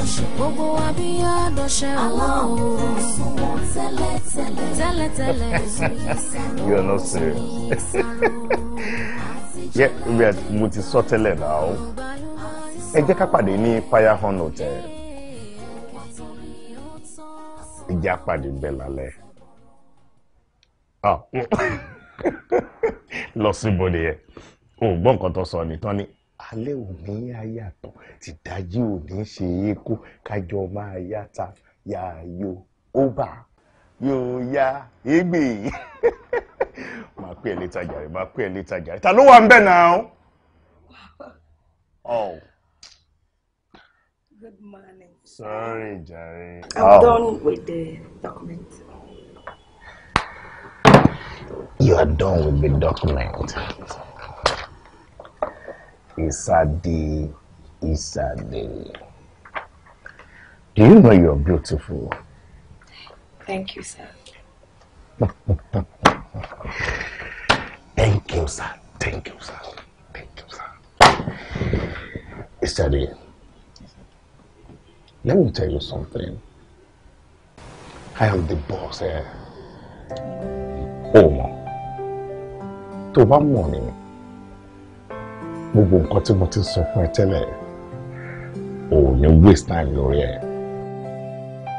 gbogbo wa bí àdọ̀ṣẹ́ aláwọ̀ tẹ́lẹ̀tẹ́lẹ̀. you are not serious. yeah, mo ti sọ tẹ́lẹ̀ náà ẹ jẹ́ ká pàdé ní firehorn hotel ẹ jẹ́ àpàdé bẹ́ẹ̀ lálẹ́ ah. lọ sí ibodè yẹn o gbọ́ nǹkan tó sọ ní tán ni alẹ́ òní àyàtọ̀ ti dájí òní ṣe é kájọ máa yáta yáyó ó bà yóò ya égbè máa pẹ́ létà jàre máa pẹ́ létà jàre ta ló wà ń bẹ̀ náà. Oh. Good morning. Sorry, Jerry. I'm oh. done with the document. You are done with the document. Isade, Isade. Do you know you're beautiful? Thank you, sir. Thank you, sir. Thank you, sir. Thank you, sir. Isade, let me tell you something. I am the boss here. Eh? Oh, Toba morning gbogbo nǹkan tí mo ti sọ fún ẹ tẹ́lẹ̀ ò ní waste time lórí ẹ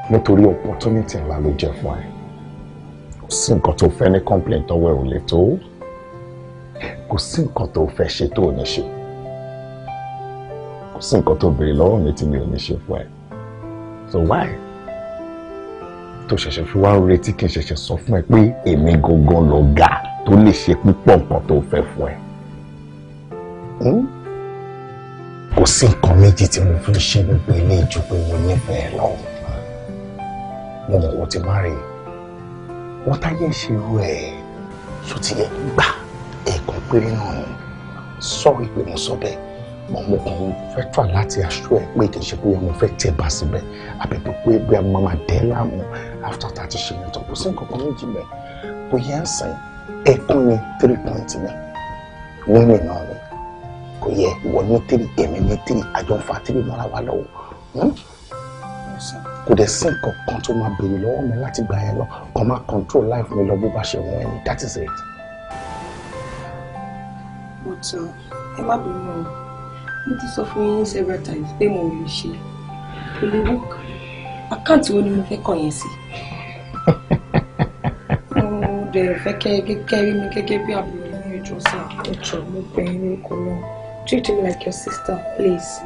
nítorí opportunity ńlá ló jẹ́ fún ẹ kò sí nǹkan tó fẹ́ ní complaint tọwọ́ ẹ ò lè tó kò sí nǹkan tó fẹ́ ṣe tó ò ní ṣe kò sí nǹkan tó béèrè lọ́wọ́ mi tí mi ò ní ṣe fún ẹ so why tó ṣẹ̀ṣẹ̀ fi wá ń retí kí n ṣẹ̀ṣẹ̀ sọ fún ẹ pé èmi gangan lọ̀gá tó lè ṣe púpọ̀ nǹkan tó fẹ́ fún ẹ. Hm? kò sí nǹkan méjì tí mo fi ń ṣe gbogbo ilé ìjù pé mo nífẹ̀ẹ́ lọ mo mọ̀ wọ́n ti má rè wọ́n táyé ṣerú ẹ̀ tó ti yẹ gbà ẹ̀ẹ̀kan péré náà ni sọ́ọ̀rì pé mo sọ bẹ́ẹ̀ ọmọ kan fẹ́ fà láti aṣọ ẹ̀ pé kì í ṣe pé ọmọ fẹ́ tẹ̀ bá síbẹ̀ àbí pé bí a máa dẹ́ láàmú after thirty ti ṣe ìtọ́ kò sí nǹkan kan méjì bẹ́ẹ̀ bóyá ń sìn ẹ̀kún ni three point ni wọ́n mi náà ni kò yẹ ìwọ ní tírì èmi ní tírì àjọ ń fa tírì mọ́ra wa lọ́wọ́ hmm? kò dẹ̀ sí nǹkan kan tó máa béèrè lọ́wọ́ mi láti gbà yẹn lọ kàn máa control life mi lọ bó bá ṣe wọ̀n ẹni that is it. mo tún ẹ má bínú o mo ti sọ fún yín several times pé mo lè ṣe olówó àkáǹtì wo ni mo fẹ́ kàn yẹn sí. mo dẹ̀ fẹ́ kẹ́ kẹ́rí mi gẹ́gẹ́ bí àbúrò ní ìjọsìn ìjọ mo bẹ̀ ẹ́ ní kò lọ́wọ́ treat me like your sister please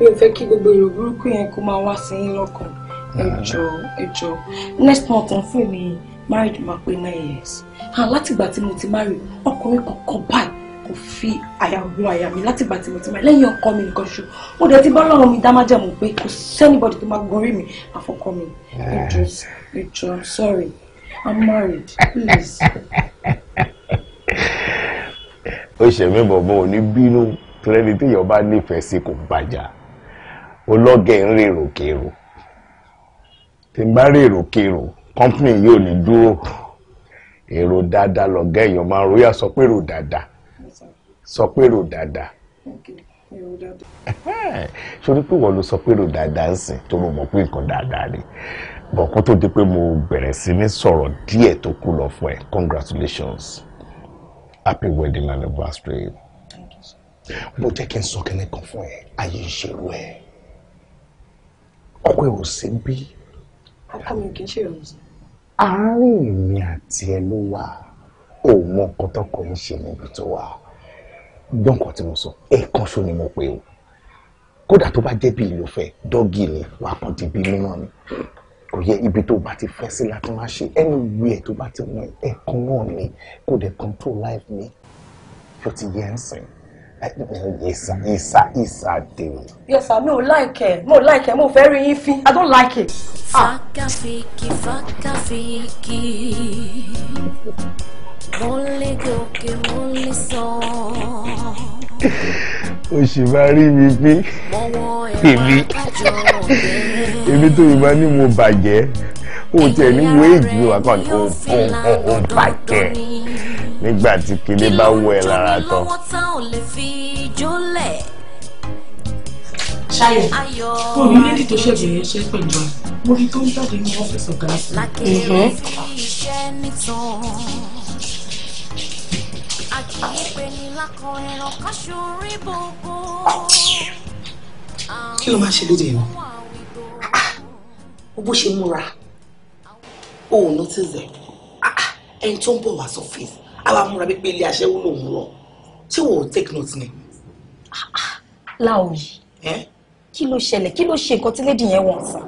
mi ò fẹ́ kí gbogbo èrò burúkú and kó máa wá sí yín lọ́kàn ẹ ah. jọ̀ọ́ ẹ jọ̀ọ́ next month I'm fún me married. My queen, nine years and ah, látìgbà tí mo ti marry ọkùnrin kankan báyìí kò fi àyà gun àyà mi látìgbà tí mo ti marry lẹ́yìn ọkọ mi nìkan ṣo mo dẹ̀ ti bá ọlọ́run mi dámájẹ̀mú pé kò sẹ́nibọ̀dì tó máa gorí mi àfọkọ mi ẹ jọ̀ọ́ ẹ jọ̀ọ́ i'm sorry i'm married please. ó ṣe mí bọ̀ bọ́ ò tẹ́lẹ̀ni téèyàn bá nífẹ̀ẹ́ sí kò bàjá ológẹ̀ ń rèrò kèrò tí n bá rèrò kèrò kọ́ńpìnì yóò ní dúró èrò dáadáa lọ́gá èèyàn máa ń royà sọ pé èrò dáadáa sọ pé èrò dáadáa sórí pé wọ́n ló sọ pé èrò dáadáa ń sìn tó mọ̀ pé nǹkan dáadáa ni bọ̀ kó tó di pé mo bẹ̀rẹ̀ sí ní sọ̀rọ̀ díẹ̀ tó kù lọ fún ẹ congratulations happy wedding anniversary mo jẹ́ kí n sọ kíní kan fún ẹ ayé ìṣerú ẹ ọkọ ẹ ò sí bí. ọkọ mi kì í ṣe ìrọ̀rùn sí. àárín èmi àti ẹ ló wà òun mọ nǹkan tọkọ ń ṣe níbi tó wà gbọ́n nǹkan tí mo sọ ẹ kan ṣó ni mo pe o kódà tó bá jẹ́ bí ìlú fẹ́ dọ́gì ni wà á kàn di bí mímọ́ ni kò yẹ ibi tó bá ti fẹ́ sí láti máa ṣe ẹnu wí ẹ̀ tó bá ti mọ ẹ̀kan náà ni kò dẹ̀ control life mi ló ti yẹ ń sìn. Yes, sir. Yes, sir. Yes, sir. Yes, sir. No, like it. No, like it. no very rí I don't like it. Ah. Fakafiki, fakafiki. Mole goke, mole so. O ṣì máa rí mi fín. Èmi. Èmi tó yìí máa ní mo bàjẹ́. O tẹ̀ ní wo èjì wa kàn ní o bàjẹ́ nígbà tí kílé bá wọ ẹ lára tán. ṣayẹ kò ní lédi tó ṣẹ̀bẹ̀ yẹn ṣe pẹ̀lú mo rí tó ń jáde ní ọ́fíìsì ọ̀gá sí mhm. kí ló máa ṣe lóde ìwọ bó ṣe múra òun ló ti zẹ ẹni tó ń bọ̀ wá sọ fèsì àwa múra wípé ilé aṣẹ́wó lòun rọ ṣé wò ó take note ni. láòyì kí ló ṣẹlẹ̀ kí ló ṣe nǹkan tí lédi yẹn wọ̀n sàn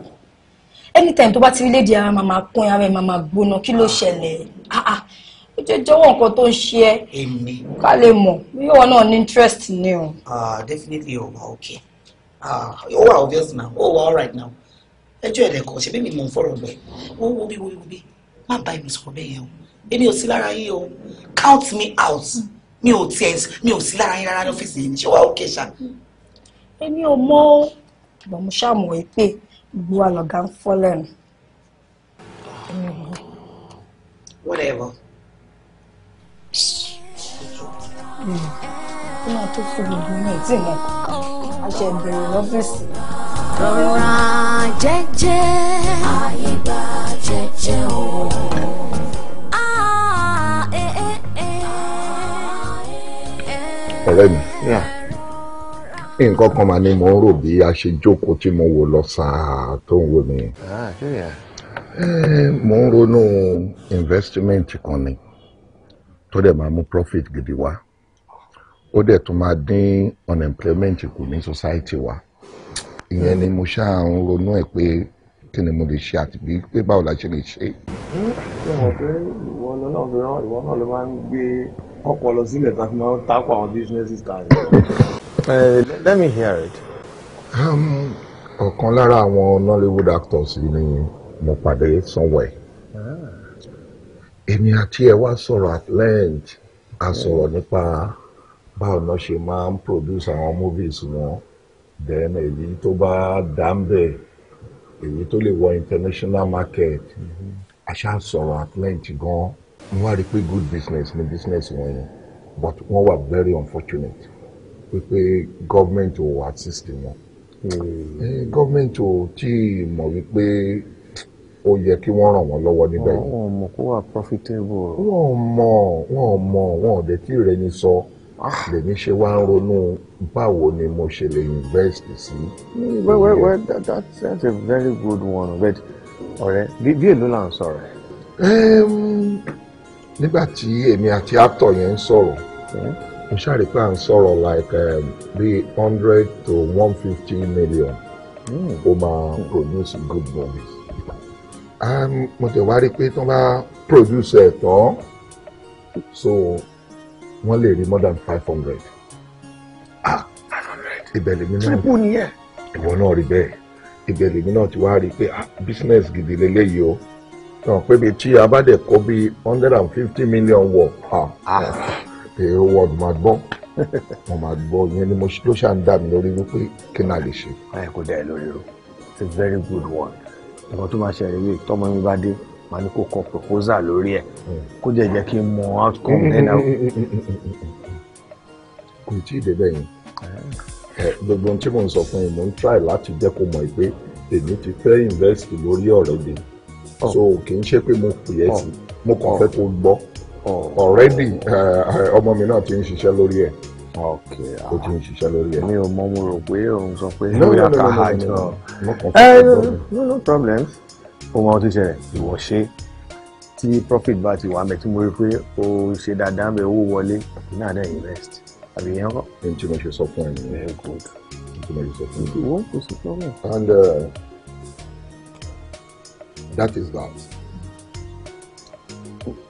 anytime tó bá ti rí lédi ara màmá kún ara ẹ̀ màmá gbóná kí ló ṣẹlẹ̀ ah, ah. ó jẹ́ jọ̀wọ́ nǹkan tó ń ṣe ẹ́ ká lè mọ̀ bí ìwọ náà ní interest ni o. Ah, definitely o wa ok o wa obvious now o wa alright now ẹjọ́ ẹ̀rẹ̀ kan ṣe bí mi mọ̀ ń fọ̀rọ̀ lọ wọ́n wo bí wo bí má bá mi sọ̀rọ̀ bẹ́ẹ̀ yẹn o èmi ò sí lára yín o count me out mi ò tiẹ̀ mi ò sí lára yín rárá lọ́fíìsì yìí ṣé wàá ó kẹṣà. èmi ò mọ o ṣùgbọ́n mo ṣàmù ẹ pé gbogbo àlọ́gà ń fọ́ lẹ́nu. whatever. ó máa tó fún gbogbo mi tí ìmọ̀ kankan a jẹ ìbẹ̀rẹ̀ lọ́fíìsì. rọra jẹ́jẹ́ àyè bá jẹ́jẹ́ o. ọ̀rẹ́ mi nǹkan kan mà ni mo ń rò bí a ṣe jókòó tí mo wò lọ sàá tó ń wò mí ah, eh, mo ń ronú investment kan ni tó dẹ̀ máa mú profit gidi wá ó dẹ̀ tún máa dín unemployment kù ní society wa ìyẹn ni mo ṣáà ń ronú ẹ̀ pé kí ni mo lè ṣe àti bí pé báwo la ṣe lè ṣe. Hmm? ṣé mo pé ìwọ náà ló máa ń gbé ọpọlọ sílẹ̀ tá a fi máa ń tako àwọn businesses ta ni. Eh, let me hear it. Um, ọ̀kan lára àwọn Nollywood actors yìí ni mo pàdé somewhere. Ah. èmi àti ẹ wá sọ̀rọ̀ at length a hmm. sọ̀rọ̀ nípa báwo náà ṣe máa ń produce àwọn movies wọn then èyí tó bá dá ń bẹ̀ èyí tó lè wọ international market hmm. a ṣáà sọ̀rọ̀ at length gan-an mo wá rí i pé good business ni business wọn yẹn but wọ́n wà very unfortunate wípé government ò assist wọn hmm. eh, government ò tí ì mọ̀ wípé ó yẹ kí wọ́n ràn wọ́n lọ́wọ́ níbẹ̀ yìí. wọn mọ̀ kó wà profitable. wọn ò mọ̀ wọn ò mọ̀ wọn ò dẹ̀ tí ì rẹni sọ ah. lèmi ṣe wá ń ronú báwo ni mo ṣe lè invest sí. Hmm, well well well that, that, that's a very good one but ọ̀rẹ́ bí èlò là ń sọ̀rọ̀ nígbà tí èmi àti actor yẹn ń sọ̀rọ̀ hmm? mo ṣàrí pé à ń sọ̀rọ̀ like um, bíi hundred to one fifty million hmm. ó máa hmm. produce good movies um, mo tẹ̀ wá rí i pé tí wọ́n bá produce ẹ̀ tán so wọ́n lè rí more than five hundred ah five hundred ibẹ̀ lèmi náà triple nìyẹn ìwọ náà rí bẹ́ẹ̀ ibẹ̀ lèmi náà ti wá rí i pé ah business gidi lélẹ́yìí o tọ̀ pébi tí a bá dẹ̀ kó bí hundred and fifty million wọ̀ èrò wọ́ọ̀dù máa gbọ́ mo máa gbọ́ yẹn ni mo ló ṣáà ń dà mí lórí wípé kí náà lè ṣe. ẹ kò dẹ̀ lórí o it's a very good one nǹkan tó máa ṣe rèé tọ́mọ mi bá dé màá ní kó kọ proposal lórí ẹ̀ hmm. kó jẹ́ jẹ́ kí n mọ outcome nínú. kò tí ì débẹ̀ yẹn gbogbo ohun tí mo ń sọ fún yín mo ń try láti jẹ́ kó mọ̀ pé èmi ti fẹ́ invest lórí ọ̀rọ̀ yìí so oh. kì í ṣe pé mo pè é sí oh. mo kàn fẹ́ oh. kó gbọ́ already eh, eh, ọmọ mi náà ti ń ṣiṣẹ́ lórí ẹ̀ okay o ah. ti ń ṣiṣẹ́ lórí ẹ̀. mi ò mọ mo rò pé òun sọ pé lórí àkàhà jọ no no problems ó mọ ti ṣẹlẹ̀ ìwọ ṣe tí profit bá ti wà mẹ́ tí mo rí pé o ṣe dáadáa mẹ́ owó wọlé náà dẹ̀ invest àbí yẹn kọ́. ẹni tí mo ṣe sọ fún ẹ nìyẹn. very good. ẹni tí mo ṣe sọ fún ẹ ìwọ kò sí problem. Uh, that is that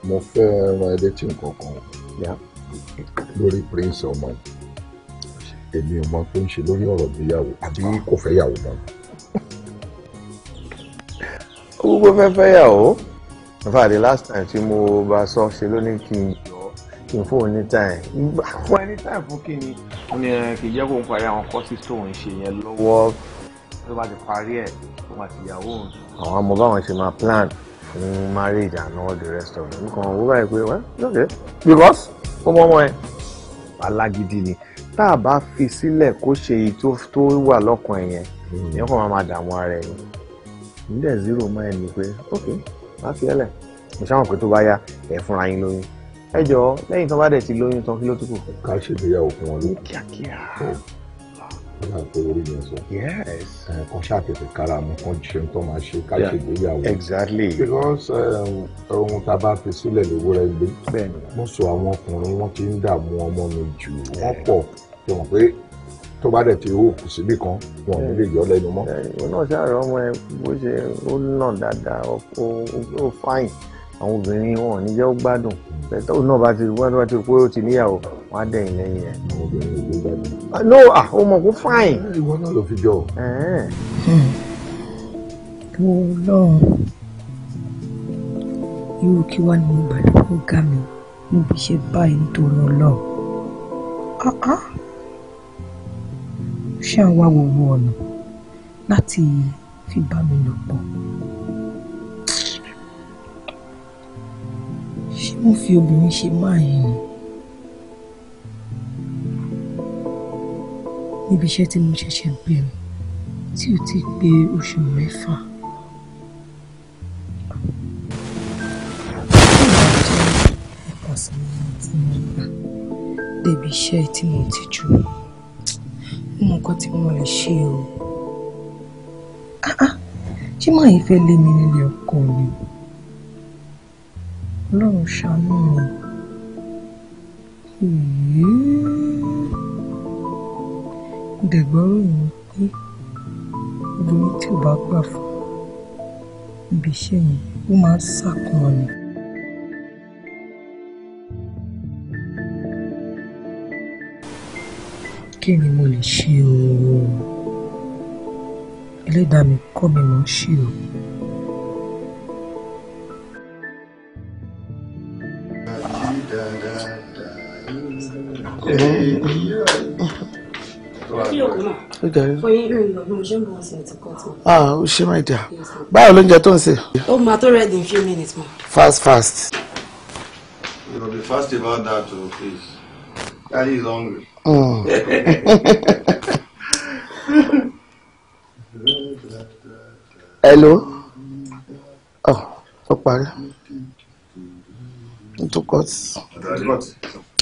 mo fẹ́ ran ẹlẹ́tì nǹkan kan lórí prince ọmọ èmi ò mọ tó ń ṣe lórí ọ̀rọ̀ ìgbéyàwó àbí kò fẹ́ yàwó mọ́. ó gbogbo fẹ́ fẹ́ yàwó in fact the last time tí mo bá sọ ṣe ló ní kí n yọ kí n fóun ní time fún ẹni time fún kí ni kì í jẹ́ kó n parí àwọn courses tó ń ṣe yẹn lọ́wọ́ tó bá ti parí ẹ̀ òun àti ìyàwó òun. àwọn ọmọ báwọn ṣe máa plan fún marriage and all the rest of it nǹkan owó báyìí pé well okay because ó mọ ọmọ ẹ alágídí ni tá a bá fi sílẹ̀ kó ṣe èyí tó wà lọ́kàn ẹ̀ yẹn hmm. ìyẹn kàn máa dààmú ara ẹ̀ yẹn nílẹ̀ zero mind ẹ̀ ni pé ok má fi ẹlẹ̀ mo ṣáwọn pé tó bá yá ẹ̀ fúnra yín lóyún ẹ jọ lẹ́yìn tó bá dẹ̀ ti lóyún tán kí ló tó kù. ká ṣègbéyàwó fún wọn lóyún. kíákíá yes. Eh, kan ṣàtẹ̀tẹ̀ kára mu kan ṣe tó exactly. because um, tá a bá fi sílẹ̀ lówó rẹ gbé. bẹ́ẹ̀ni. mo sọ àwọn ọkùnrin wọn ti ń dààmú ọmọ mi jù wọ́n pọ̀ tó mọ̀ pé tó bá dẹ̀ ti hó kù síbì kan wọn ò ní lè yọ lẹ́nu mọ́. ìwọ náà ṣàrọ̀ ọmọ ẹ bó ṣe ó nà àwọn obìnrin wọn ò ní jẹ́ ó gbádùn bẹ́ẹ̀ náà bá ti wọ́n bá ti kó o ti níyàwó wọ́n á dẹ̀yìn lẹ́yìn ẹ̀. Ah, no ah o mọ̀ kó fáìn. ìwọ náà ló fi jọ o. wo lọ́run irú kí wàá ní mo gbà lọ́wọ́ ọ̀gá mi mo fi ṣe báyìí nítorí ọlọ́run. Ah, ah. ṣé àwa wo wo ọ̀nà láti fi bá mi lò pọ̀. wọ́n fi obìnrin ṣe máa yẹn ni. níbi iṣẹ́ tí mo ṣẹ̀ṣẹ̀ bẹ̀rẹ̀ tí ò ti pé oṣù mẹ́fà. ẹ̀kọ́ sí mi tí mo débi iṣẹ́ tí mo ti jù mú nǹkan tí mo lè ṣe o. Ah, ah, ṣé máa yìí fẹ́ lé mi nílé ọkọ mi? ọlọ́run ṣàánú mi dẹ̀gbọ́rò mi pé obìnrin tí ò bá gbà fún ibi iṣẹ́ yẹn ó máa ń sàkàn ni. kí ni mo lè ṣe o ẹlẹ́dàá mi kọ́ mi mọ̀ ṣe o. ah o ṣe máa dà báwo ló ń jẹ tó ń ṣe. ó máa ready in few minutes ma. fast fast. you go be fast about that o oh, please daddy is hungry. Mm. hello Oh, ọ parí Into tún kọ́ sí.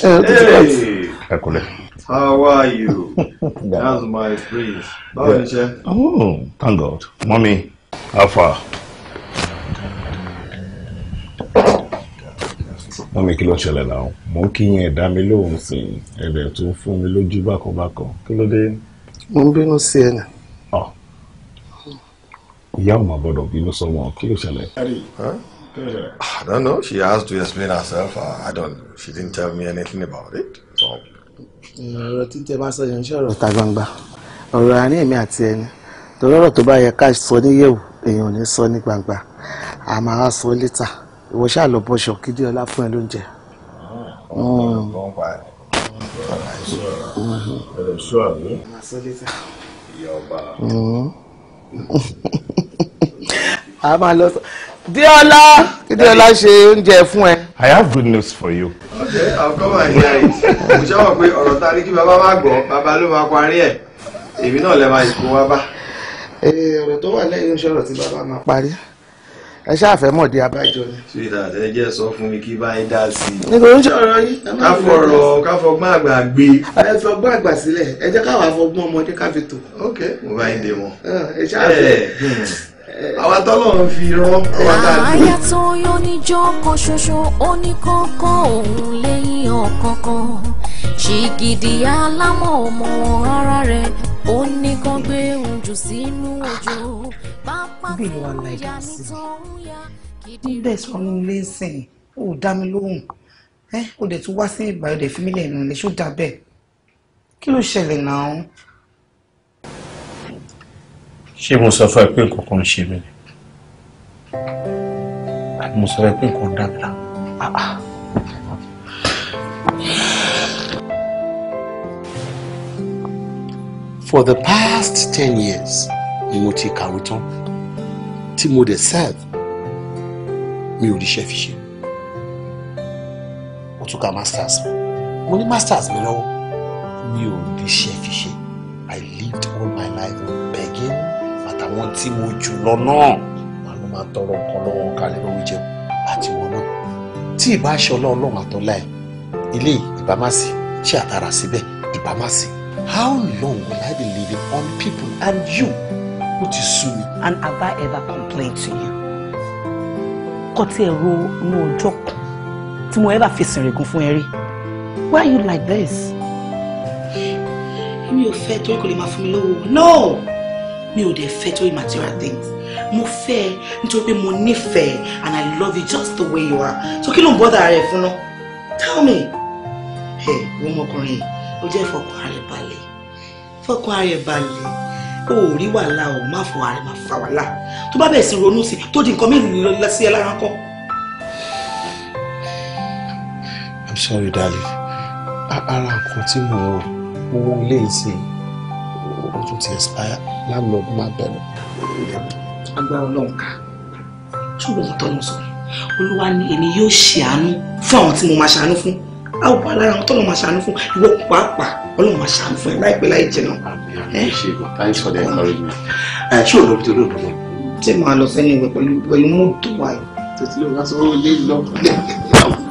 Hey, Ẹkúlẹ̀. How are you? That's my prince. Báwo ni ṣe? Oh, thank God. mommy. how far? Mọ́mí kí ló ṣẹlẹ̀ náà? Mo ń kíyìn ẹ̀dá mi lóhùn sí ẹ̀dẹ̀ tó fún mi lójú bákanbákan. Kí ló dé? Mo ń bínú sí ẹ̀ ah. Ìyá ọmọ gbọ́dọ̀ bínú sọ́mọ. Kí ló ṣẹlẹ̀? I don't know. She asked to explain herself. Ah, I don't know. She didn't tell me anything about it. ọ̀rọ̀ tí tẹ bá sọ yẹn ń ṣọ̀rọ̀ ta gbangba ọ̀rọ̀ àárín èmi àti ẹni tọ́lọ́rọ̀ tó bá yẹ ká sọ níyẹ̀wò èèyàn ò ní sọ ní gbangba a máa sọ létà ìwọ ṣáà lọ bọṣọ kí dí ọlá fún ẹ lóúnjẹ. a máa lọ sọ. Diola, Diola ṣe oúnjẹ fún ẹ. I have good news for you. Okay, I'll come and hear it. Mo ṣe wọ̀ pé ọ̀rọ̀ ta ni kí bàbá má gbọ́, bàbá ló máa parí ẹ̀. Èmi náà lè máa ìkó wá bá. Ọ̀rọ̀ tó wà lẹ́yìn oṣù ọ̀rọ̀ tí bàbá máa parí. Ẹ ṣáàfẹ́ mọ̀dé abájọ ni. Ṣèyíta àtẹ̀jẹ́ sọ fún mi kí bá yín dá sí i. Nígbà oúnjẹ ọ̀rọ̀ yìí. Ká fọ̀rọ̀ ká fọgbọ́n àgbà gbé. Ẹ fọgbọ́n àgbà sílẹ̀, ẹ jẹ́ káwọn afọgbọ́n ọmọdé ká fi to. Okay, mo bá yín dé wọn. Ẹ ṣáàfẹ́. Eh, hmm àwa tọ́lọ́run fi rán àwa tá a lò. àyà tó yọ níjọ́ kan ṣoṣo oníkọ̀ọ̀kan òun lẹ́yìn ọ̀kọ̀ọ̀kan ṣìgìdì alámọ̀ ọmọ ara rẹ̀ ó ní kán gbé ojú sínú òjò pápá tó yá ní tó ń yá kìdí. ń bẹ̀ sọ́nù lẹ́sìn ò dá mi lóhùn ó dẹ̀ tún wá sí ìgbà ó dẹ̀ fi mí lẹ́nu lẹ́sọ̀ dábẹ́ kí ló ṣẹlẹ̀ náà ṣé mo sọ fún ẹ pé nǹkan kan ń ṣe mí ni mo sọ fún ẹ pé nǹkan ń For the past ten years ni mo ti kàwé tán tí mo dẹ̀ serve mi ò ríṣẹ́ fi ṣe mo tún ka masters mo ní masters mi lọ́wọ́ mi ò ríṣẹ́ tí mo jù náà màá ló máa tọrọ nǹkan lọ́wọ́ kálẹ̀ lówó jẹun àti wọn náà tí ìbá aṣọ ọlọ́run àtọ́lá ẹ̀ ilé ìbámasì ṣé àtàrà síbẹ̀ ìbámasì how long will I be living on people and you who ti sú mi. and have I ever complained to you? kọ́ tí ẹ ro inú ọjọ́ kan tí mo ever fi sìnrìngún fún ẹ rí why are you like this? èmi ò fẹ́ torí kò lè máa fún mi lówó no mi ò dẹ̀ fẹ́ torí material things mo fẹ́ ẹ nítorí pé mo nífẹ̀ẹ́ and i love you just the way you are so kí ló ń bọ́dà rẹ fún ná tell me ẹ wọ́n ọmọkùnrin yìí ó jẹ́ fọkàn ara ẹ balẹ̀ fọkàn ara ẹ balẹ̀ o ò rí wàhálà o má fọ ara ẹ má fa wàhálà tó bá bẹ̀ sí ronú sí tó di nǹkan mélòó lọ sí ẹ lára kan. i'm sorry darling ara nǹkan tí mo rò owó ilé ìsìn tó ti expire landlord máa bẹ̀rẹ̀. agbára ọlọ́run ká ṣùgbọ́n tọ́nu sọ olúwa ni èmi yóò ṣàánú fún àwọn tí mo máa ṣàánú fún a ò bá lára àwọn tọ́lọ́ máa ṣàánú fún ìwọ pàápàá ọlọ́run máa ṣàánú fún ẹ láìpẹ́ láì jẹ́ náà. ẹ ṣé o tó lóògùn mọ. ṣé màá lọ sẹ́yìn ìwé pẹ̀lú pẹ̀lú mú tó wà yìí. tètè lè wá sọ́wọ́ ilé lọ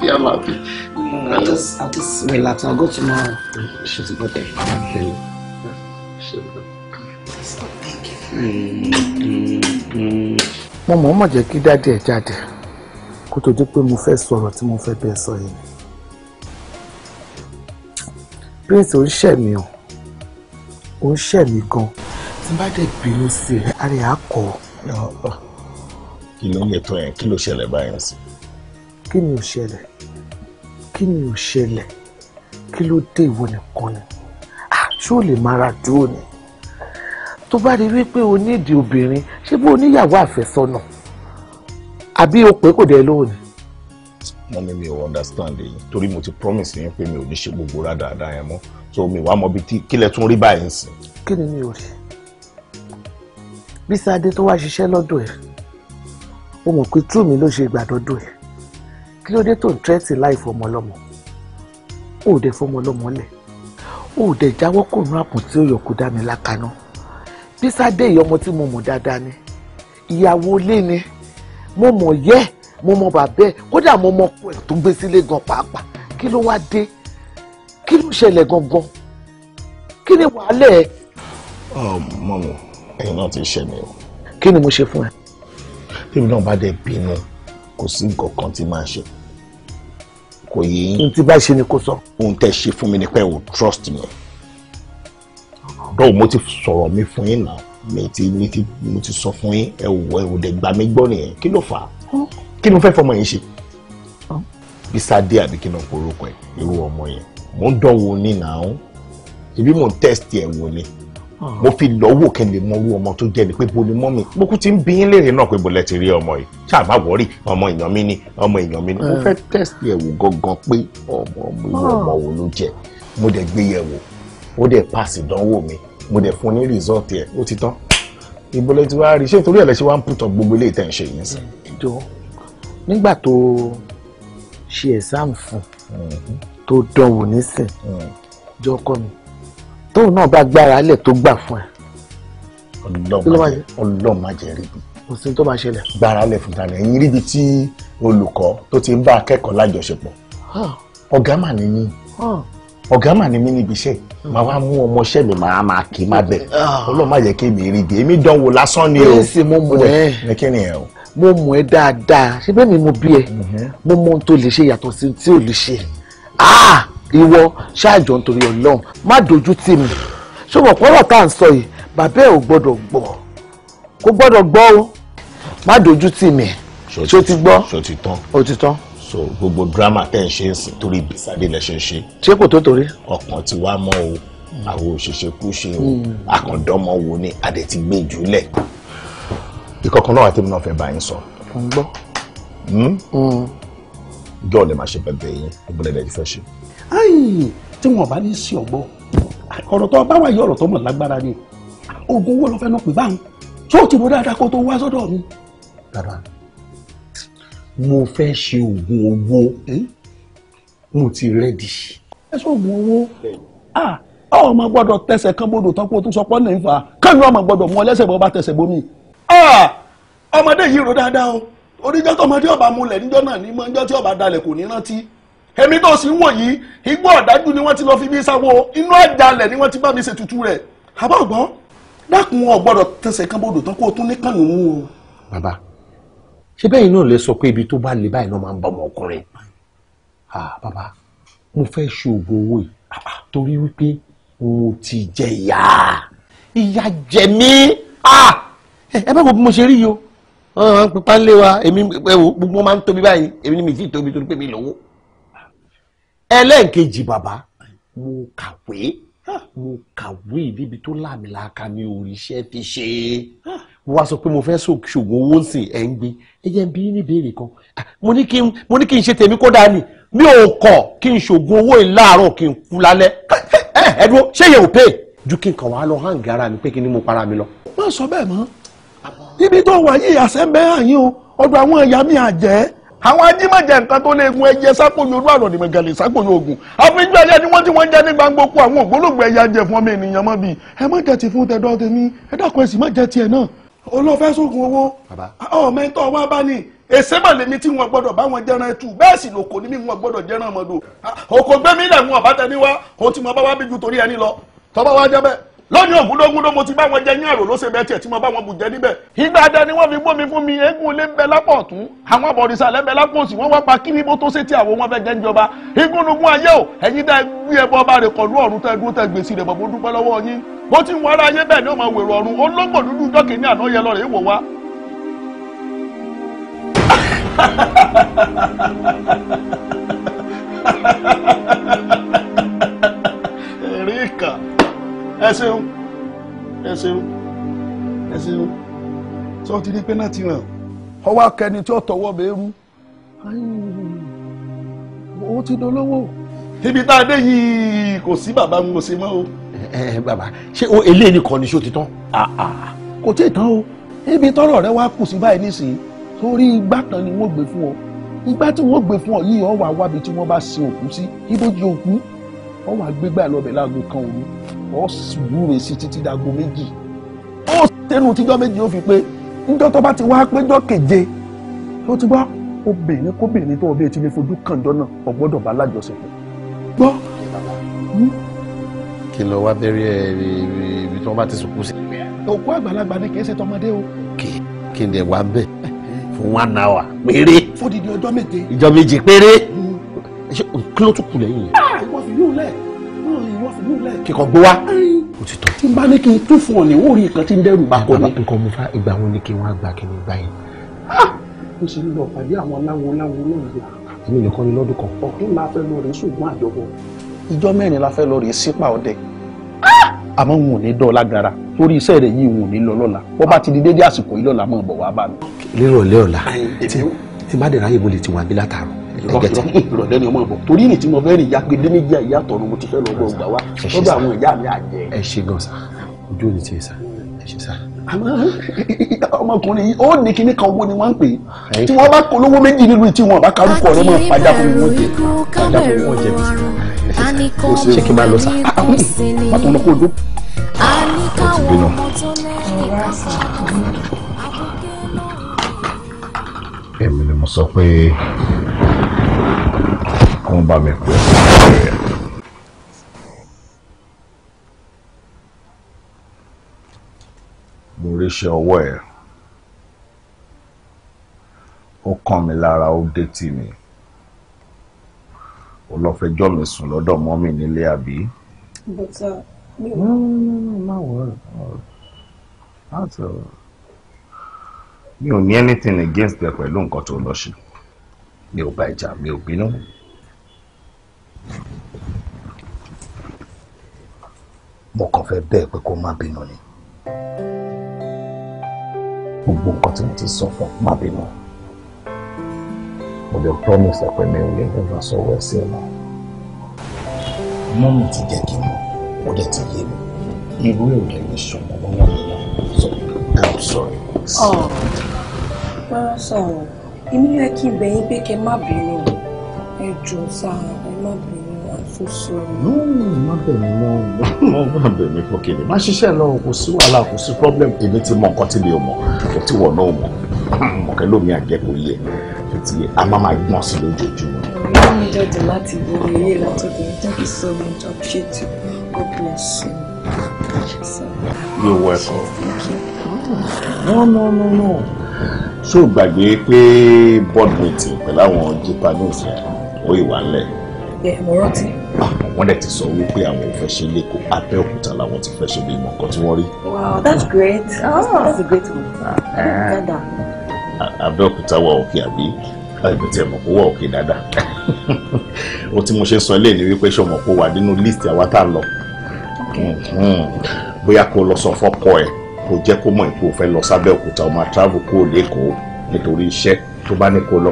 bí a máa fi. I'll just I'll just mo mọ̀ mọ̀ jẹ́ kí dáàdì ẹ̀ jáde kó tó di pé mo fẹ́ sọ̀rọ̀ tí mo fẹ́ bẹ́ẹ̀ sọ yìí prince ò ń ṣẹ̀ mí o ò ń ṣẹ̀ mí gan tí bá dẹ̀ bínú sí ẹ àrẹ àkọ́. kí ló ń yẹtọ yẹn kí ló ṣẹlẹ̀ báyìí sí. kí ni ò ṣẹlẹ̀ kí ni ò ṣẹlẹ̀ kí ló dé ìwọ nìkan ni ah, ṣé o lè mara dúró ni tó bá rí wípé o ní ìdí obìnrin ṣé bó o níyàwó àfẹ́sọ́nà àbí o pé kò dé lóhùn ni. wọ́n ní mi ò understand èyí torí mo ti promise yín pé mi ò ní ṣe gbogbo rádaràda yẹn mọ́ so mi wàá mọ bí kílẹ̀ tún rí báyìí sìn. kí ni mi ò rí bí sáadé tó wá ṣiṣẹ́ lọ́dọ̀ ẹ̀ o mọ̀ pé tú mi ló ṣe gbàdọ́dọ̀ ẹ̀ kí ló dé tó ń tẹ́tì láì fọmọ lọ́mọ o ò dé fọmọ lẹ̀ o ò dé jáwọ́ kò nú àpò tí dá mi lákaná bí Sádé yìí ọmọ tí mo mọ̀ dáadáa ni ìyàwó ilé ni mo mọ̀ yẹ́ mo mọ̀ bàbá ẹ̀ kódà mo mọ̀ ọkọ ẹ̀ tó gbé sílé gan pàápàá kí ló wá dé kí ló ṣẹlẹ̀ gangan kí ni wàhálẹ̀ mọ́mú ẹ̀yin náà ti ṣẹ̀ mí o. kí ni mo ṣe fún ẹ. tèmi náà bá dẹ̀ bínú kò sí nǹkan kan tí máa ṣe kò yé yín. ohun bá ṣe ni kò sọ. ohun tẹ́ ṣe fún mi ni pé o trust me dọ́wọ́ mo ti sọ̀rọ̀ mi fún yín náà mi ti mi ti mo ti sọ fún yín ẹ wò ẹ wò dẹ̀ gbà mí gbọ́ nìyẹn kí ló fà á kí ló fẹ́ fọmọ yẹn ṣe bisade àbí kí ló ń porúkọ ẹ irú ọmọ yẹn mo ń dánwò ní nàáhùn ibi mo ń test ẹ wò ni mo fi lọ́wọ́ kí n lè mọ irú ọmọ tó jẹ́ ni pé bo ni mọ́ mi mo kú ti ń bí léèrè náà pé bọ́lẹ̀ ti rí ọmọ yìí ṣáà má wọ́rì ọmọ èèyàn mi ni ọmọ èèyàn mi ni mo fẹ́ test ẹ wò gangan pé ọmọ irú ọmọ wo ló jẹ́ mo dẹ̀ gbé yẹ̀ wò ó dẹ̀ pass ìdánwò mi mo dẹ̀ fún ní result ẹ̀ ó ti tán ìbọ̀lẹ̀ tí wàá rí ṣé torí ẹ̀ lẹ́sẹ̀ wá ń put up gbogbo ilé ìtẹ̀ ń ṣe yìí sí. jọ nígbà tó ṣe exam fún mm-hmm. tó dánwò nísìn mm. jọ kọ mi tóun náà bá gbára lẹ̀ tó gbà fún ẹ. ọlọ́run má jẹ́ rí bi òsín tó máa ṣẹlẹ̀. gbára lẹ̀ fún tani ẹ̀yin ríbi tí olùkọ́ tó ti ń bá akẹ́kọ̀ọ́ lájọṣepọ̀ ah. ọ̀gá mà ní yín ah ọ̀gá mà ni mí níbi iṣẹ́ màá wá mú ọmọọṣẹ́ mi màá máa kì í má bẹ̀ ah. ọlọ́run má jẹ́ kí èmi rí ibi èmi dánwò lásán ni o èsì mo mọ̀ ẹ́ ní kí ni ẹ o. mo mọ̀ ẹ́ dáadáa ṣé bẹ́ẹ̀ mi mo bí ẹ mhm. mo mọ ohun tó lè ṣe yàtọ̀ sí tí ò lè ṣe ah! ìwọ ṣáàjọ nítorí ọlọ́run má dojú tì mí ṣùgbọ́n pọ́lọ̀ tá à ń sọ yìí bàbá ẹ̀ ò gbọ́dọ̀ gbọ́ kò gbọ́dọ̀ gbọ́ o má dojú tì mí ṣó ti gbọ́ ṣó ti tán so gbogbo drama tẹ́ ń ṣe ń sìn torí Bisade lẹ ṣe ń ṣe. ṣé kò tó torí. ọkàn ti wá mọ́ o hmm. àwọn òṣìṣẹ́ kú ṣe o hmm. àkàndọ́mọ wo ni adé ti gbé jùlẹ̀. ìkọ̀kan náà àti mìíràn fẹ́ bá yín sọ. ń gbọ́. jọ́ hmm? lè máa ṣe bẹ̀bẹ̀ yín ìbúlẹ̀ lẹ́yìn fẹ́ ṣe. ayi tí wọn bá ní sí ọgbọ ọ̀rọ̀ tó bá wà yí ọ̀rọ̀ tó mọ lágbára ni oògùn owó ló fẹ́ náà pè báwọn tó ti rọ dáadáa kó tó wá sọ́dọ̀ mi. dáadáa mo fẹ́ ṣe oògùn owó hmm? mo ti rẹ́dì. ẹ sọ oògùn owó ọmọ gbọ́dọ̀ tẹsẹ̀ kan bodò tán kó tó sọ pọ́n lẹ́yìn fà á kánú ọmọ gbọ́dọ̀ mú ọ lẹ́sẹ̀ bọ́ bá tẹsẹ̀ bomi. ọmọdé yìí rò dáadáa o oníjọ́ tó ọmọdé ọba múlẹ̀ níjọ́ náà ní mọ́jọ́ tí ọba dalẹ̀ kò ní rántí èmi tó sì ń wò yìí igbó ọ̀dájú ni wọ́n ti lọ fi mí sáwọ́ inú àjálẹ̀ ni wọ́n ti bá mi ṣètùtù rẹ̀ àbá ọ̀gbọ́n dákun ọ̀gbọ́dọ̀ tẹsẹ̀ kan bodò tán kó o tún ní kànú mú o. bàbá ṣé bẹ́ẹ̀ náà lè sọ pé ibi tó bá le báyìí náà máa ń bá ọmọ ọkùnrin bàbá mo fẹ́ ṣoògùn owó yìí torí wípé mo ti jẹ ìyá ìyá jẹ mí ẹ bá wo bí mo ṣe rí yìí o pípa ń lé wa èmi gbogbo máa ń tóbi báyìí èmi ni mi ti tóbi torí pé mi lówó ẹlẹ́ǹkejì bàbá mo kàwé mo kàwé níbi tó láàmì mi ò ríṣẹ́ fi ṣe wá sọ pé mo fẹ́ ṣògùn owó ńsìn ẹ̀ ń gbé ẹ jẹ́ ń bí ní ìbéèrè kan mo ní kí mo ní kí n ṣe tèmi kó dání mi ò kọ̀ kí n ṣògùn owó yìí láàárọ̀ kí n kú lálẹ́ ẹ dúró ṣé yẹn ò pè ju kí n kàn wá lọ hàǹgì ara mi pé kí ni mo para mi lọ. má sọ bẹ́ẹ̀ mọ́ ibi tó wà yìí àṣẹ bẹ́ẹ̀ àyín o ọdọ̀ àwọn ìyá mi àjẹ́ àwọn ajímọ̀jẹ̀ nǹkan tó lè gun ẹyẹ sápòyò àlọ́ nìmọ̀gàlè sápòyò ogun àfijọ́ ni wọ́n tí wọ́n jẹ́ ní gbangba oko àwọn ògbólógbò ẹyẹ ajẹ fún ọmọ ènìyàn mọ́ bíi ẹ má jẹ ti fún tẹ̀dọ́ tiẹ̀ náà olóòfẹ́ sóògùn owó ọmọ ẹ̀ ń tọ́ wá bá ní èsèbà lèmi tí wọn gbọ́dọ̀ bá wọn jẹran ẹtù bẹ́ẹ̀ sì lòkò ní mi wọn gbọ́dọ̀ jẹran ọmọdò òkò gbẹmí lẹ wọn àbátẹ ní wa ohun tí mo bá wá bí ju torí ẹni lọ tọba wá jẹ bẹ́ẹ̀ lónìí ògúndógún ló mo ti bá wọn jẹ yín àrò ló ṣe bẹ́ẹ̀ tiẹ̀ tí mo bá wọn bù jẹ níbẹ̀. ìgbà àdá ni wọ́n fi gbómi fún mi eégún lé ń bẹ lápò ọ̀tún àwọn abọ̀rìṣà lẹ́bẹ̀ lápò òsì wọ́n wá pa kí ni bó tó ṣe tí àwọn wọn fẹ́ jẹ́ ń jọba igúnnugún ayé o ẹ̀yin dá gbé ẹbọ ọba rẹ̀ kọ̀ọ̀lú ọ̀run tẹ́ dúró tẹ́ rẹ̀ bọ̀ mo dúpẹ́ lọ́wọ́ yín. bó ti ń ebe aráyé bẹ́ẹ̀ ni ó máa wèrò ọ̀run olóńgbò dúdú dọ́kì ní àná yẹ baba eh, eh, bàbá ṣé o eléyìí nìkan ni ṣó ti tán. Ah, ah. kò tí ì tán o ibi tọ́rọ̀ rẹ wá kù sí báyìí nísìnyí torí igbá kan ni wọ́n gbé fún ọ igbá tí wọ́n gbé fún ọ yìí ọ wà wábi tí wọ́n bá sin òkú sí ibojì òkú ọ wà gbégbá lọ́bẹ̀ láago kan òru ọ wúre sí títí dago méjì ó tẹnu tíjọ́ méjì ó fi pé níjọ́ tó bá ti wá péjọ́ keje ló ti gbọ́ obìnrin kóbìnrin tó ọbẹ̀ ti lè fojú kànjọ́ náà ọ bá lájọṣepọ̀ gbọ́. Hmm? kí n lọ wá bẹ́rẹ̀ ibi tí wọ́n bá ti sùnkú sí. òkú àgbàlagbà ni kì í ṣe tọmọdé o. kì kí n dẹ̀ wá bẹ̀ fún one hour péré. fódìdí ọjọ́ méje. ìjọ méje péré. Mm. kí ló tún kù lẹ́yìn yẹn. Ah, ìwọ fi yóò lẹ̀ ah, ìwọ fi yóò lẹ̀. kíkọ gbó wa. o ti tọ́. tí n bá ní kí n tún fún ọ ní wọ́ọ̀rì nǹkan tí ń dẹ́rù bá kọ́ ni. nǹkan mo fa ìgbà wo ni kí wọ́n á gbà kí ni gbà yìí. Ah, mo ṣe ń lọ pàdé àwọn láwọn láwọn náà yìí. èmi nìkan ni lọ́dún ìjọ mẹ́rin la fẹ́ lọ rèé sípà ọdẹ àmọ́ n ò ní dọ́ lágara torí iṣẹ́ rẹ̀ yìí n ò ní lọ lọ́la wọ́n bá ti di dédé àsìkò yìí lọ́la mọ̀ bọ̀ wá bá mi. lérọ̀lẹ́ ọ̀la tí n bá dẹ̀ ráyè mo lè ti wà bí látàrọ. ìrọ̀lẹ́ ni ọmọ bọ̀ torí ní tí mo fẹ́ rìn yàgbé dé méjì àyè àtọ̀run mo ti fẹ́ lọ gbọ́ gbà wá lọ́dọ̀ àwọn ìyá mi àjẹ. ẹ ṣe gan sa ojú ò ní tiẹ̀ sa ẹ ṣe sa. àmọ́ ọmọkùnrin yìí ó ní kíní kan owó ni wọ́n ń pè tí wọ́n bá polówó méjì nínú tí wọ́n bá karúkọ rẹ̀ mọ́ padà fún wọ́n jẹ padà fún wọ́n jẹ bí o ṣe kí n máa lọ sá má tó lọ kó o dó. ó ti bínú. èmi ni mo sọ pé kó ń bá mi pè é. mo rí iṣẹ́ ọwọ́ ẹ̀ ó kàn mí lára ó dé tì mí ó lọ fẹjọ́ mi sùn lọ́dọ̀ mọ́ mi nílé àbí. bọ́tà mi ò. má wọrọ láti ọ̀rọ̀ mi ò ní anything against ẹ pẹ̀lú nǹkan tó lọ ṣe mi ò bá ìjà mi ò bínú. mo kàn fẹ́ bẹ́ẹ̀ pé kó má bínú ni gbogbo nǹkan tí mo ti sọ fún má bínú mo dẹ̀ promise ẹ pé mi ò lè nígbà sọ̀rọ̀ ẹ sí mọ́. mọ́mì ti jẹ́ kí n mọ̀ ó dẹ̀ ti yé mi irú ẹ̀ ò dẹ̀ lè ṣọmọ lọ́wọ́ mi náà so I'm sorry. rárá oh, sọ̀rọ̀ èmi yẹ kí n bẹ̀ yín pé kẹ́ má bínú ẹ jù sáà ẹ má bínú I'm so sorry. no má bẹ̀mí mọ́ má bẹ̀mí fọkẹ́ni má ṣiṣẹ́ lọ kò sí wàhálà kò sí problem èmi ti mọ nǹkan tí mi ò mọ̀ kò tí wọ̀ mọ̀kẹ́ lómi àjẹkù yẹ ti a máa máa gbọ́n sí lójoojúmọ́. ìyá mi jáde láti wo eré látọ̀dọ̀ thank you so much I appreciate you you. welcome. No, no, no, no. Ṣó gbàgbé pé board meeting pẹ̀lú àwọn japanese ó ìwà ńlẹ̀. Ẹ mo rántí. Ah, wọ́n dẹ̀ ti sọ wípé àwọn ò fẹ́ ṣe lẹ́kọ̀ọ́ Abẹ́òkúta làwọn ti fẹ́ ṣe bí ìmọ̀ nǹkan tí wọ́n rí. Wow, that's great. Oh, that's ah. a great one. Uh, uh, Abẹ́òkúta wà òkè àbí àgbẹ̀tẹ̀ mọ̀ kó wà òkè dáadáa o tí mo ṣe sọ eléyìí ni wípé ṣe mọ̀ kó wà nínú list àwa tá a lọ mhm. bóyá kó lọ sọ fọ́kọ ẹ̀ kó jẹ́ kó mọ̀ pé o fẹ́ lọ sábẹ́òkúta o máa travel kó o lẹ́kọ̀ọ́ nítorí iṣẹ́ tó bá ní kó lọ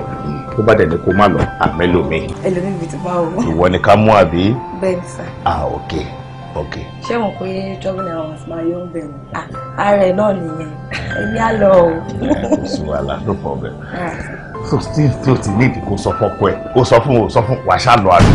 tó bá dẹ̀ ní kó má lọ àmẹ́lòmíì. ẹlòmíì bìtì bá wò. ìwọ ni ká mú àbí. bẹ́ẹ̀ ni sà. ah okay ok. ṣé mo pé travel hours máa yọ ń bẹ̀rù ara ẹ̀ náà nìyẹn èmi á lọ o. sùwàlà no problem so still still ti ní ìdí kó sọ fún ọkọ ẹ kó sọ fún o sọ fún wàá ṣá lọ àlọ.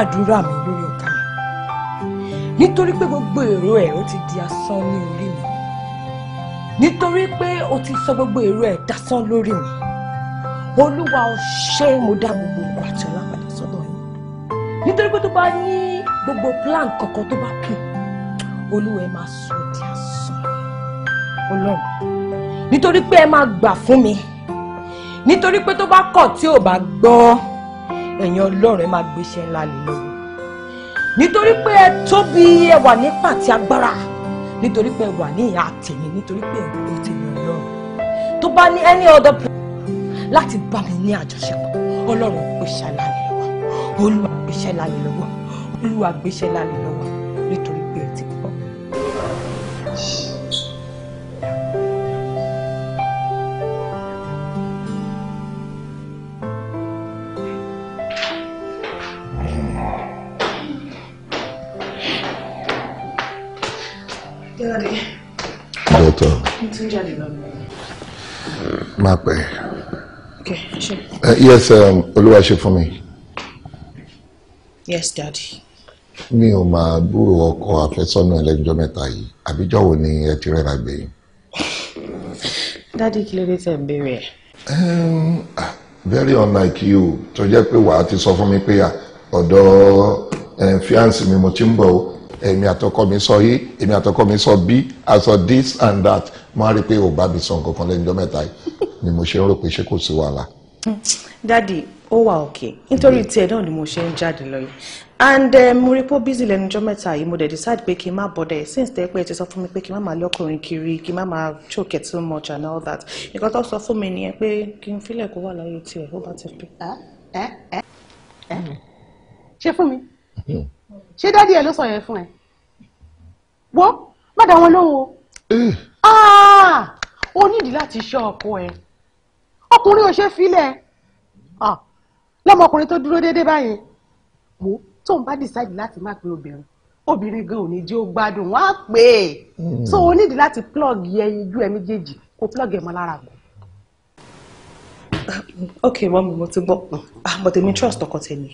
àdúrà mi lórí ọ̀gá mi nítorí pé gbogbo èrò ẹ̀ ó ti di asán ní orí mi nítorí pé ó ti sọ gbogbo èrò ẹ̀ dasán lórí mi olúwa ó ṣe mo dá gbogbo ìwà àti ọlá padà sọ́dọ̀ yìí nítorí pé tó bá ní gbogbo plan kankan tó bá kì olúwa ẹ máa sọ di asán ọlọ́run nítorí pé ẹ máa gbà fún mi nítorí pé tó bá kọ̀ tí ò bá gbọ́ ẹ̀yin ọlọ́run ẹ máa gbéṣẹ́ ńlá lè lọ́wọ́ nítorí pé ẹ tóbi ẹ wà ní pàtí agbára nítorí pé ẹ wà ní ìhà tèmi nítorí pé ẹ gbọ́ tèmi ọlọ́run tó bá ní any other place. láti bá mi ní àjọṣepọ̀ ọlọ́run gbéṣẹ́ ńlá lè lọ́wọ́ olúwa gbéṣẹ́ ńlá lè lọ́wọ́ olúwa gbéṣẹ́ ńlá lè lọ́wọ́. yes um, olúwa ṣe mi. yes daddy. mi o ma gbúrò ọkọ àfẹ́sọ́nà ẹlẹ́jọ́ mẹ́ta yìí àbíjọ́ wo ni ẹ ti rẹ́ra gbẹ̀yìn. dádì kí ló dé tẹ̀ ń um, ah, very unlike you tó jẹ́ pé wàá ti sọ fún mi pé ah, ọ̀dọ̀ fiance mi mo ti ń bọ̀ o èmi àtọkọ mi sọ yìí èmi àtọkọ mi sọ bí a sọ this and that mo á rí i pé ò bá mi sọ nǹkan kan lẹ́jọ́ mẹ́ta yìí ni mo ṣe ń rò pé ṣé kò sí wàhálà daddy, oh wà òkè nítorí mm-hmm. tiẹ̀ náà ni mo ṣe ń jáde lọ and eh, mo rí pé ó busy lẹ́nu ọjọ́ mẹ́ta yìí mo dẹ̀ decide pé kí n má bọ́dẹ̀ since tẹ́ pé ẹ ti sọ fún mi pé kí n má máa lé ọkùnrin kiri kí n má máa choke too much and all that nǹkan tó sọ fún mi nìyẹn pé kí n fílẹ̀ kó wà láyé tiẹ̀ ó bá ti pè. ṣé fún mi hmm. ṣé dádì ẹ ló sọ yẹn fún ẹ wo má wọn lóhùn o eh. ah! ó nídìí láti ṣọ́ ọkọ ẹ ọkùnrin ò ṣe filẹ̀ ah, lọ́mọkùnrin tó dúró déédéé báyìí wo tóun bá decide láti má pe obìnrin obìnrin gan ò ní jẹ́ ó gbádùn wọ́n á pè é hmm. so o nídìí láti plug ẹyin ojú ẹ méjèèjì kó plug ẹ mọ́ lára kù. ok mọ́mi mo ti gbọ́ ah, but èmi trust ọkọ tẹ̀lé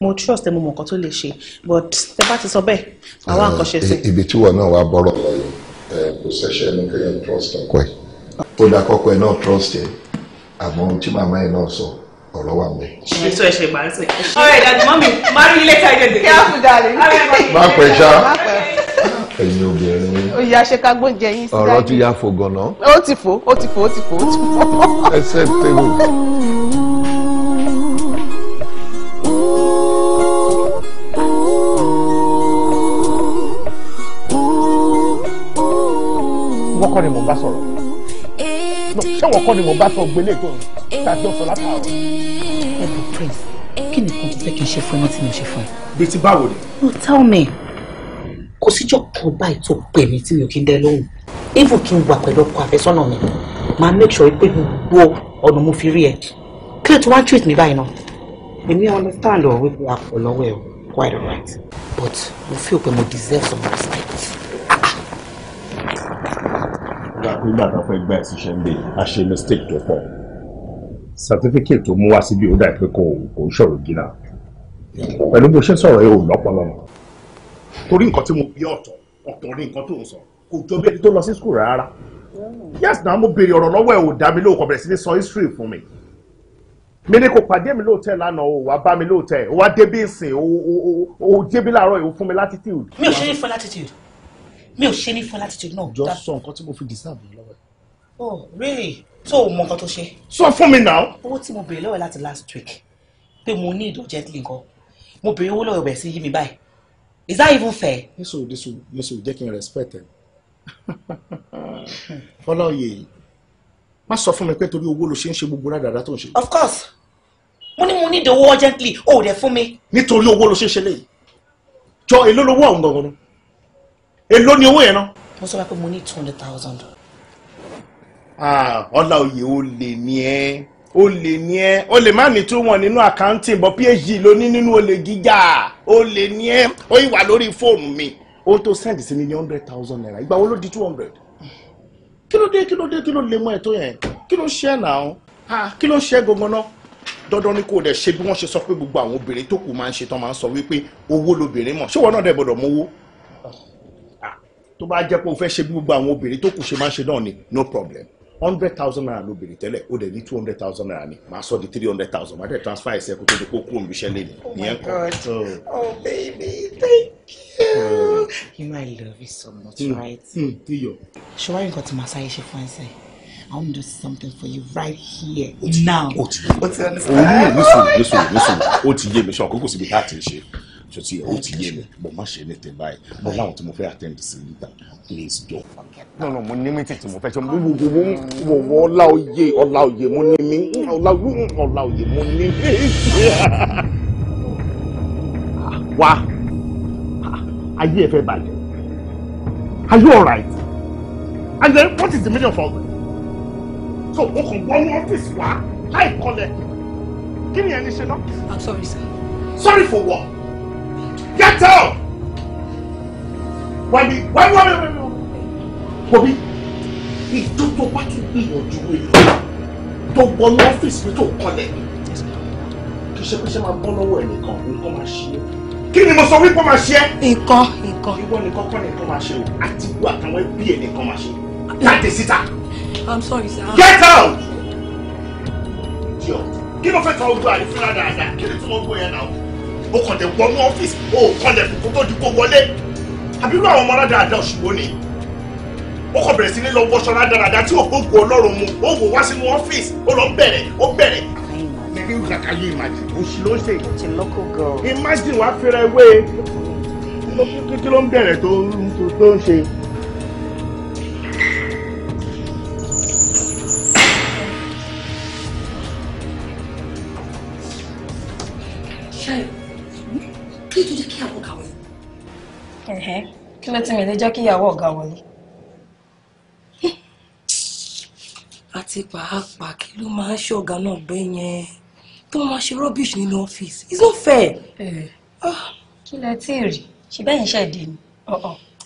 mo trust ẹ mo mọ nǹkan tó lè ṣe but tẹ bá ti sọ bẹ́ẹ̀ àwa nǹkan ṣe sí. Eh, ibi tí wọn náà wàá bọ̀rọ̀ lọ eh, kò ṣẹ̀ṣẹ̀ ní kéèyàn trust ọkọ ẹ̀ ó dá kọ́kọ́ ẹ̀ náà trust ẹ̀ àmọ́ ohun tí màmá yẹn náà sọ ọ̀rọ̀ wà mẹ́. ṣe sọ ẹsẹ̀ ìgbà ẹsẹ̀. ọ̀rẹ́ ìdájọ́ mọ́mí máa rí ilé táyé dèké. kí á fún dalè. má pẹ́ ṣá ẹ̀yin obìnrin. oyè aṣekágbó ń jẹ yín sí dájú. ọ̀rọ̀ ti ya fò gànà. ó ti fò ó ti fò ó ti fò ó ti fò. ẹsẹ̀ tèwò. wọ́n kọ́ ni mò bá sọ̀rọ̀ ṣé wọ́n kọ́ ni mo bá sọ gbélé tó ń tàbí ọ̀sán látàrọ̀. ẹ̀bùn prince kí ni kò fẹ́ kí n ṣe fún ẹ wọ́n tí mo ṣe fún ẹ. bí ti báwo ni. no tell me kò síjọ́ kan báyìí tó pè mí tí mi ò kí ń dẹ lóhùn even kí n wà pẹ̀lú ọkọ àfẹ́sọ́nà mi máa make sure pé gbogbo ọ̀nà mo fi rí ẹ kí ló ti wá treat mi báyìí náà. èmi understand ọ̀ wípé a pọ̀ lọ́wọ́ ẹ̀ quite right, but mo feel pé mo deserve some respect pé gbàgbà fẹ́ gbà ẹ̀ ṣiṣẹ́ ń bè a ṣe mistake tó pọ̀ certificate tó mú wá síbi ó dà pé kò kò ṣòro gíga pẹ̀lú bó ṣe sọ̀rọ̀ yóò lọ́pọ̀lọ́ torí nǹkan tí mo bí ọ̀tọ̀ ọ̀tọ̀ ní nǹkan tó ń sọ kò jọ bí ẹni tó lọ sí school rárá yes na mo béèrè ọ̀rọ̀ lọ́wọ́ ẹ̀ ò dá mi lóò kọ̀ bẹ̀rẹ̀ sí ní sọ history fún mi mi ní kò pàdé mi lóòótẹ́ lánàá o wàá bá mi lóòótẹ́ o wàá débí ìsìn o o o débí láàárọ̀ ìwò fún mi latitude. mi ò ṣe é fẹ́ latitude mi ò ṣe ní fún latitude náà. jọ sọ nǹkan tí mo fi deserve yẹn lọ́wọ́. oh really tó o mọ nǹkan tó ṣe. sọ fún mi náà. owó tí mo béèrè lọ́wọ́ láti last week pé mo ní ìdó gently nǹkan mo béèrè owó lọ́wọ́ bẹ̀rẹ̀ sí yí mi báyìí is that even fair. yeso yeso yeso jẹ́ kí n respect ẹ fọláòye má sọ fún mi pé torí owó ló ṣe ń ṣe gbogbo rádàrá tó ń ṣe. of course mo ní mo ní ìdòwò urgently o ò dẹ̀ fún mi. nítorí owó ló ṣe ń ṣe léyìí jọ èlò lówó àwọn gangan èló ni owó yẹn náà. mo sọ pé mo ní two hundred thousand. Ah, ọlá oyè ó lè ní ẹ ó lè ní ẹ ó lè má ní two one nínú accounting but phd ló ní nínú olè gíga ó lè ní ẹ ó yìí wà lórí fóònù mi ó tó send sí mi ní hundred thousand naira ìgbà wo ló di two hundred kí ló dé kí ló dé kí ló lè mọ ètò yẹn kí ló ṣe náà kí ló ṣe gangan náà dandan ni kò dẹ̀ ṣe bí wọ́n ṣe sọ pé gbogbo àwọn obìnrin tó kù máa ń ṣe tán máa ń sọ wípé owó lobìnrin mọ̀ ṣé wọn náà dẹ̀ gbọ́dọ̀ mówó tó bá jẹ́ pé o fẹ́ ṣe bí gbogbo àwọn obìnrin tó kù ṣe máa ṣe náà ni no problem hundred thousand naira ló tẹ́lẹ̀ ó dẹ̀ ní two hundred thousand naira ni màá sọ di three hundred thousand màá dẹ̀ transfer ẹsẹ̀ kó tó di kókó olùṣẹ́ lé ní ìyẹn kan. Oh. oh baby thank you. you know i love you so much mm. right. Hmm, ṣọwárí nǹkan tí màá sáyé ṣe fún ẹsẹ̀ i wan do something for you right here now. o ti yé mi sùn mi sùn mi sùn o ti yé mi sùn àkókò oh síbi tá a ti ṣe ṣọtí ẹ̀ ó ti yé mi mo má ṣe ní tẹ̀ báyìí mo láwọn tí mo fẹ́ attend sí níta please jọ. no no mo ní mi tètè mo fẹ́ ṣe mo ah. wo wo wo wo ọlá oyè ọlá oyè mo ní mi ọlá oyè mo ní mi. wá ayé ẹ fẹ́ balẹ̀ are you alright and then what is the meaning of all this so o kò wọ́n ọ́fíìsì wa láì kọlẹ̀ kí ni ẹni ṣe náà. i'm sorry sir. sorry for what. Get up! Wẹ́bí wẹ́bí wẹ́bí wẹ́bí wẹ́bí ìjọ tó bá tún gbìyànjú rẹ̀ tó wọnú ọ́fíìsì mi tó kọlẹ̀ kì í ṣe pé ṣe máa bọ́ lọ́wọ́ ẹ̀ nìkan nǹkan máa ṣe é. Kí ni mo sọ wípé máa ṣe é? Nǹkan nǹkan. Ìwọ nìkan kọ́ nìkan máa ṣe o àti ìwọ àtàwọn ẹbí ẹ̀ nìkan máa ṣe láti síta. I'm sorry sir. Get out! Kí ló fẹ́ tọ́ ojú àrífúnra dáadáa? Kí ni tí wọ́n gbọ́ náà? o kàn dé wọnú ọ́fíìsì o kàn dé kó tó di kó wọlé àbírú àwọn ọmọ aládàáda òṣùwò ni ó kàn bẹ̀rẹ̀ sí ní lọ wọṣọ rádaràda tí ò gbogbo ọlọ́run mu ó wò wá sínú ọ́fíìsì ó lọ bẹ̀rẹ̀ ó bẹ̀rẹ̀. Maybe you can you imagine? Oṣù ló ṣe. It's Imagine wàá fẹ́rẹ̀ wé. Kí ló ń bẹ̀rẹ̀ tó ń ṣe? kí ló ti mi lè jẹ́ kí ìyàwó ọ̀gá wọlé. àti pàápàá kí ló máa ń ṣe ọ̀gá náà bẹ́ẹ̀ yẹn tó máa ṣe rubbish nínú ọ́fíìsì it's not fair. Ah. kí lẹ tí ì rí ṣe bẹ́ẹ̀ ń ṣẹ̀dí ni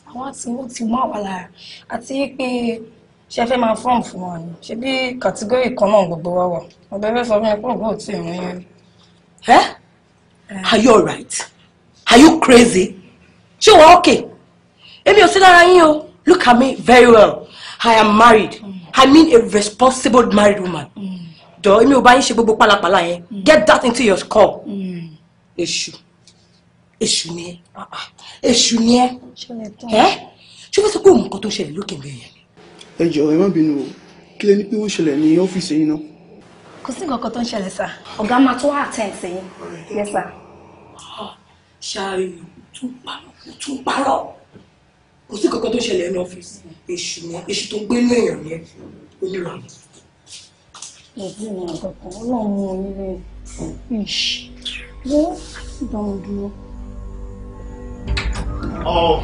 àwọn tí ó ti mọ́ àwa lára àti pé ṣe fẹ́ máa fọ́ọ̀mù fún wọn ni ṣe bí kàtígórì kan náà gbogbo wa wọ̀ ọ̀bẹ fẹ́ sọ fún mi pé tí ì rìn rí. Are you alright? Are you crazy? ṣé wàá okay? Emi ò sí lára yín o look at me very well i am married i mean a responsible married woman jọ Emi ò bá yín ṣe gbogbo pálapàla yẹn get that into your skull èṣù èṣù ni ẹ ah, ah. èṣù ni ẹ ẹ ṣé wọ́n sọ pé òun nǹkan tó ń ṣẹlẹ̀ lókè bẹ́ẹ̀ yẹn. ẹ jọ ẹ má bínú o kí lẹ ní pé ó ṣẹlẹ̀ ní ọ́fíìsì yín náà. kò sí nǹkan kan tó ń ṣẹlẹ̀ sá ọ̀gá máa tó àtẹ̀ ẹ̀sẹ̀ yín yẹ sá. ṣáà yóò tún parọ́ tún parọ́ kò sí kankan tó ṣẹlẹ̀ ní ọ́fíìsì èṣù ni èṣù tó gbé ní èèyàn yẹn onírà ni. ọ̀gbìn mi ọlọ́run mi ìṣì wọ́n dáhùn dúró. Oh,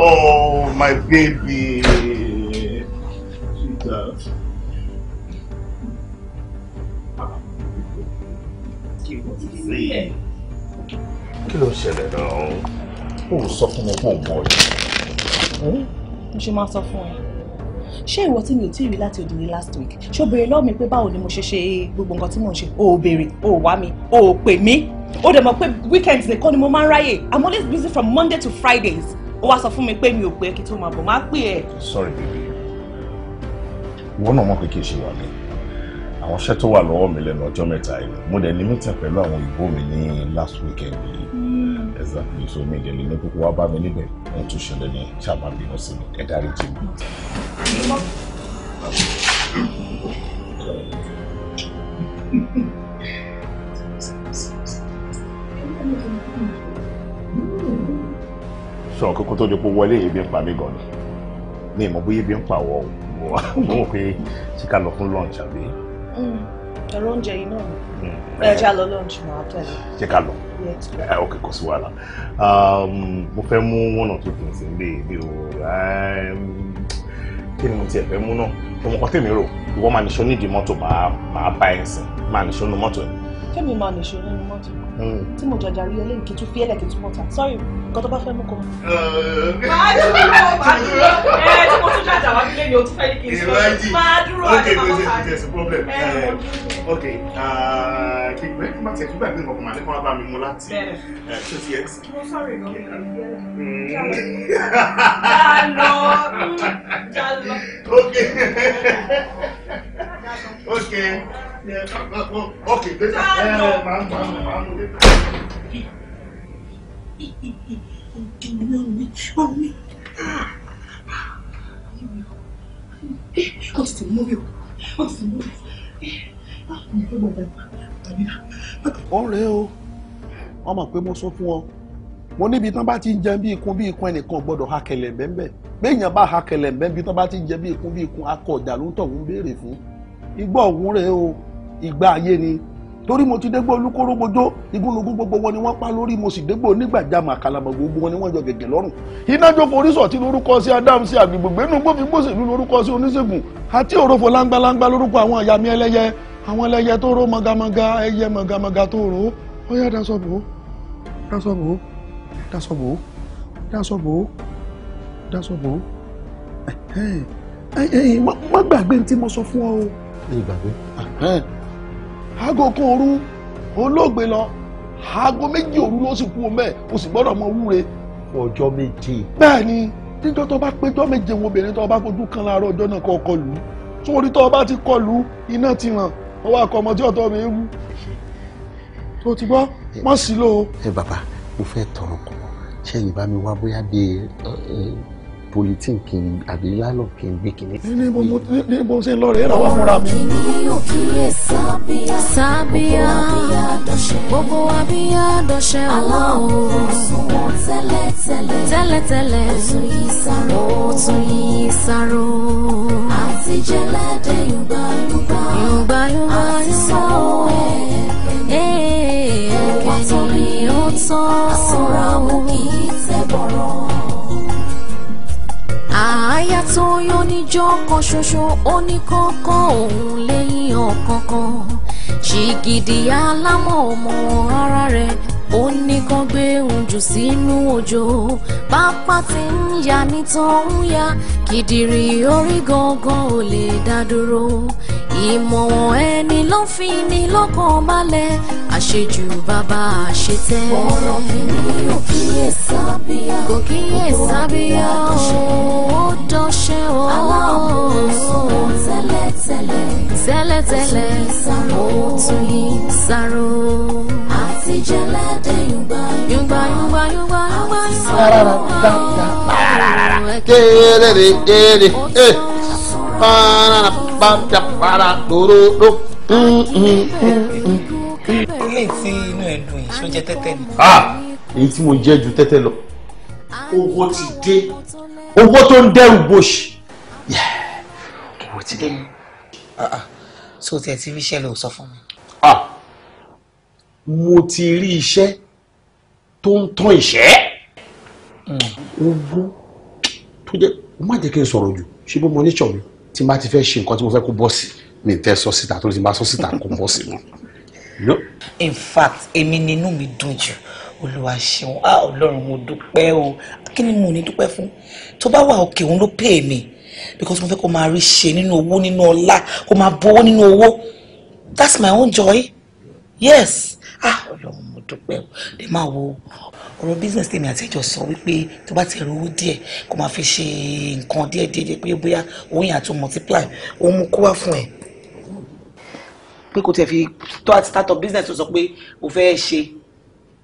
oh, my baby. Sweetheart. Ah, kí ló ṣẹlẹ̀ náà? ó sọ fún mi pé òun ọ̀rẹ́. Hm? mo ṣe máa sọ fún ẹ ṣé ìwọ tí mi ò tí ì rí láti òdìrí last week ṣó béèrè lọ́wọ́ mi pé báwo ni mo ṣe ṣe gbogbo nǹkan tí mò ń ṣe o ò béèrè o ò wá mi o ò pè mí o dẹ̀ mọ̀ pé weekend nìkan ni mo máa ń ráyè i'm always busy from monday to fridays o wá sọ fún mi pé mi ò pè kí tó máa bọ̀ máa pè é. sorry baby ìwọ náà mọ̀ pé kì í ṣe wà ní àwọn iṣẹ́ tó wà lọ́wọ́ mi lẹ́nu ọjọ́ mẹ́ta yìí mo dẹ̀ ní mítìn pẹ̀lú àwọn òyìnbó mi ní last weekend yìí. Hm exactly so mi ìdẹ̀lẹ̀ ní kókó wá bá mi níbẹ̀ wọ́n tún ṣẹlẹ̀ ní ṣàmà bínú sí mi ẹ dárí jì mí. sọ kókó tó dípò wọlé ebi ń pa mí gan ni mi ìmọ̀ bóyá ebi ń pa wọ́ mo mọ̀ pé ṣé ká lọ fún lunch àbí. Mm. ẹ̀rọ oúnjẹ yìí náà mm. ẹ já lọ lunch mọ́ àtẹ̀lé. ṣé ká lọ. Okay, cause sí Um, we fẹ́ mú one or two things in bẹ́ẹ̀ bí o kí ni mo tiẹ̀ fẹ́ mu náà ọmọ kan tèmi rò ni máa nìṣó nídìí mọ́tò máa bá ẹ̀ sìn máa nìṣó nu mọ́tò ẹ̀ kẹ́mi máa nìṣó nínú mọ́tò hmm. tí mo jàjà rí eléyìí kí tún fi ẹ̀lẹ̀ kí tún mọ̀ta sọ́rí nǹkan tó bá fẹ́ mú kọ́. Eh, máa dúró máa dúró ẹ eh, tí mo tún jàjà wá nílé mi o tún fẹ́ ní kí n sọ máa dúró àti máa máa ṣáájú. ok there's a problem eh, ok uh, kí n bẹ́ẹ̀ má tẹ̀sí gbàgbé nǹkan kan máa lẹ́kọ̀ọ́ bá mi mú láti ṣé ti ẹ̀ sí. mo sọ̀rọ̀ ìnáwó mi ò ní yẹ hmm. ok ok. Okay, later. Eh, ma'am, ma'am, ma'am, later. What's the movie? What's the movie? ọ̀rẹ́ o wọ́n mọ̀ pé mo sọ fún ọ mo níbi tán bá ti ń jẹun bí ikun bí ikun ẹnìkan gbọ́dọ̀ ha kẹlẹ̀ bẹ́ẹ̀ bẹ́ẹ̀yàn bá ha kẹlẹ̀ bẹ́ẹ̀ bí tán bá ti ń jẹun bí ikun bí ikun akọ ọ̀dà ló ń tọ̀hún béèrè fún igbó ọ̀hún rèé o ìgbà ayé ni torí mo ti dégbò olúkórógbòjó igúnnugún gbogbo wọn ni wọ́n pa lórí mo sì dégbò onígbàjámọ̀ àkàlàmọ̀ gbogbo wọn ni wọ́n jọ gẹ́gẹ́ lọ́rùn iná jókòó orísọ tí lórúkọ sí adam sí àgbègbè nù gbòfin gbòsèlú lórúkọ sí oníṣègùn àti òròfò láńgbáláńgbá lórúkọ àwọn àyàmí ẹlẹ́yẹ àwọn ẹlẹ́yẹ tó ró mọ̀gàmọ̀gà ẹyẹ mọ̀gàmọ̀gà tó ró ó yá dasọ̀bò dasọ̀bò dasọ̀bò dasọ̀bò dasọ̀bò ẹ ẹ má gbàgbé ní tí mo sọ fún ọ o. ẹ gbàgbé aago kan òru olóògbé lọ aago méjì òru ló sì kú omi ẹ o sì gbọ́dọ̀ mọ wúre. ọjọ́ méje. bẹ́ẹ̀ni níjọ́ tó bá péjọ méje wo obìnrin tó bá fojú kan láàárọ̀ ọjọ́ náà kọ kọlù sórí tó bá ti kọlù iná ti ràn wọn wá kọ ọmọ tí ọ̀tọ̀ mi wú. tó ti gbọ́ mọ́ sí lò. ẹ bàbá mo fẹ́ tọrọ kọ́ ṣẹ́yìn bá mi wá bóyá bíi politin kì í àbí lálọ́ kì í gbé kìíní. ní bó mo ní bó ṣe lọ rẹ̀ ẹ̀rọ wà fúnra mi. ní òkèèrè sábíà sábíà gbogbo wa bí a dọ̀ṣẹ́ o. aláwọ̀ òṣùwọ̀n tẹ́lẹ̀tẹ́lẹ̀ tẹ́lẹ̀tẹ́lẹ̀ òtún yìí sáró òtún yìí sáró. àti jẹ́lẹ́dẹ̀ yorùbá yorùbá yorùbá yorùbá àti sọ́wọ́ ẹ̀ ẹ̀ẹ́dẹ̀ kẹ́ni ó tán àsọ̀rọ̀ àwọn. tóyó níjọ́ kan ṣoṣo ó ní kọ́kọ́ òun lẹ́yìn ọ̀kankan ṣìgìdì alámọ̀ ọmọ ara rẹ̀ ó ní kán gbé òun jù sínú òjò pápá tí ń ya nítọ́ ń ya kìdìrì orí gangan ò lè dá dúró ìmọ̀ràn ẹni ló ń fi ni lọ́kàn balẹ̀ àṣejù bàbá àṣetẹ́. ọ̀rọ̀ mi ni ò kíyè sábíà kò kíyè sábíà ó dọ́ṣẹ́ o. aláwọ̀ sọ̀rọ̀ tẹ́lẹ̀tẹ́lẹ̀ tẹ́lẹ̀tẹ́lẹ̀ ó tún yí sáró. àti jẹ́lẹ́dẹ̀ yùngbà yùngbà yùngbà yùngbà yùngbà yùngbà. kéré kéré pàmpà para lóróró. ilé tí inú ẹ dùn yìí ṣó jẹ tẹ́tẹ́ ni. Ah! èyí tí mo jẹ́ ju tẹ́tẹ́ lọ owó ti dé owó tó ń dẹ́rù gbòòṣì owó ti dé. Ah, ah. so tẹ ti rí iṣẹ́ ló sọ fún mi. mo ti rí iṣẹ́ tó ń tán ìṣẹ́ hmm. owó tó jẹ́ má jẹ́ kí n sọ̀rọ̀ jù ṣé bó mo ní ṣọ̀rọ̀ tí n bá ti fẹ́ ṣe nǹkan tí mo fẹ́ kó bọ́ sí mi tẹ́ sọ síta tó ti bá sọ síta kó bọ́ sí mi. in fact èmi ni inú mi dùn jù olúwa ṣeun á ah, ọlọ́run mo dúpẹ́ o kí ni mo ní dúpẹ́ fún tó bá wà òkè òun ló pè mí because mo fẹ́ kó máa rí ṣe nínú owó nínú ọlá kó máa bọ́ nínú owó that's my own joy yes ah ọlọ́run dúpẹ́ o lè máa wo ọ̀rọ̀ business tèmi àtẹ̀jọ́ sọ wípé tó bá ti rówó díẹ̀ kó máa fi ṣe nǹkan díẹ̀ díẹ̀ pé bóyá òun yàn àti multiply òun mú kó wá fún ẹ pé kò tẹ̀ fi tó àti start up business tó sọ pé o fẹ́ ṣe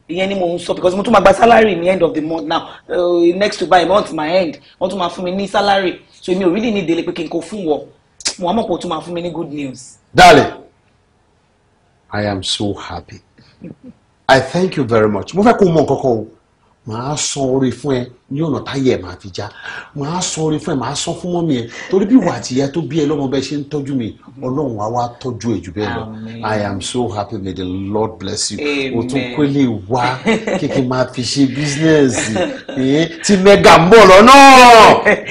ìyẹn ni mo ń sọ because mo tún máa gba salary ní end of the month now uh, next to buy month my end wọ́n tún máa fún mi ní salary so èmi ò really ní ìdílé pé kí n kó fún wọ mo àmọ́ kò tún máa fún mi ní good news. Darling, I am so happy. I thank you very much mo fẹ́ kó mọ nǹkan kan o màá san oore fún ẹ ní ọ̀nà táyẹ̀ màá fi já màá san oore fún ẹ màá san fún mọ́mí ẹ torí bí ìwà àtìyá tó bí ẹ lọ́mọ bẹ́ẹ̀ ṣe ń tọ́jú mi ọlọ́run á wá tọ́jú ẹ jù bẹ́ẹ̀ lọ I am so happy may the Lord bless you o tún pélé wá kéèké máa fi ṣe bísínẹ́sì tí mẹ́gà ń bọ̀ lọ́nà.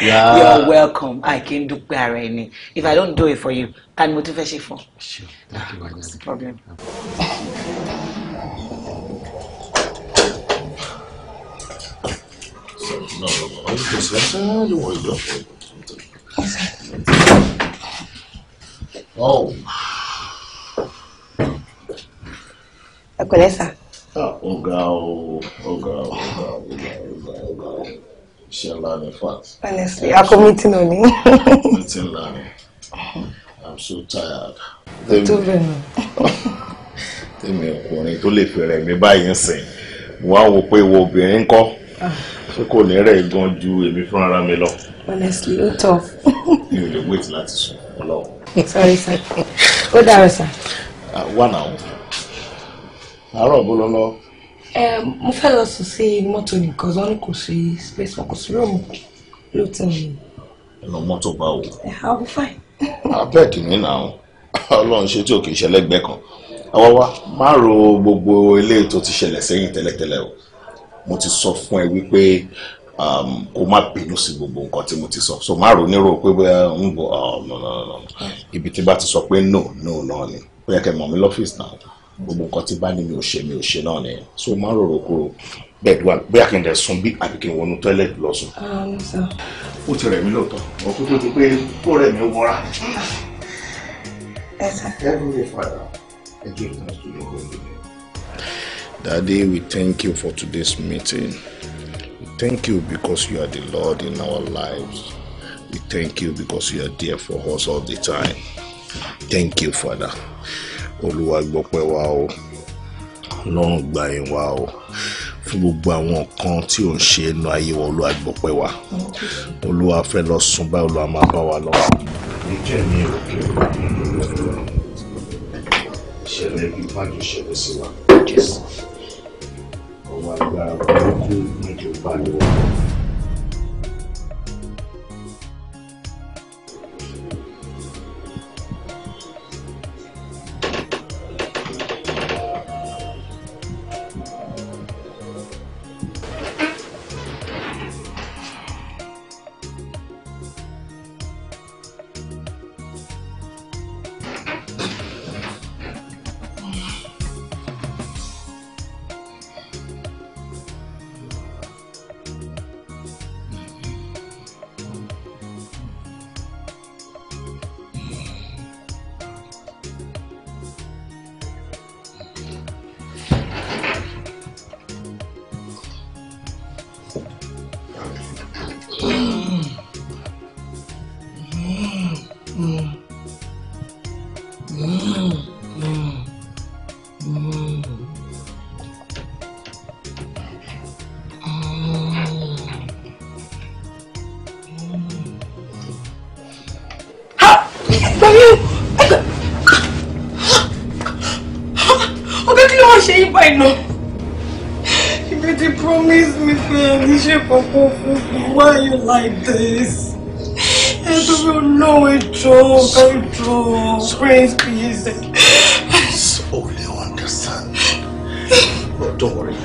you are welcome àìkí ń dúpẹ́ ara ẹni if I don't do it for you ta ni mo tún fẹ́ ṣe fún. sure thank you very much. kò oh. ah, sí ẹsẹ̀ ló wọ ìlú ọ̀pọ̀ ìlú. ẹ pẹ̀lẹ́ sà. ọ̀gá o ọ̀gá o ọ̀gá o ọ̀gá o ọ̀gá o iṣẹ́ ńlá ni fat. honestly akọ meeting òní. meeting ńlá ni i'm so tired. tó bẹ̀rẹ̀ nù. tèmi ọkùnrin tó lè fẹ́rẹ̀ mi báyìí ń sìn wọ́n á wò pé ìwọ obìnrin ń kọ́ ṣé kò ní rẹ̀ gan ju èmi fún ara mi lọ. honestly ó tọ. mi ò lè wait láti sùn ọlọ́run. sorry sir ó dára sir. wà náà àárọ̀ bó lọ lọ. mo fẹ́ lọ sùn sí mọ́tò nìkan zọ́nù kò sí space kò sí rúùmù lóòótọ́ mi. ẹ lọ mọ́tò bá wò. àwọn fine. abeg mi náà ọlọ́run ṣe tí òkè ìṣẹ̀lẹ̀ gbẹ kan àwa wa má ro gbogbo eléyìí tó ti ṣẹlẹ̀ sẹ́yìn tẹ́lẹ̀tẹ́lẹ̀ o mo ti sọ fún ẹ wípé um, kó má bínú sí gbogbo nǹkan tí mo ti sọ so má ronú rò pé bóyá ń bọ̀ um, ibi tí bá ti sọ pé no no náà ni bóyá kẹ́ mọ̀ mí lọ́fíìsì náà gbogbo nǹkan tí bá ní mi ò ṣe mi ò ṣe náà nìyẹn so má rorò kúrò bẹ́ẹ̀ dùn bóyá kí n dẹ̀ sùn bí àbí kí n wọnú tọ́ílẹ̀tì lọ sùn. Ah, ó ti rẹ̀ mí lóòótọ́ ọkọ tó ti pé kó rẹ̀ mí wọra. ẹ sá. ẹ ló lè fara ẹ jẹ́ ìtàn ìṣòro ìgbòho Daddy, we thank you for today's meeting. We thank you because you are the Lord in our lives. We thank you because you are there for us all the time. Thank you, Father. Olúwa gbọ́ pẹ́ wa o. Ọlọ́run gba yín wa o. Fún gbogbo àwọn nǹkan tí ò ń ṣe inú ayé wa, Olúwa gbọ́ pẹ́ wa. Olúwa fẹ́ lọ sùn báyìí, Olúwa máa bá wa lọ. Ìjẹ́ mi ò kí n bá Ìṣẹ̀lẹ̀ bíi bá ṣẹlẹ̀ sí wa. Jésù àwọn agbára burúkú níjọba lọ́wọ́. Why are you like this? I don't know it, Joe. Very true. Praise be It's only understand. But oh, don't worry.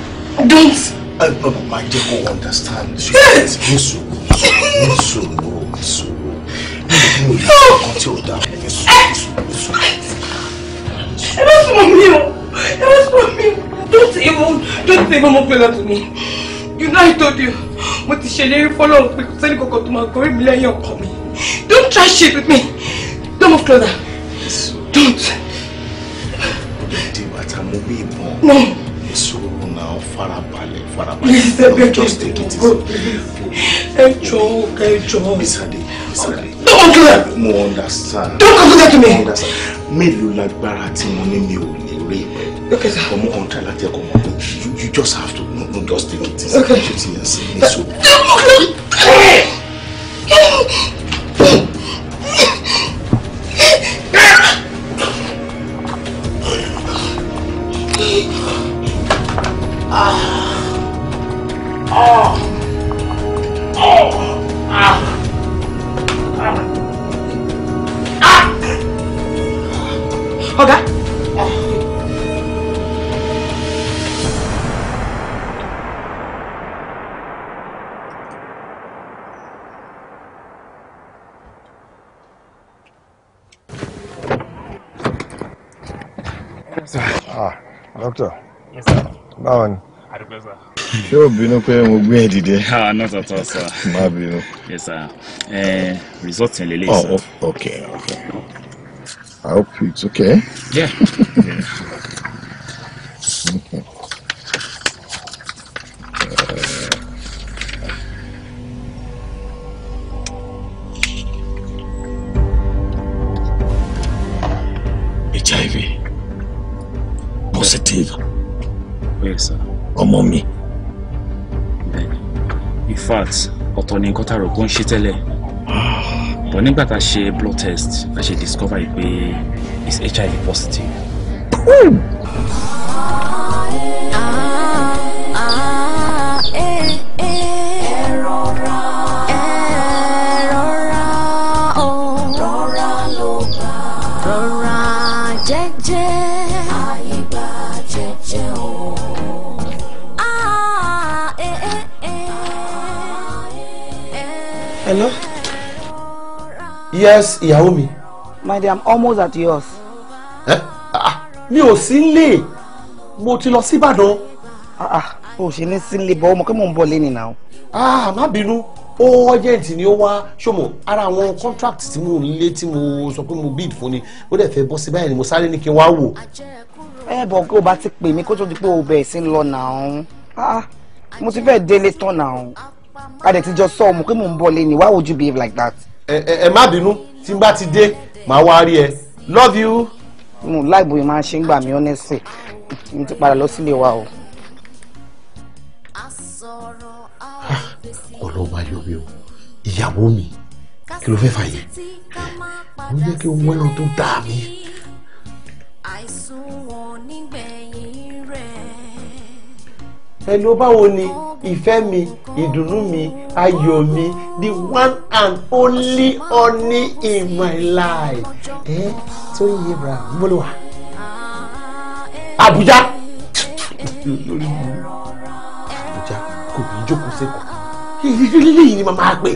Don't. I, but my dear will understand. Yes. Nisu. Nisu. Nisu. Nisu. Nisu. Eh! Nisu. Nisu. Nisu. Ẹ má sọ mọ́ mi o! Ẹ má sọ mọ́ mi o! Don't even, don't even mọ̀ pẹ̀lú àtúnú. You know I told you ṣèlérí fọlọ́run pé sẹ́ni kankan tó máa gorí mi lẹ́yìn ọkọ mi don't try shit with me don't move closer don't. dídì bàtà mo bí ìbọn. no. ìṣòro náà farabalẹ̀ farabalẹ̀. please just take it easy. ẹ jọ̀ọ́ ẹ jọ̀ọ́. bisade bisade. don't move closer. mo understand. don't come closer to me. mélòó lágbára tí mo ní mi ò ní rí ìpẹ́. Okay, sir. Ọmọ kan try láti ẹ̀kọ́ you just have to no, just take it easy. Okay. Sure, ò bínú pé mo gbé ẹ ah not at all sir. má bínú. yes sir uh, result yẹn lélẹ́yìí oh, sir. oh okay okay I hope it's okay. yeah. yeah. okay. ọ̀tọ̀ ni nǹkan tá a rò kó ń ṣe tẹ́lẹ̀ but nígbà tá a ṣe blood test a ṣe discover pé is HIV positive. Rọra yes ìyàwó mi. my dear i'm almost at yours. ẹ ah, ah, mi ò sí nílé mo ti lọ síbàdàn. Ah, o ṣe ní sílé bọ́ ọmọ kí mò ń bọ̀ lẹ́nìí náà. ah má bínú ó urgent ni ó wá ṣòmọ ara àwọn contract tí mo lé tí mo sọ pé mo bid fún ni ó dẹ̀ fẹ́ bọ́ sí báyìí ni mo sáré ní kí n wá wò. ẹ bọ̀ kí o bá ti pè mí kó tó di pé o bẹ̀rẹ̀ sí lọ náà mo ti fẹ́ délé tán náà a dẹ̀ ti jọ sọ ọmọ pé mò ń bọ̀ lẹ́nìí why would you behave like that ẹ má bínú tí n bá ti dé màá wá rí ẹ love you. mo láìbò yìí máa ń ṣe ń gbà mí ọ́nẹ́sì mo ti padà lọ sílé wa o. Ah, ọlọ́ba yọ mi o ìyàwó mi kí ló fẹ́ fàyè mo jẹ́ kí n wẹ́ràn tó dáa mi. àìsùn wọn nígbẹ̀ẹ́ hello báwo ni ìfẹ́ mi ìdùnnú mi ayọ̀ mi the one and only honey in my life ẹ tó yẹ bra gbọ́dọ̀ wá Abuja Abuja kò ní í jókòó sẹ́kọ̀ọ́ lẹ́yìn ni màmá pè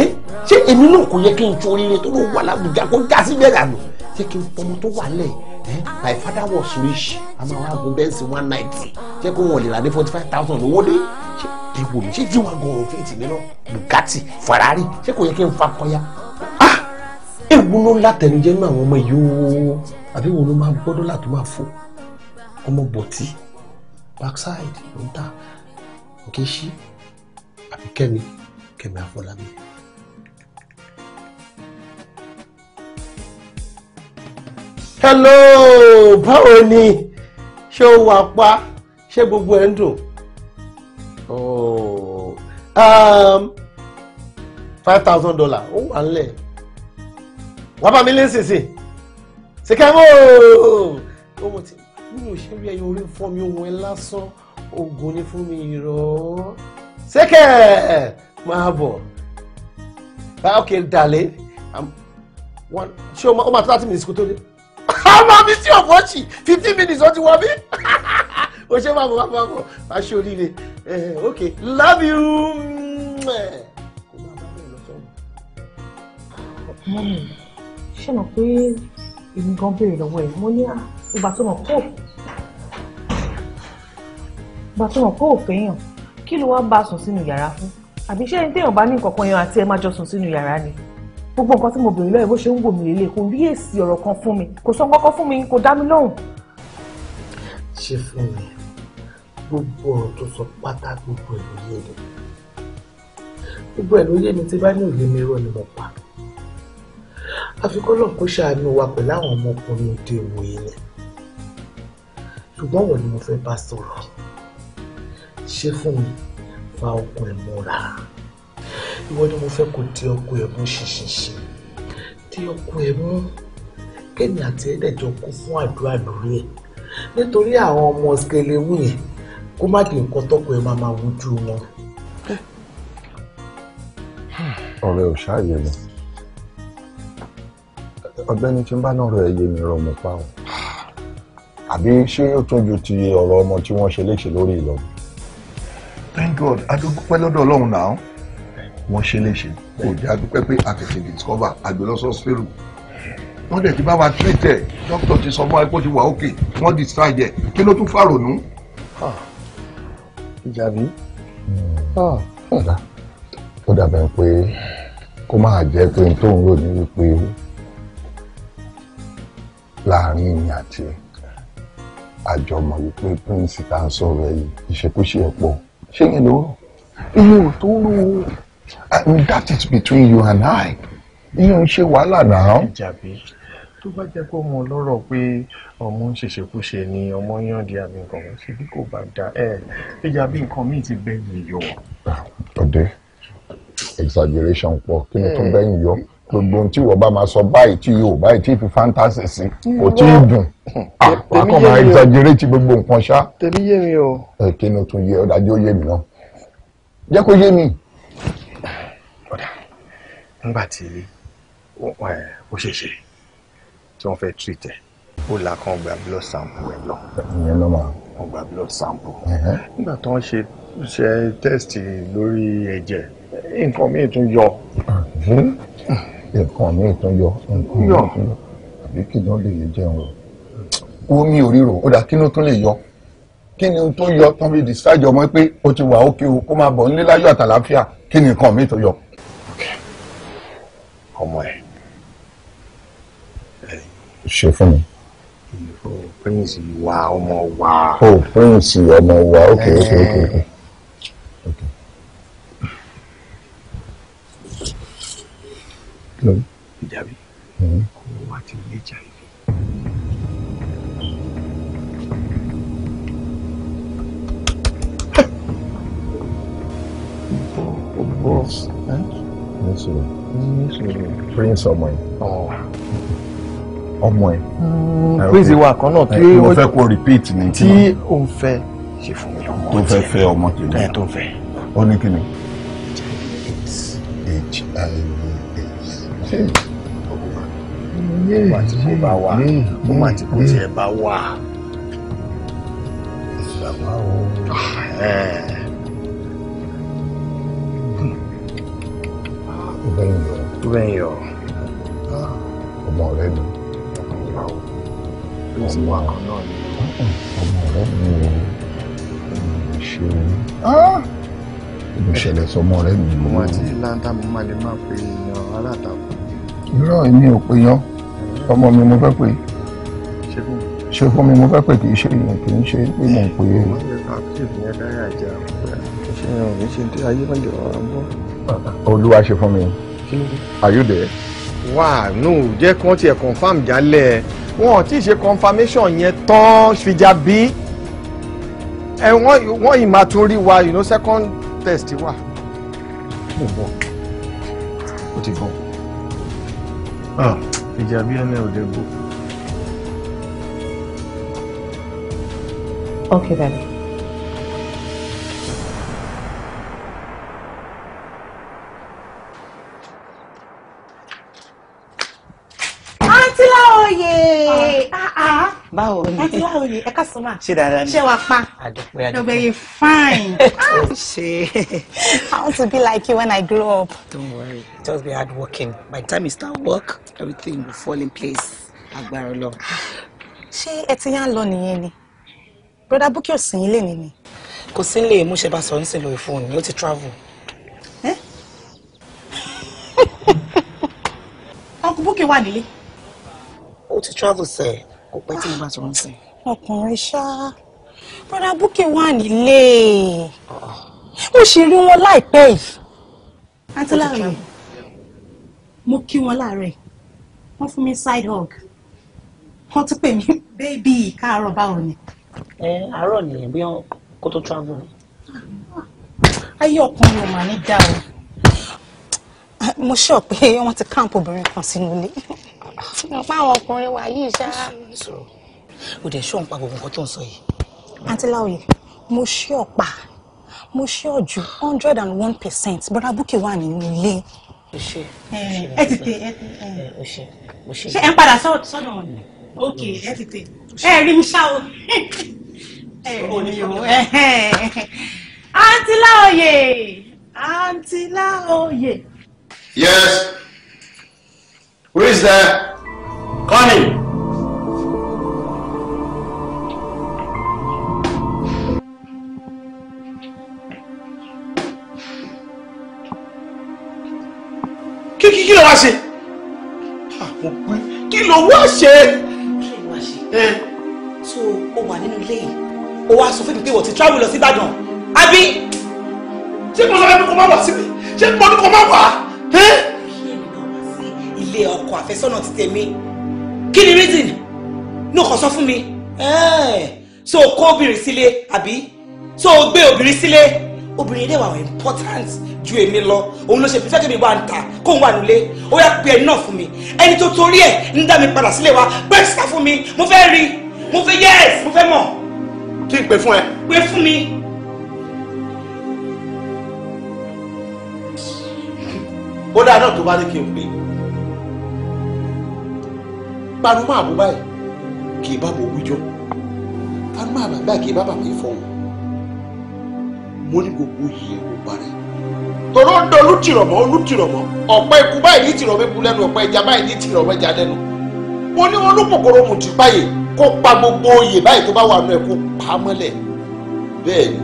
é ṣé èmi náà kò yẹ kí n torí rẹ tó ló wà lábùjá kó já sí bẹ́ẹ̀ dànù ṣé kí n pọnmọ tó wà lẹ́yìn my father was rich àmọ́ àwọn aago bẹ́ǹsì one night. jẹ́ kó wọn lè rà forty five thousand lówó dé ṣé ewu mi ṣé tí wọn gan òfin tì mí lọ Bugatti Ferrari ṣé kò yẹ kí n fa kọyà ah ewu ló ń látẹnujẹ nínú àwọn ọmọ yìí ooo àbí wo ló máa gbọ́dọ̀ láti máa fò ọmọ bọ̀tí backside ló ń ta òkè ṣí àbí kẹ́mi kẹ́mi àfọlábí. hello báwo ni ṣé o wà pa ṣé gbogbo ẹ̀ ń dùn oh um five thousand dollar ó wà ńlẹ̀ wàá bá mi lé sísìn sìkẹ́ mọ́ owó tí mi ò ṣe rí ẹyin orí fọ́ mi ohun ẹ lásán oògùn ni fún mi rọ̀ sẹ́kẹ̀ máa bọ̀ ah, ok dalẹ̀ um, ṣé o máa tó láti mi ìsìnkú tó dé ọmọ mi tí ò fọ́ọ̀ṣì fifteen minutes ó ti wọ mí o ṣe máa bọ̀ máa bọ̀ máa ṣe oríire ok love you. Mm. ṣé mo pé èmi gan béèrè lọ́wọ́ ẹ̀ mo ní ah, ìgbà tó mọ̀ pọ̀ ìgbà tó mọ̀ pọ̀ ò fẹ́yàn kí ló wá bá sùn sínú yàrá fún àbí ṣé ẹni téèyàn bá ní nǹkan kan yan àti ẹ má jọ sùn sínú yàrá ni gbogbo nǹkan tí mo bèrè lọ́yẹ̀ bó ṣe ń wò mí lélẹ̀ kò rí èsì ọ̀rọ̀ kan fún mi kò sọ kọ́kọ́ fún mi kò dá mi lóhùn. ṣé fún mi gbogbo ọ̀rọ̀ tó sọ pátá gbogbo ẹ̀ ló yé mi gbogbo ẹ̀ ló yé mi tí bá ní òye mi rọ ni mo pa àfikún náà kó ṣàánú wa pẹ̀lú àwọn ọmọkùnrin òde ìwòye ni ṣùgbọ́n wọ̀ ni mo fẹ́ bá sọ̀rọ̀ ṣé fún mi fa okun ẹ̀ mọ́ra ìwọ ni mo fẹ́ kó ti ọkọ ẹ̀ mú ṣinṣinṣin tí ọkọ ẹ̀ mú kéènì àti ẹ̀dẹ̀jọ kú fún àdúrà lórí ẹ̀ nítorí àwọn ọmọ skelewu yẹn kó má di nǹkan tọkọ ẹ̀ máa máa wojú wọn. ọ̀rẹ́ ò ṣáàyè mi ọ̀gbẹ́ni tí ń bá náà rọ ẹ yé mi rọ mo pa ọ́ àbí ṣé ó tún ju ti ọ̀rọ̀ ọmọ tí wọ́n ṣe léṣe lórí Ìlọrin. Thank God adúgbò pẹ́ lọ́dọ̀ Ọlọ́run náà wọ́n ṣe léṣe kò jẹ́ àdúpẹ́ pé a tètè discover àgbélọ́sọ́sípẹ́rù wọ́n dẹ̀ ti bá wa treat ẹ̀ dókítà ti sọ fún wa pé ó ti wà okay wọ́n discharge ẹ̀ kí ló tún fàrònú. ìjàbí ó dàbẹ̀ pé kó máa jẹ́ pé n tó ń lò ní wípé láàrin mi àti àjọmọ wípé prince tá a sọ̀rọ̀ yìí ìṣekúṣe ẹ̀ pọ̀ ṣé yẹn ló rọ̀ iye ò tó rú o and that is between you and I ìyẹn ń ṣe wàhálà náà. ìjàbí tó bá jẹ́ pé ọmọ ọlọ́rọ̀ pé ọmọ ń ṣèṣekúṣe ni ọmọ yàn di àmì nǹkan wọn ṣe bí kò bá da ẹ ìjàbí nǹkan míì ti bẹ́yìn yọ. ọ̀dẹ exaggeration pọ̀ kí ni tó eh. bẹ́yìn yọ gbogbo ohun tí wọ́n bá máa sọ báyìí tí yóò báyìí tí fi fantasy sí kò tí ì dùn wàá ah, kàn máa exaggerate gbogbo nǹkan ṣá. tèmi yé mi o. Eh, kí ni o tún yé ọ dájú ó yé mi náà jẹ́ kó yé mi nígbà tí ó ṣèṣe tí wọ́n fẹ́ treat ẹ̀ ó là kan gba blood sample ẹ̀ lọ. ìyẹn ló máa. wọ́n gba blood sample. nígbà tí wọ́n ṣe ṣe test lórí ẹ̀jẹ̀ nǹkan míì tún yọ. nǹkan míì tún yọ nǹkan míì tún yọ àbí kí ni wọ́n lè yé jẹun o. omi ò ríro ó dà kí ló tún lè yọ kí ni tó yọ tán fi dìsájọ mọ́ pé o ti wà ókè o kó máa bọ̀ nílé láyọ̀ àtàlàáfíà kí ni nǹkan míì tó yọ ọmọ ẹ̀ ṣe fún mi. prince wa ọmọ wa. o prince ọmọ wa ok ok ok. Ìjàbí, mm-hmm. kò wá ti ní HIV. Boss. Huh? Eh? ní sùúrù ní sùúrù prince ọmọ yìí ọmọ ẹ. prince wa kan náà tí ó fẹ́ kó repeat ní tí ó ń fẹ́ ṣe fún mi lọ́mọ tó fẹ́ fẹ́ ọmọ tèmi tó fẹ́. ó ní kí ni. hiv aids nígbà tí kò bá wà nígbà tí kò tiẹ̀ bá wà. ìgbà lẹ́yìn o. lẹ́yìn o. ọmọ ah! rẹ ni. ọmọ ọmọ rẹ ni o. ṣe ìṣẹ̀lẹ̀ sọmọ rẹ ni. ọmọ àti láńtà mo máa lè máa pe èèyàn alátakò. irọ́ èmi ò pe yan ọmọ mi mo fẹ́ pè é. ṣé fún mi ṣe fún mi mo fẹ́ pè kì í ṣe èèyàn kì í ṣe pé mò ń pè é. olúwa ṣe fún mi. olúwa ṣe fún mi. Are you there? wà nù jẹ́ kí wọ́n tiẹ̀ confam jálẹ̀ wọn ò tí ṣe confirmation yẹn tán fìjà bí ẹ wọ́n wọ́n yìí máa tún rí wa you know second test wa. mo bọ̀ ó ti bọ̀ ah, fìjà bí ẹni ò dé bò. okay then. báwo ni àti báwo ni ẹ ká sọ máa ṣe dáadáa ni ṣé wàá pa àdúpẹ́ àdúpẹ́ ọbẹ̀ yìí fine. ṣe I want to be like you when I grow up. Don't worry just be hard working by the time you start work everything will fall in place agbára lọ. ṣé ẹ ti yá ń lọ nìyẹn ni broda Bukky ò sìn ilé nìyẹn. kò sí lè mú ṣe bá sọ nísìnyí lórí fóònù yóò ti travel. uncle Bukky wà nílé. ó ti travel sẹ́ẹ̀ kò pẹ́ tí mo bá sọ̀rọ̀ sí. ọkùnrin ṣá brọdá búkì wà nílé mo sì rí wọn láìpẹ́ yìí. antiláàrẹ mo kí wọn láàárẹ̀ wọ́n fún mi side hug wọ́n tún pè mí bébì káàárọ̀ báwo ni. ẹ àárọ̀ nìyẹn bí wọn kó tó travel ni. ayé ọkùnrin ò mà ní dá o mo sọ pé wọ́n ti káàmpù obìnrin kan sínú ilé mo pa àwọn ọkùnrin wa yìí ṣá. o dẹ̀ ṣọ́ ń pa gbogbo nǹkan tó ń sọ yìí. àǹtí láòyè mo ṣí ọ̀pá mo ṣí ọ̀jù hundred and one percent bọ́dà búkì wà nínú ilé. ẹ ti tè ẹ ti tè ṣe ẹ ń padà sọ́dọ̀ wọn ok ẹ ti tè ẹ rí mi ṣá o ẹ rí mi o àǹtí láòyè àǹtí láòyè. yes. Who is there? Connie. kí kí kí ló wá ṣe àpò ah, pé kí ló wá ṣe. Eh? so o wà nínú ilé yìí o wá sọ fún mi pé wọ́n ti travel lọ sí Ìbàdàn àbí. ṣé mo sọ fẹ́ mi kó má wá síbi ṣé mo ní kó má wá. Eh? ilé ọkọ àfẹ́sọ́nà ti tèmi kí ni reason ní ọkọ sọ fún mi so kó obìnrin sílé àbí so gbé obìnrin sílé obìnrin ilé wa wà important ju èmi lọ òun ló ṣe fi fẹ́kẹ́ mi wá ń ta kó ń wà nílé ó yá pé ẹ náà fún mi ẹni tó torí ẹ̀ ń dá mi padà sílé wa bẹ́ẹ̀ sá fún mi mo fẹ́ rí mo fẹ́ yes mo fẹ́ mọ̀. kí n pè fún ẹ. pè fún mi. ó dáa náà tó bá ní kí n pè é parumọ àbúbá yìí kì í bá bò wíjọ parumọ àbàgbà kì í bá bàbá yìí fọhùn mo ní gbogbo yìí ẹ kò parẹ́ tòró ń dọ olùtìrọ̀mọ́ olùtìrọ̀mọ́ ọ̀pẹ ikú báyìí ní tìrọ̀mọ́ ikú lẹ́nu ọ̀pẹ ẹja báyìí ní tìrọ̀mọ́ ẹja lẹ́nu mo ní wọn ló kòkòrò mùtì báyìí kó pa gbogbo oyè báyìí tó bá wà nù ẹ kó pa á mọ́lẹ̀ bẹ́ẹ̀ ni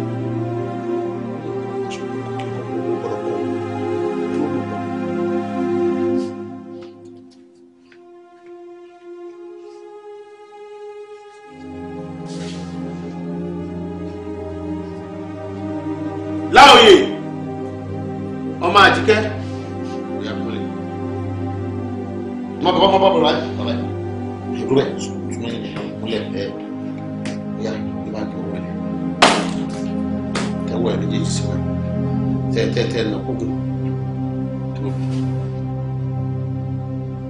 àjíkẹ́ ìyá kúnlẹ̀ mọ bàbá mọ bàbá rẹ bàbá ìlú rẹ tún ẹ kúnlẹ̀ ẹ ìyá ìbá tó wọ ẹ tẹwọ ẹ méjèèjì sí wa tẹtẹtẹ ẹ nàkókò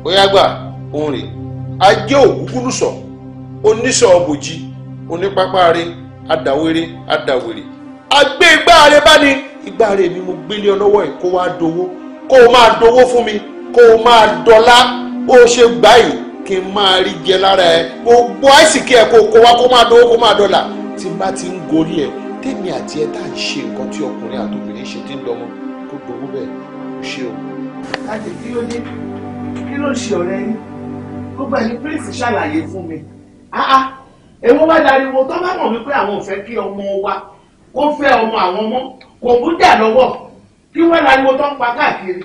ó yá gbà òun rè ajé òkúkúrúsọ oníṣọ ọbòjì onípápá rẹ adàwéré adàwéré agbègbà rẹ bá ní igbá rẹ̀ mi mo gbélé ọ lọ́wọ́ ẹ̀ kó wá dowó kó o máa dowó fún mi kó o máa dọ́lá bó o ṣe gbá yìí kí n máa rí jẹ lára ẹ gbogbo àìsíkí ẹ kó o kó wá kó máa dowó kó máa dọ́là tí n bá ti ń gorí ẹ tèmi àti ẹ tá à ń ṣe nǹkan tí ọkùnrin àti obìnrin ṣe ti ń dọmọ kó dowó bẹ́ẹ̀ kó ṣe o. láti kí ló dé kí ló ṣe ọ̀rẹ́ yín gbogbo ẹni prince ṣàlàyé fún mi èwo wá dariwo tó bá mọ̀ wípé àwọn ò fẹ́ kí ọmọ wa kó fẹ́ ọmọ àwọn mọ́ kò mú jà lọ́wọ́ kí wọ́n lariwo tó ń pa káàkiri.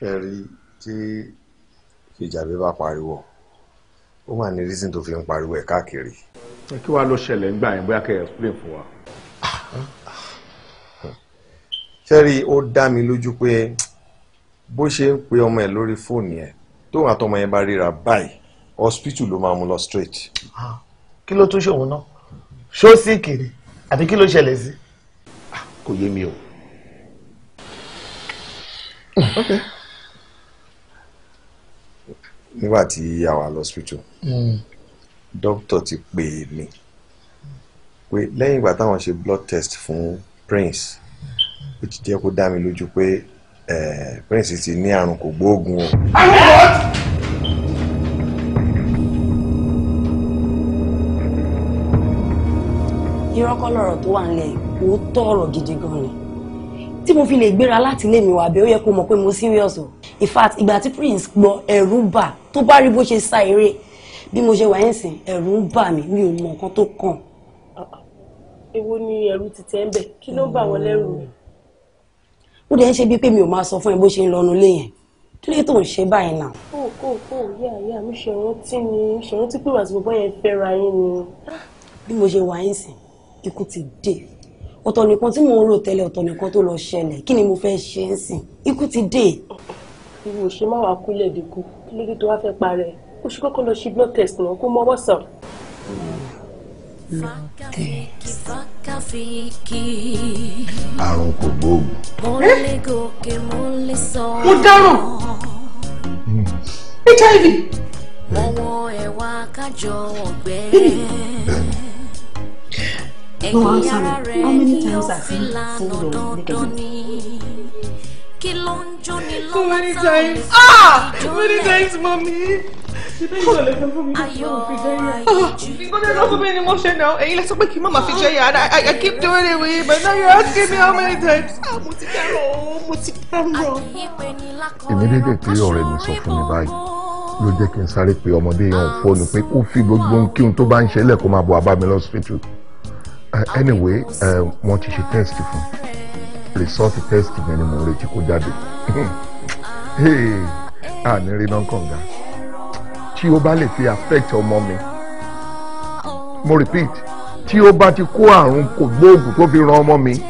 ṣe rí tí fìjàbí bá pariwo ó mà ní reason tó fi ń pariwo ẹ̀ káàkiri. kí wàá ló ṣẹlẹ̀ ńgbà yẹn bóyá kẹ́ ẹ explain fún wa. ṣe rí ó dá mi lójú pé bó ṣe ń pe ọmọ ẹ lórí fóònù ẹ tóun àtọmọ yẹn bá ríra báyìí hospital ló máa mú lọ straight. Ah, kí ló tún ṣòwò náà ṣó sì kiri àti kí ló ṣẹlẹ̀ sí i kò yé mi o. nígbà tí a wà lọ́sítítù mm. dókítà ti pè mí pé lẹ́yìn ìgbà táwọn ṣe blood test fún Prince ó ti jẹ́ kó dá mi lójú pé eh, Prince ti ní àrùn kògbóògùn o. irọ́ kọ́ lọ̀rọ̀ tó wà nílẹ̀ òótọ́ ọ̀rọ̀ gidi gan ni tí mo fi lè gbéra láti ilé mi wá bẹ́ẹ̀ ó yẹ kó mọ̀ pé mo serious o in fact ìgbà tí prince gbọ́ ẹ̀rù bà tó bá rí bó ṣe sá eré bí mo ṣe wà yín sìn ẹ̀rù ń bà mí mi ò mọ̀ nǹkan tó kàn. èwo ni ẹ̀rù ti tẹ́ ń bẹ̀ kí ló ń bà wọ́n lẹ́rù ó dẹ̀ ń ṣe bíi pé mi ò máa sọ fún ẹ bó ṣe ń lọ nulẹ̀ yẹn kí ló tó ń ṣe báyìí náà. kò kò kò yá yá mi ṣèrántí ni ṣèrántí pé wàásù bọ́ yẹn fẹ́ ra yín ni. bí mo ṣe wà yín sìn ikú ti dé ọ̀tọ̀ nìkan tí mò ń rò tẹ́lẹ̀ ọ̀tọ̀ nìkan tó lọ ṣẹlẹ̀ kí ni mo fẹ́ ṣe ń sìn ikú ti dé. ìwò ṣe má wàá kú ilé ìdìkú lórí tó wá fẹ́ parẹ́ ó ṣe kọ́kọ́ lọ ṣe blood test náà kó mọ́ ọwọ́ sàn. àrùn kò gbóògùn. mo eh? dáràn hiv. Hmm. ọwọ́ ẹ̀ wá kájọ ọ̀gbẹ́ no answer me how many times I see phone on negative. So many times. Ah! Many times, mommy. Ah! I keep doing it with you, but now you're asking me how many times. Ah, Immediately tí ọ̀rẹ́ mi sọ fún mi báyìí ló jẹ́ kí n sáré pé ọmọdé yẹn ò for pé ó fi gbogbo ohun kí n tó bá ń ṣẹlẹ̀ kó máa bọ̀ abá mi lọ́sítítù uh, anyway um, wọ́n ti ṣe test fún result test yẹn ni mo retí kó jáde àní ríná kànga tí ó bá lè fi affect ọmọ mi mo repeat tí ó bá ti kó àrùn kògbóògùn tó fi ran ọmọ mi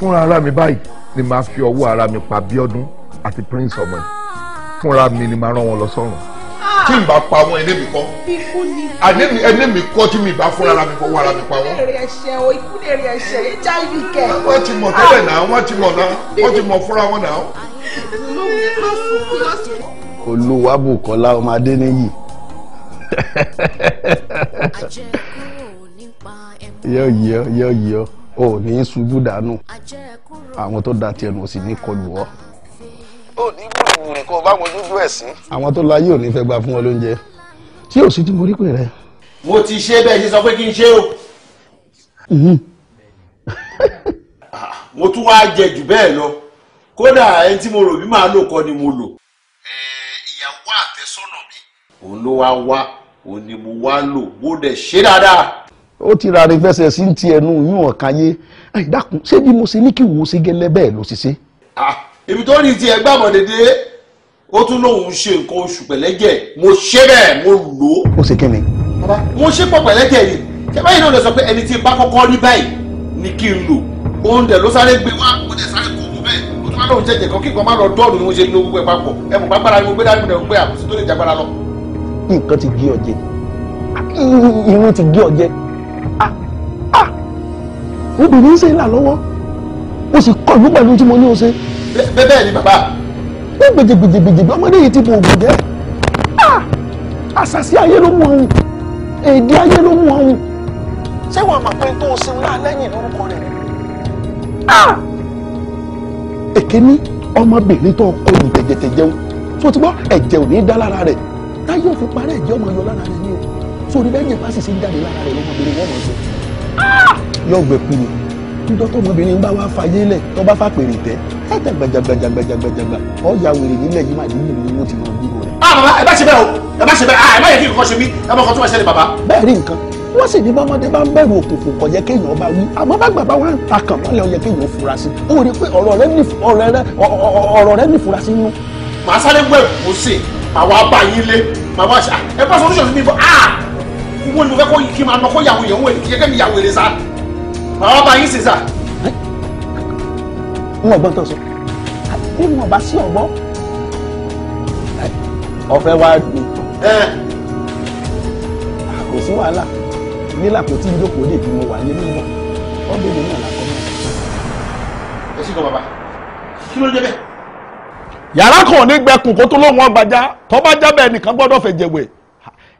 fúnra ara mi báyìí ni màá fi ọwọ́ ara mi pa Bíọ́dún àti Prince ọmọ yìí fúnra mi ni màá rán wọn lọ sọ́run tí n bá pa wọn ẹni mi kọ́ ẹni mi kọ́ tí mi bá fúnra ara mi kọ́ wàrà mi pa wọn. ìkúlẹ̀ rẹ̀ ṣẹ̀ hiv kẹ̀. wọ́n ti mọ̀ tẹ́lẹ̀ náà wọ́n ti mọ̀ náà wọ́n ti mọ̀ fúnra wọn náà. Olúwabùkọ́lá ọmọ Adéníyì yọ yọ yọ yọ ò ní ṣubú dànù àwọn tó da tiẹ̀ nù ó sì ní kọlù ọ́ ó ní gbùrìgbùrì àwọn tó láyé ò ní fẹ́ gba fún wọn lóúnjẹ tí ò sí tí mo rí pè rẹ. mo ti ṣe bẹ́ẹ̀ ṣe sọ pé kí n ṣe o. Ah, mo tún wáá jẹ jù bẹ́ẹ̀ lọ kódà ẹni tí mo rò bí màá lò kọ́ ni mo lò. ìyàwó àtẹ̀sọ́nà mi. òun ló wá wá òun ni mo wá lò mo dẹ̀ ṣe dáadáa. ó ti ra rẹfẹsẹ sí ti ẹnu yún ọ̀kan yé ẹ dákun ṣé bí mo ṣe ní kí wò ṣe gẹ́lẹ́ bẹ́ẹ̀ ló ṣe ṣe. Ah, ibi tó ní tiẹ̀ gbàgbọ́ dédé ó tún lóun ṣe nǹkan oṣù pẹ̀lẹ́jẹ̀ mo ṣe bẹ́ẹ̀ mo lò ó. ó ṣe kí ni. bàbá mo ṣe pọ̀ pẹ̀lẹ́jẹ̀ ni ṣé báyìí náà lè sọ pé ẹni tí n bá kọ́kọ́ rí báyìí ni kí n lò òun dẹ̀ ló sáré gbé wá mo dẹ̀ sáré kó mo bẹ́ẹ̀ mo tún bá lóun jẹjẹ kan kí nǹkan má lọ dọ́ọ̀nù ni mo ṣe ní gbogbo ẹ̀ papọ̀ ẹ mọ̀ gbàgbára ni mo gbé dání mo dẹ̀ gbé àkóso tó lè jagbára lọ. nǹkan ti gé ọjẹ irun ti gé ọjẹ obìnrin ń ṣe ń là lọ́wọ́ ó sì kọ̀ bẹ́ẹ̀ ni bàbá. ní gbèjègbèjègbèjègbè ọmọdé yìí ti bò ògùn jẹ́ ah! àṣàṣì ayé ló mú ọ̀hún èdè ayé ló mú ọ̀hún ṣé wàá mọ̀ pé tó o ṣeun náà lẹ́yìn lórúkọ rẹ̀ ah! èké ní ọmọbìnrin tó kọ ní tẹ̀jẹ̀tẹ̀jẹun tó ti gbọ́ ẹ̀jẹ̀ ò ní dá lára rẹ̀ táyé òfin parẹ́ ẹ̀jẹ̀ ọmọ yọ lára rẹ̀ ní o sórí bẹ́ẹ̀ ní ẹ̀fà sì ṣe ń jáde lára rẹ̀ lọ́mọbìnrin wọ́n mọ̀ ṣe ah! yọ̀gbẹ̀pinnu nítorí tọmọbìnrin bá wá fayé lẹ̀ tó bá fàpèrè tẹ́ ẹ̀tẹ̀ gbẹ̀jẹ̀gbẹ̀jẹ̀gbẹ̀jẹ̀gbẹ̀ ọ̀ ya wèrè nílẹ̀ yìí máa ní ìlú owó ti máa gbúgbó rẹ̀. ah bàbá ẹ bá ṣe bẹ́ẹ̀ o ẹ bá ṣe bẹ́ẹ̀ ah ẹ má yẹ kí nǹkan ṣe mí ẹ mọ nǹkan tó máa ṣẹlẹ̀ bàbá. bẹ́ẹ̀ rí nǹkan wọ́n sì ní bọ́mọdé bá ń bẹ̀rù òkùnkùn kò yẹ kéèyàn bá wí àmọ́ bá gbàgbá wa ń ta kàn mọ́lẹ̀ ó yẹ kéèyàn fura sí ó rí i pé ọ̀rọ̀ rẹ ní ọ̀rọ̀ rẹ ní fura sí inú. màá sáré gbọ́ èkó sí màá wá bá yín lé màá wá ṣe ah, ẹ bá solution sí mi fún ah wọ́n ní mo fẹ́ kí n máa nọkọ́ yàwó yẹn wọ́n kí n yẹ kẹ́mi yàwó èrè sá màá wá bá yín sí sá wọn gbọ́n tó sọ bí wọn bá sí ọgbọ́n ọ̀fẹ́ wa kò sí wàhálà nílà kò tí ń jókòó lè bí mo wà ní mímọ́ wọn bèbè náà làkọ́ náà. ẹ sì kọ bàbá kí ló dé bẹ́ẹ̀. yàrá kan ò ní gbẹkùn kó tó lóun ọgbàjá tó bá jábẹ́ nìkan gbọ́dọ̀ fẹ́ jẹ̀wẹ̀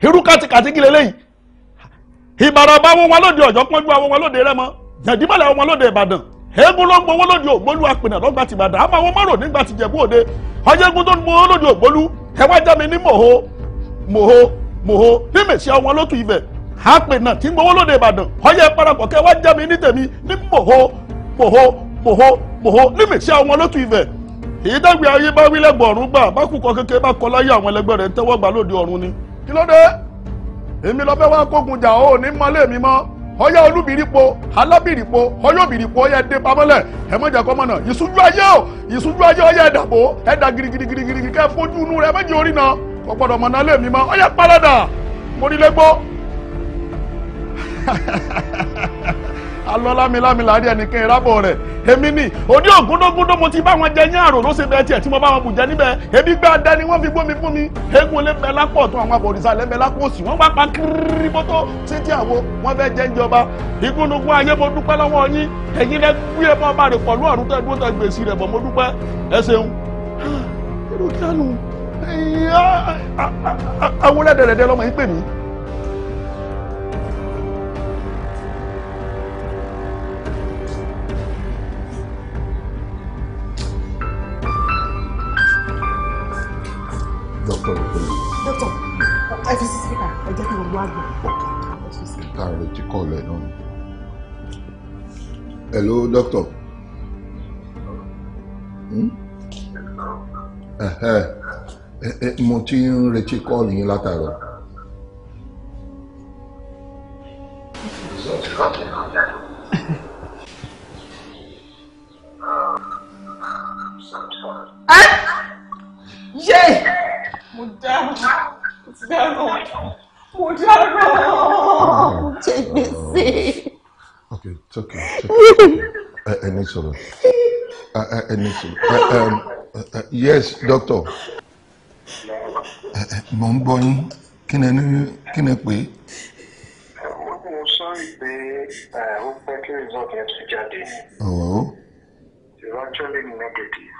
irú kàtìkàtì kí lélẹ́yìí ìbàràbà wọn wọn lóde ọ̀jọ́ pọ́njú àwọn wọn lóde rẹ́mọ jẹ̀dímọ̀lẹ̀ wọn lóde ìbàdàn eégún ló ń gbowó lóde ògbólú apènà lọ́gbà tí bàdà àmọ́ àwọn márùn nígbà tí jẹ̀bú òde ọjẹ́gun tó ń gbowó lóde ògbólú ẹ wá já mi ní mòho mòho mòho ní mèsì ọmọ lókè ibẹ̀ apènà tí ń gbowó lóde ìbàdàn ọyẹ parapọ̀ kẹ wá já mi ní tèmi ní mòho mòho mòho mòho ní mèsì ọmọ lókè ibẹ̀ èyí dàgbé ayé bá wí lẹ́gbọ̀n ọ̀run gbà bá kúkọ kékeré bá kọ láyé àwọn ẹlẹgbẹ́ rẹ̀ ń tẹ́wọ́ gbà lóde ọyá olúbìrìpo alábìrìpo ọyọ́bìrìpo ọyá ẹdẹ pamọ́lẹ̀ ẹ má jẹ́ kó mọ̀nà ìṣújú ayé o ìṣújú ayé ọyá ẹ̀dà bò ẹ̀dà girigirigirigiri kẹ́ fojú inú rẹ méjì orí náà kò gbọ́dọ̀ mọ̀nà lé mi mọ́ ọyá palada, mo nílé gbó. alọ́ lámilámi láàrí ẹnìkan ìrábọ̀ rẹ̀ èmi ni òní ògúndógúndó mo ti bá wọn jẹ yín àrò ló ṣe bẹ́ẹ̀ tiẹ̀ tí mo bá wọn bù jẹ níbẹ̀ ebi gbá adá ni wọ́n fi gbómi fún mi eégún lẹ́mẹ̀ lápọ̀ tó àwọn abòrìṣà lẹ́mẹ̀ lápò sí wọ́n bá pa kírírí bótó títí àwo wọ́n fẹ́ jẹ́ ìjọba ìgúnnugún ayé mo dúpẹ́ lọ́wọ́ yín ẹ̀yin lẹ gbé ẹ mọ́ bá rè pọ̀lú ọ̀run tẹ́ dúró tẹ́ gbèsè rẹ̀ bọ̀ mo dúpẹ́ ẹ ṣeun èrò kíánu àwòrán dẹ̀rẹ̀dẹ̀ lọ́mọ yín pè mí dókítà ló pè mí. dókítà ẹ fi sísè ká ẹ jẹ́ kí wọ́n wá gbọ́. láàárọ̀ tí kọ́ ọ̀lẹ́ náà. hello dókítà. Hmm? mo ti ń retí kọ́ọ̀lù yín látàárọ̀. Yay! mo dáná mo ti dáná mo dáná mo jẹ gbèsè. okay it's okay ẹni sọ̀rọ̀ ẹni sọ̀rọ̀ yes doctor mo ń gbọ́ yín kí ni ẹni kí ni pé. mo sọ ìgbé ó pẹ́ kí result yẹn ti jáde. ọ̀wọ́. it's negative.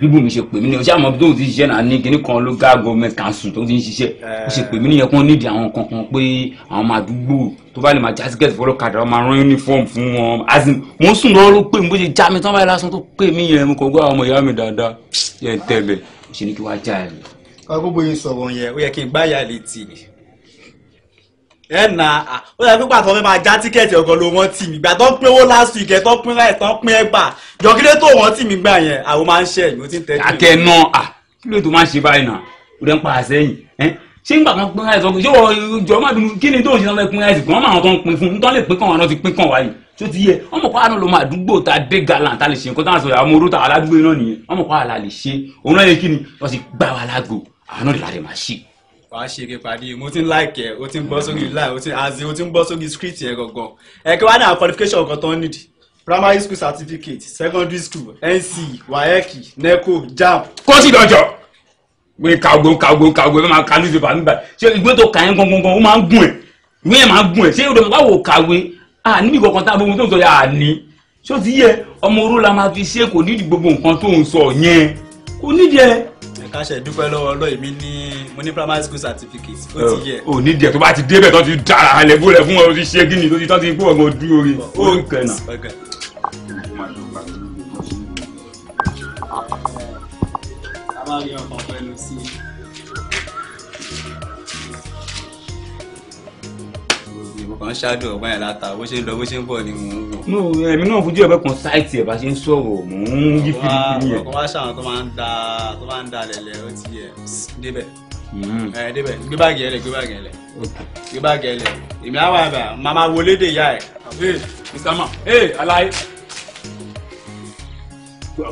bíbù mi ṣe pè mí ni ọṣẹ àmọ́ tóun ti ṣiṣẹ́ náà ní kinní kan local government council tó ti ń ṣiṣẹ́ ó ṣe pè mí nìyẹn kó nídìí àwọn kankan pé àwọn ọmọ àdúgbò tó bá lè máa jásíkẹ́tì fọlọ́kadà wọn máa rán uniform fún wọn asin mo sùn lọ́wọ́ ló pè mí bó ṣe já mi tán báyìí lásán tó pè mí yẹn mo kàn gbọ́ àwọn ọmọ ìyá mi dáadáa yẹn tẹ̀lé ó ṣe ní kí wá já ẹ̀. kọ́kọ́ bóyá sọ̀rọ̀ ẹ nà á ó yẹ pípa tó fẹ́ máa já tíkẹ́ẹ̀tì ọkọ̀ ló wọ́n tì mí gbà tó ń pín owó last week ẹ̀ tó ń pín láì tó ń pín ẹgbà jọ̀kílẹ̀ tó wọ́n tì mí gbà yẹn àwọn máa ń ṣe ẹ̀yìn ó ti ń tẹ́jú. akẹ́ náà à kí ló tó máa ṣe báyìí náà ó dẹ́ ń pa àṣẹyìn ẹ́ ṣé ń gbà kan pín láì sọ́kùn ṣé wọ́n jọ máa dùn kí ni tó ń ṣe náà pín láì sìkún wọ́n máa tó ń pín fún un tó lè pín kàn wọ́n ti pín kàn wáyé tó ti yẹ ọmọ kọ́ àánú ló máa dúgbò ta dé galan ta lè ṣe nǹkan táwọn sọ̀rọ̀ àwọn orúta aládùúgbò náà nìyẹn ọmọ kọ́ àlà lè ṣe òun náà yẹ kí ni wọ́n sì gbà wá lágbo àánú lè la lè máa ṣe wàá ṣe eré parí mo ti ń láìkẹ́ o ti ń bọ́ sórí láì o ti àzì o ti ń bọ́ sórí script yẹn gangan ẹ̀kẹ́ wa ní àwọn qualification kan tó ń nìdí primary school certificate secondary school NC, WAEC NECO JAMB. kó sì dọjọ́ gbé kàwé kàwé kàwé máa ka ní ìdìbò àmìgbà ṣé ìgbé tó kà yẹn gangan ó máa ń gùn ẹ̀ ìwé yẹn máa ń gùn ẹ̀ ṣé ìdòmọ̀ báwo kàwé à níbi kankan tá a gbogbo tó ń sọ yà á ní ṣó ti yẹ ọmọ oró la máa fi ṣe kò nídìí gbogbo nǹkan tó ń sọ yẹn kò nídìí ẹ ká ṣe dúpẹ́ lọ́wọ́ èmi ní mo ní primary school certificate ó ti yẹ. o ní díẹ̀ tó bá ti débẹ̀ tó ti dára alẹ́ bó rẹ̀ fún ọ ti ṣe gíní tó ti tán ti kó ọmọ ojú orí ó ń kẹ̀nà. a máa rí ọkàn. kàn ṣáàdù ọgbọ́n yẹn láta bó ṣe ń lọ bó ṣe ń bọ̀ ni mò ń wò. nù ẹ̀mí náà fojú ẹ̀bẹ̀ kan sáìtì ẹ̀ bá ṣe ń sọ̀rọ̀ mò ń yí fílípì yẹn. ọkọ wa ṣàwọn tó máa ń da tó máa ń da lẹ̀lẹ̀ ó ti yẹ débẹ̀ hmm. ẹ débẹ̀ gbé báàgì ẹlẹ̀ gbé báàgì ẹlẹ̀ gbé báàgì ẹlẹ̀ èmi àwọn àbà màmá wọlé dè yá ẹ̀. ee mr ma ee alaye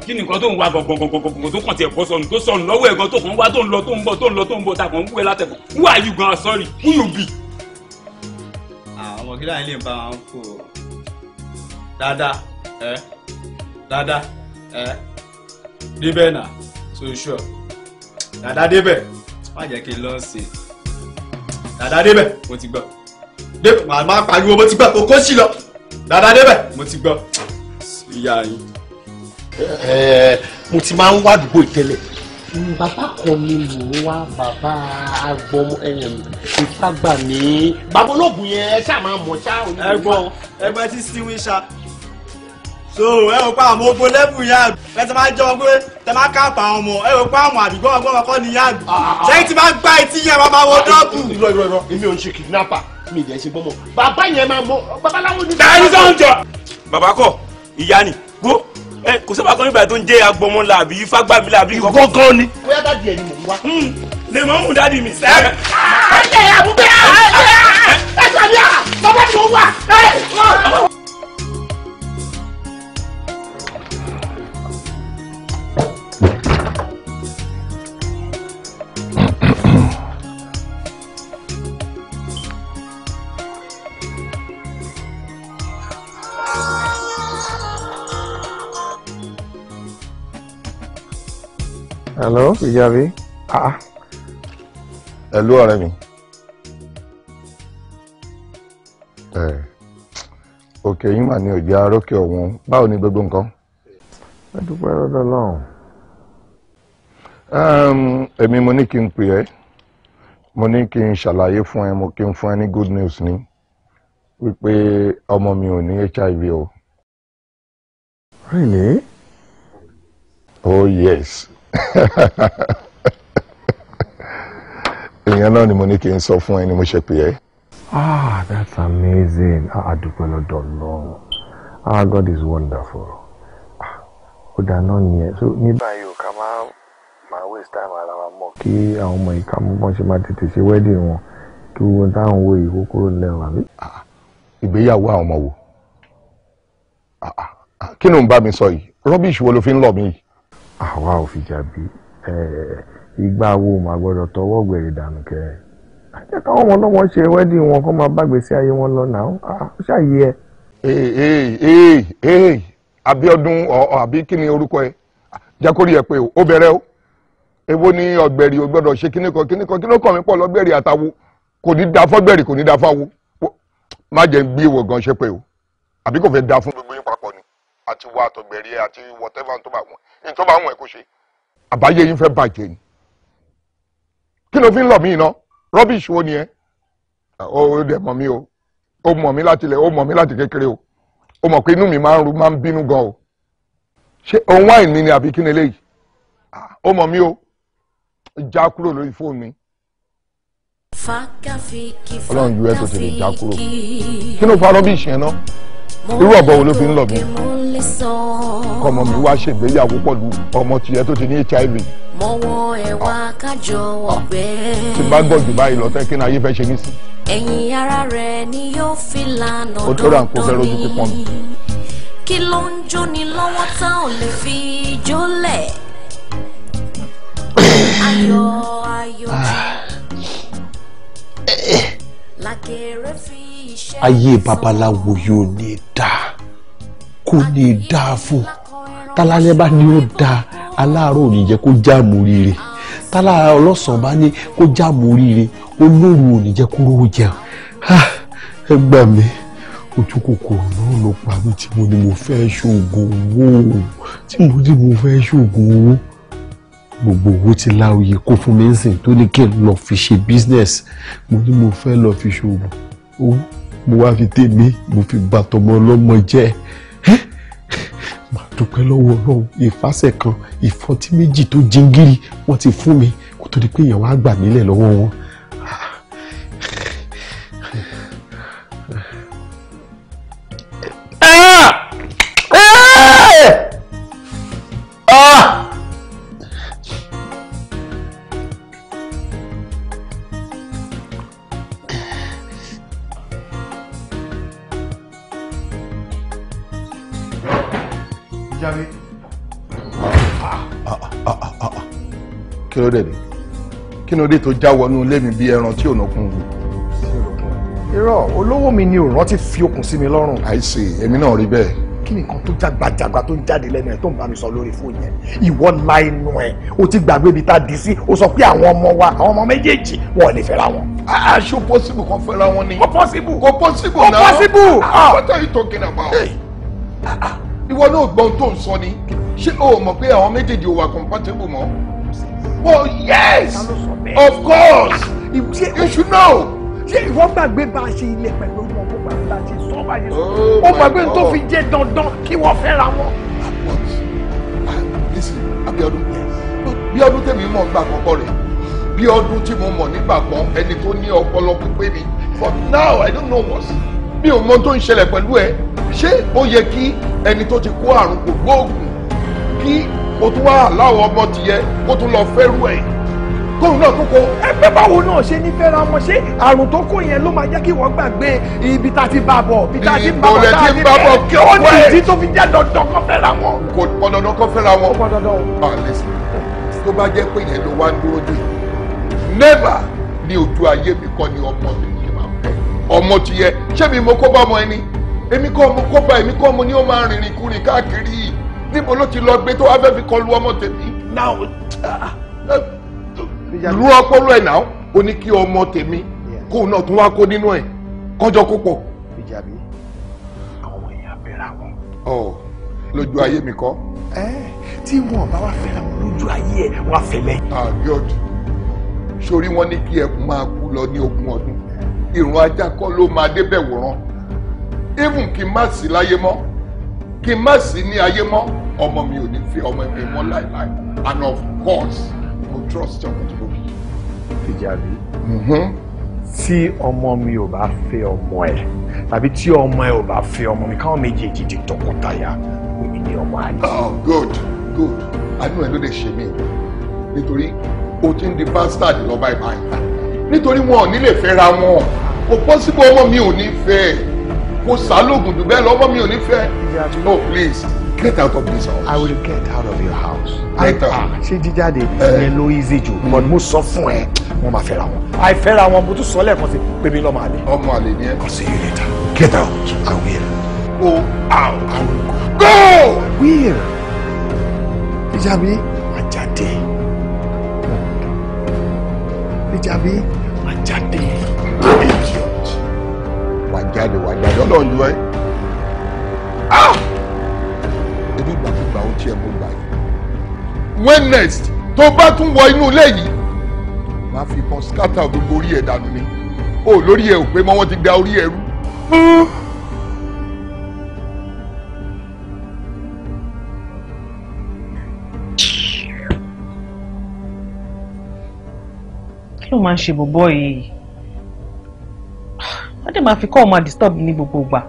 kí ni nǹkan tó ń wá gbọ̀ngbọ̀ngbọ̀ngbọ̀ngbọ̀n tó kàn tiẹ̀ bọ́ sọnù tó who are you gan sorry who you be ọmọ gíga yẹn lè bá wọn fò dáadáa ẹ dáadáa ẹ débẹ̀ náà so sure dáadáa débẹ̀ má jẹ́ kí n lọ sí i dáadáa débẹ̀ mo ti gbọ́ débẹ̀ màá má pariwo mo ti gbọ́ kókó sí lọ dáadáa débẹ̀ mo ti gbọ́ ìyá yín. mo ti máa ń wá àdúgbò ìtẹ́lẹ̀ Mm, bàbá kan ni mò ń wá bàbá agbọmọ ìfá gbà mí. bàbá olóògùn yẹn ẹ ṣáà máa mọ̀ ṣá. ẹ̀gbọ́n ẹgbẹ́ tí steven ṣá so ẹ rò pé àwọn ogun lẹ́bù yá ẹ ti máa jọ pé tẹ máa káàpà àwọn ọmọ ẹ rò pé àwọn àdìgbò ọgbọ́n ọkọ ni yá sẹ́yìn ah. tí máa gbá etí yẹn bàbá wo dọ́ọ̀bù. irọ́ irọ́ irọ́ èmi ò ń ṣe kidnapper mi ìdẹ̀ ṣe gbọ́mọ bàbá yẹn máa mọ babaláwo ni. dáhùn sọ́njọ. bàbá kọ ìyá ni gbó ẹ kò sábà kan nígbà tó ń jẹ́ agbọmọlá àbí fagbamilá àbí kọ̀ọ̀kan. gọ́gán ni. bóyá dáàdi ẹ̀ ni mò ń wá. lè mọ̀ mú dáàdi mi sẹ́. ẹ ẹ àbúgbé ẹ ẹ ẹ ẹ sọ hello ìyàbí ah hello ọ̀rẹ́ Eh. Okay, yín mà ní òjì arókè ọ̀hún báwo ni I do ẹ dúpẹ́ lọ́dọ̀ lọ́hùn. èmi mo ní kí n pè ẹ́ mo ní kí n ṣàlàyé fún ẹ mo kí n fún ẹ ní good news ni wípé ọmọ mi ò ní hiv o. really? oh yes èèyàn náà ni mo ní kí n sọ fún ẹ ni mo ṣe pè ẹ. ah that's amazing ah àdúpẹ́ lọ́dọ̀ lọ́wọ́ ah God is wonderful ah ó dáná nìyẹn so ní báyìí ò ká máa máa waste time ara wa mọ̀ kí àwọn ọmọ yìí ká mú ṣe máa tètè ṣe wedding wọn kí wọ́n táwọn wo ìwó kúrò lẹ́wọ̀n àbí. Ah, ìgbéyàwó àwọn ọmọ wo ah, ah, kí ni ò ń bá mi sọ yìí rubbish wo ló fi ń lọ mí yìí àwa ò fìjà bí ìgbà wo mà gbọ́dọ̀ tọwọ́ gbèrè dànù kẹrin àjẹ́ káwọn ọmọ ọlọ́mọ ṣe wẹ́dì wọn kó máa bá gbèsè ayé wọn lọ náà ó ṣàyè ẹ. Abíọ́dún àbí kí ni orúkọ ẹ jẹ́ kó rí ẹ pé ó bẹ̀rẹ̀ o èwo ni ọ̀gbẹ̀rì ò gbọ́dọ̀ ṣe kíníkan kíníkan kí ló kàn mí pọ̀ lọ́gbẹ̀rì àtàwo kò ní da fọ́gbẹ̀rì kò ní da fáwo má jẹ́ gbé ìwò gan ṣe pé o àbí kò fẹ́ da fún gbogbo yín papọ̀ ni àti wọ àtọ̀gbẹ̀rì àti whatever tó bá wọn tó bá wọn ẹ kó ṣe. àbáyé yín fẹ́ bàjẹ́ ni kí ló fi ń lọ mí iná rubbish wo ni ẹ ó dẹ̀ mọ̀ mí o ó mọ̀ mí láti ilẹ̀ ó mọ̀ mí láti kékeré o ó mọ̀ pé inú mi máa ń ru máa ń bínú gan o ṣé òun wáìnì ni àbí kí ni eléyìí ó mọ̀ mí o já kúrò lórí fóònù mi ọlọ́run ju ẹ tó tètè já kúrò kí ló fa rubbish yẹn náà irú ọ̀bọ wo ló fi ń lọ mi kọmọ mi wá ṣègbéyàwó pọ̀lú ọmọ tiẹ̀ tó ti ní hiv. mọ̀wọ́ ẹ̀ ah. kájọ ah. ọ̀gbẹ́. tí bá gbọ́ jù báyìí lọ tẹ́kí náà ayé fẹ́ ṣe mí sí. ẹ̀yìn ara rẹ̀ ni yóò fi lànà dọ́dọ́ mi kí ló ń jóni lọ́wọ́ tá ò lè fi jólẹ̀. ayọ̀ ayọ̀ ah. lákèrè fi ayé babaláwo yóò ní dáa kò ní dáa fún tálálẹ́ bá ní ó dáa aláàárọ̀ ò ní jẹ́ kó jáàmù rire tálára ọlọ́sàn bá ní kó jáàmù rire olóòrùn ò ní jẹ́ kó rówó jẹun ẹ gbà mí ojú kòkòrò náà ló pa mí tí mo ní mo fẹ́ ṣoògùn owó tí mo ní mo fẹ́ ṣoògùn owó gbogbo owó tí láòyè kó fún mi ń sìn tó ní kí n lọ fi ṣe business mo ní mo fẹ́ lọ fi ṣoògùn owó mo wá fi tèmi mo fi bà tọmọ ọlọ́mọ jẹ́ mà dúpẹ́ lọ́wọ́ ọlọ́run ìfàsẹ̀ kan ìfọ́tí méjì tó jingiri wọ́n ti fún mi kó tó di pé èèyàn wá gbà nílẹ̀ lọ́wọ́ wọn kí ló dé ni kí ló dé tó já wọnú ilé mi bí ẹran tí ò nọkùn mi. irọ́ olówó mi ni òòrùn ti fi okùn sí mi lọ́rùn. àìsè èmi náà rí bẹ́ẹ̀. kí ni nǹkan tó jágbajàgba tó ń jáde lẹ́nu ẹ̀ tó ń bá mi sọ lórí fóònù yẹn ìwọ la ẹ̀ o ti gbàgbé ibi tá a dì sí o sọ pé àwọn ọmọ wa àwọn ọmọ méjèèjì wọn ò lè fẹ́ra wọn. aṣọ possible kan fẹ́ra wọn ni. kò possible kò possible náà kò possible. Ah, what are you talking about? Ah, ah. ìwọ náà gbọ́n tó ń sọ ni ṣé o mọ̀ pé àwọn méjèèjì ò wà compatible mọ́. oh yes of course you should know. ṣé ìwọ gbàgbé bá a ṣe ilé pẹ̀lú ọmọ ọmọ gbàgbé bá a ṣe sọ bá a ṣe sọ oh ó gbàgbé tó fi jẹ́ dandan kí wọ́n fẹ́ ra wọn. Ah, Abíọ́dún Abíọ́dún tèmi mọ̀ nígbà àkọ́kọ́ rẹ̀ Abíọ́dún tí mo mọ̀ nígbà kan ẹni tó ní ọpọlọ pípé ni but now I don't know what mi ò mọ tó ń ṣẹlẹ̀ pẹ̀lú ẹ ṣé ó yẹ kí ẹni tó ti kó àrùn kò gbóògùn kí o tún wá aláwọ̀ ọmọ tìyẹ kó tún lọ fẹ́rù ẹ̀ kóun náà tún kó. báwo náà ṣe ní fẹ́ra ọmọ ṣé àrùn tó kó yẹn ló máa jẹ́ kí wọ́n gbàgbé ibi tá a ti bá bọ̀ ibi tá a ti bá bọ̀ tá a ti bẹ̀ kí ó ní ìdí tó fi jẹ́ dandan kó fẹ́ra wọn. kò pọn dandan kó fẹ́ra wọn. kò pọn dandan o. àlẹsìn tó bá jẹ́ pé yẹn ló wá dúró dé nẹ́bà ní ojú ayé mi kọ́ ni ọmọ mi ni màá fẹ́ ọmọ ti yẹ ṣé mi mo kó bá ọmọ ẹni èmi kọ́ mo kó níbo ló ti lọ gbé tó wá fẹ́ fi kọlu ọmọ tèmi. now lu ah, ọpọlọ ẹ náà ó ní kí ọmọ tèmi kó náà tún wá kó nínú ẹ kọjọ kó pọ̀. ìjàbí àwọn èèyàn fẹ́ra wọn. ọ lójú ayé mi kọ́. ẹ tí wọn bá wá fẹ́ra wọn lójú ayé ẹ wọn á fẹ́ lẹ́yìn. àbíọdù ah, sórí wọn ní kí ẹkùn máa kú lọ ní ogún ọdún ìrùn ajá kọ́ ló máa débẹ̀ wòran even kí n má sí láyé mọ́ kí n má sí ní ayé mọ́ ọmọ mi ò ní fi ọmọ mi mọ́ láìláì and of course mo trust ọmọ tó bọ̀. fìjàbí mm-hmm. tí ọmọ mi ò bá fẹ́ ọmọ ẹ̀ tàbí tí ọmọ ẹ̀ ò bá fẹ́ ọmọ mi káwọn méjèèjì di tọkọtaya èmi ni ọmọ àlè. oh good good àánú ẹ ló lè ṣe mí nítorí o ti ń di bastard lọ báyìí báyìí nítorí wọn ò ní lè fẹ́ wọn kò pọ́sibú ọmọ mi ò ní fẹ́ kò sálógùn jù bẹ́ẹ̀ lọ́mọ mi ò ní fẹ́ No, oh, please get out of this house. I will get out of your house. Get out. Ah, ṣé jíjáde eh. ìyẹn ló easy jù? But mo sọ fún ẹ, wọ́n máa fẹ́ra wọn. Àìfẹ́ra wọn mo tún sọ lẹ́ẹ̀kan sí pé mi lọ́mọ àlè. Ọmọ àlè ni ẹ. I'll see you later. Get out. I will. Go out. I will go. Go! I will. Ìjàbí. Àjàdé. Ìjàbí. Àjàdé. Idiot. Wàjáde wàjáde ọlọ́run ju ẹ. Ah! ebi ó tiẹ̀ mo gbà yìí when next tó bá tún wọ inú ilé yìí máa fi ìbọn skata gbogbo orí ẹ̀ dànù ni ó lórí ẹ̀ ò pé mọ́ wọ́n ti da orí ẹ̀ rú. kí ló máa ń ṣe bòbọ́ yìí wọ́n dẹ̀ máa fi kọ́ ọ máa disturb ní gbogbo ìgbà.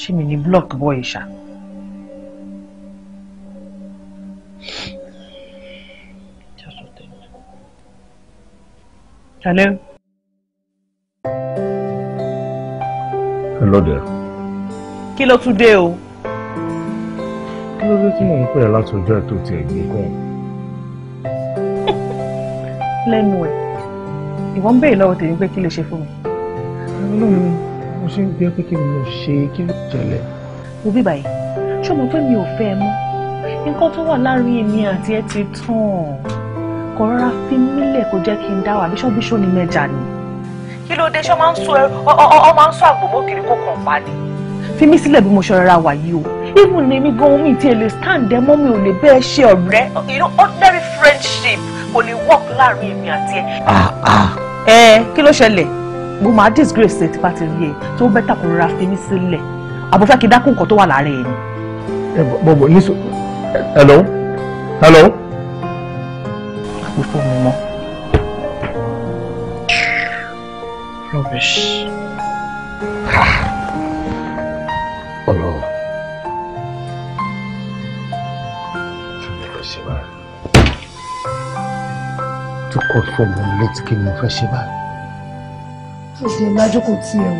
ṣé mi ní block boy ṣá. Hello. Hello there. Kí ló tún dé o? Kí ló dé tí mò ń pè ẹ́ látọjọ́ ẹ̀ tó ti ẹ̀gbìn kan? Lẹ́nu ẹ̀, ìwọ ń béèrè lọ́wọ́ tèmi pé kí ló ṣe fún mi. Ọlọ́run mo ṣe ń bí ẹ pé mo ṣe kí ṣẹlẹ̀. wo bí báyìí ṣé mo pé mi ò fẹ́ ẹ mọ́ nǹkan tó wà láàrin èmi àti ẹ ti tán kò rọra fi mílẹ̀ kó jẹ́ kí n dá wà bí ni mẹ́jà ni. kí ló dé ṣọ́ ọ máa ń sọ àgbò mọ́kiri kó kàn pa ni. fi mí sílẹ̀ bí mo ṣe rọra wà yìí o even ní mi gan omi tí ẹ lè stand ẹ mọ́ mi ò lè bẹ́ẹ̀ ṣe ọ̀rẹ́ you know ordinary friendship kò lè work láàrin èmi àti ẹ. ẹ kí ló ṣẹlẹ̀ mo máa disgrace ẹ tí bá ti rí ẹ tó bẹ́tà kó rọra fi mí sílẹ̀ àbúfẹ́ kí dákún nǹkan tó wà lára ẹ̀ ni. ẹ bọ̀ bọ̀ ní sọ hello hello. àpò fóònù mọ́. rubbish. ọ̀rọ̀ kí ni mo ṣe báyìí. tó kọ́ fóònù létí kí ni mo fẹ́ ṣe báyìí. ṣé ìdájọ́ kò tiẹ̀ wọ̀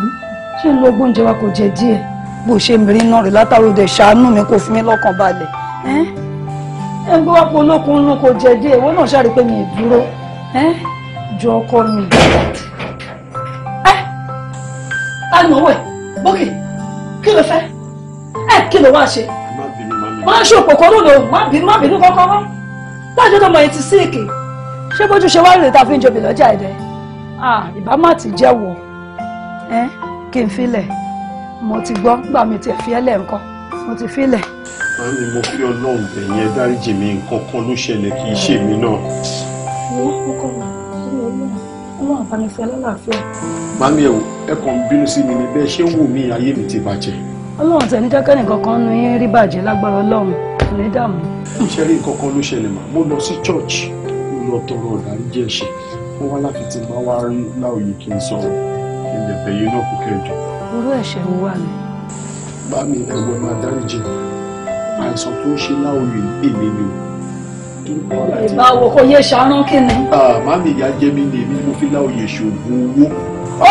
mí ṣé ń lo ogún oúnjẹ wa kò jẹ díẹ̀ bó ṣe mìíràn náà rè látàrí òde ṣàánú mi kò fi mí lọ́kàn balẹ̀ ẹ ń gbé wá pọ̀ olókun inú kò jẹ díẹ̀ ìwọ náà ṣàrí pé mi ì dúró ju ọkọ mi. ẹ ànáwẹ̀ bókì kí ló fẹ́ ẹ kí ló wá ṣe máa ṣe òpòkò lónìí òun má bínú má bínú kọ́kọ́ wá láti ọdún ọmọ yìí ti síìkì ṣé bójú ṣe wá rèé ta fi ń jobi lọ́jà ẹ̀dẹ́ ìbámu àti jẹ́wọ́ ẹ́. kí n filẹ̀ mo ti gbọ́ gbà mí tiẹ̀ fi nǹkan mo ti mo fi ọlọ́run bẹ̀yẹn dáríjì mi nǹkan kan ló ṣe mí náà. wo ọkọ mi ìwé mi ẹ kàn ń bínú sí mi ni bẹ́ẹ̀ mi ti bàjẹ́. ọlọ́run tẹ̀ ní jẹ́kẹ́ nìkan kan nu yín rí bàjẹ́ lágbára ọlọ́run kò ní dààmú. nǹkan kan ló ṣẹlẹ̀ mà mo lọ sí church mo lọ tọrọ ọ̀dà ń àtẹ̀yẹ náà kò kẹjọ. irú ẹ̀ṣẹ̀ wo wà ní. bá mi ẹ̀wọ̀ máa dáríjì àìsàn tó ń ṣe láòyè èmi ni o. ìbá wo kò yẹ ṣàárán kí ni. má mi ìyá jẹ́ mi ni èmi mo fi láòyè ṣoògùn owó.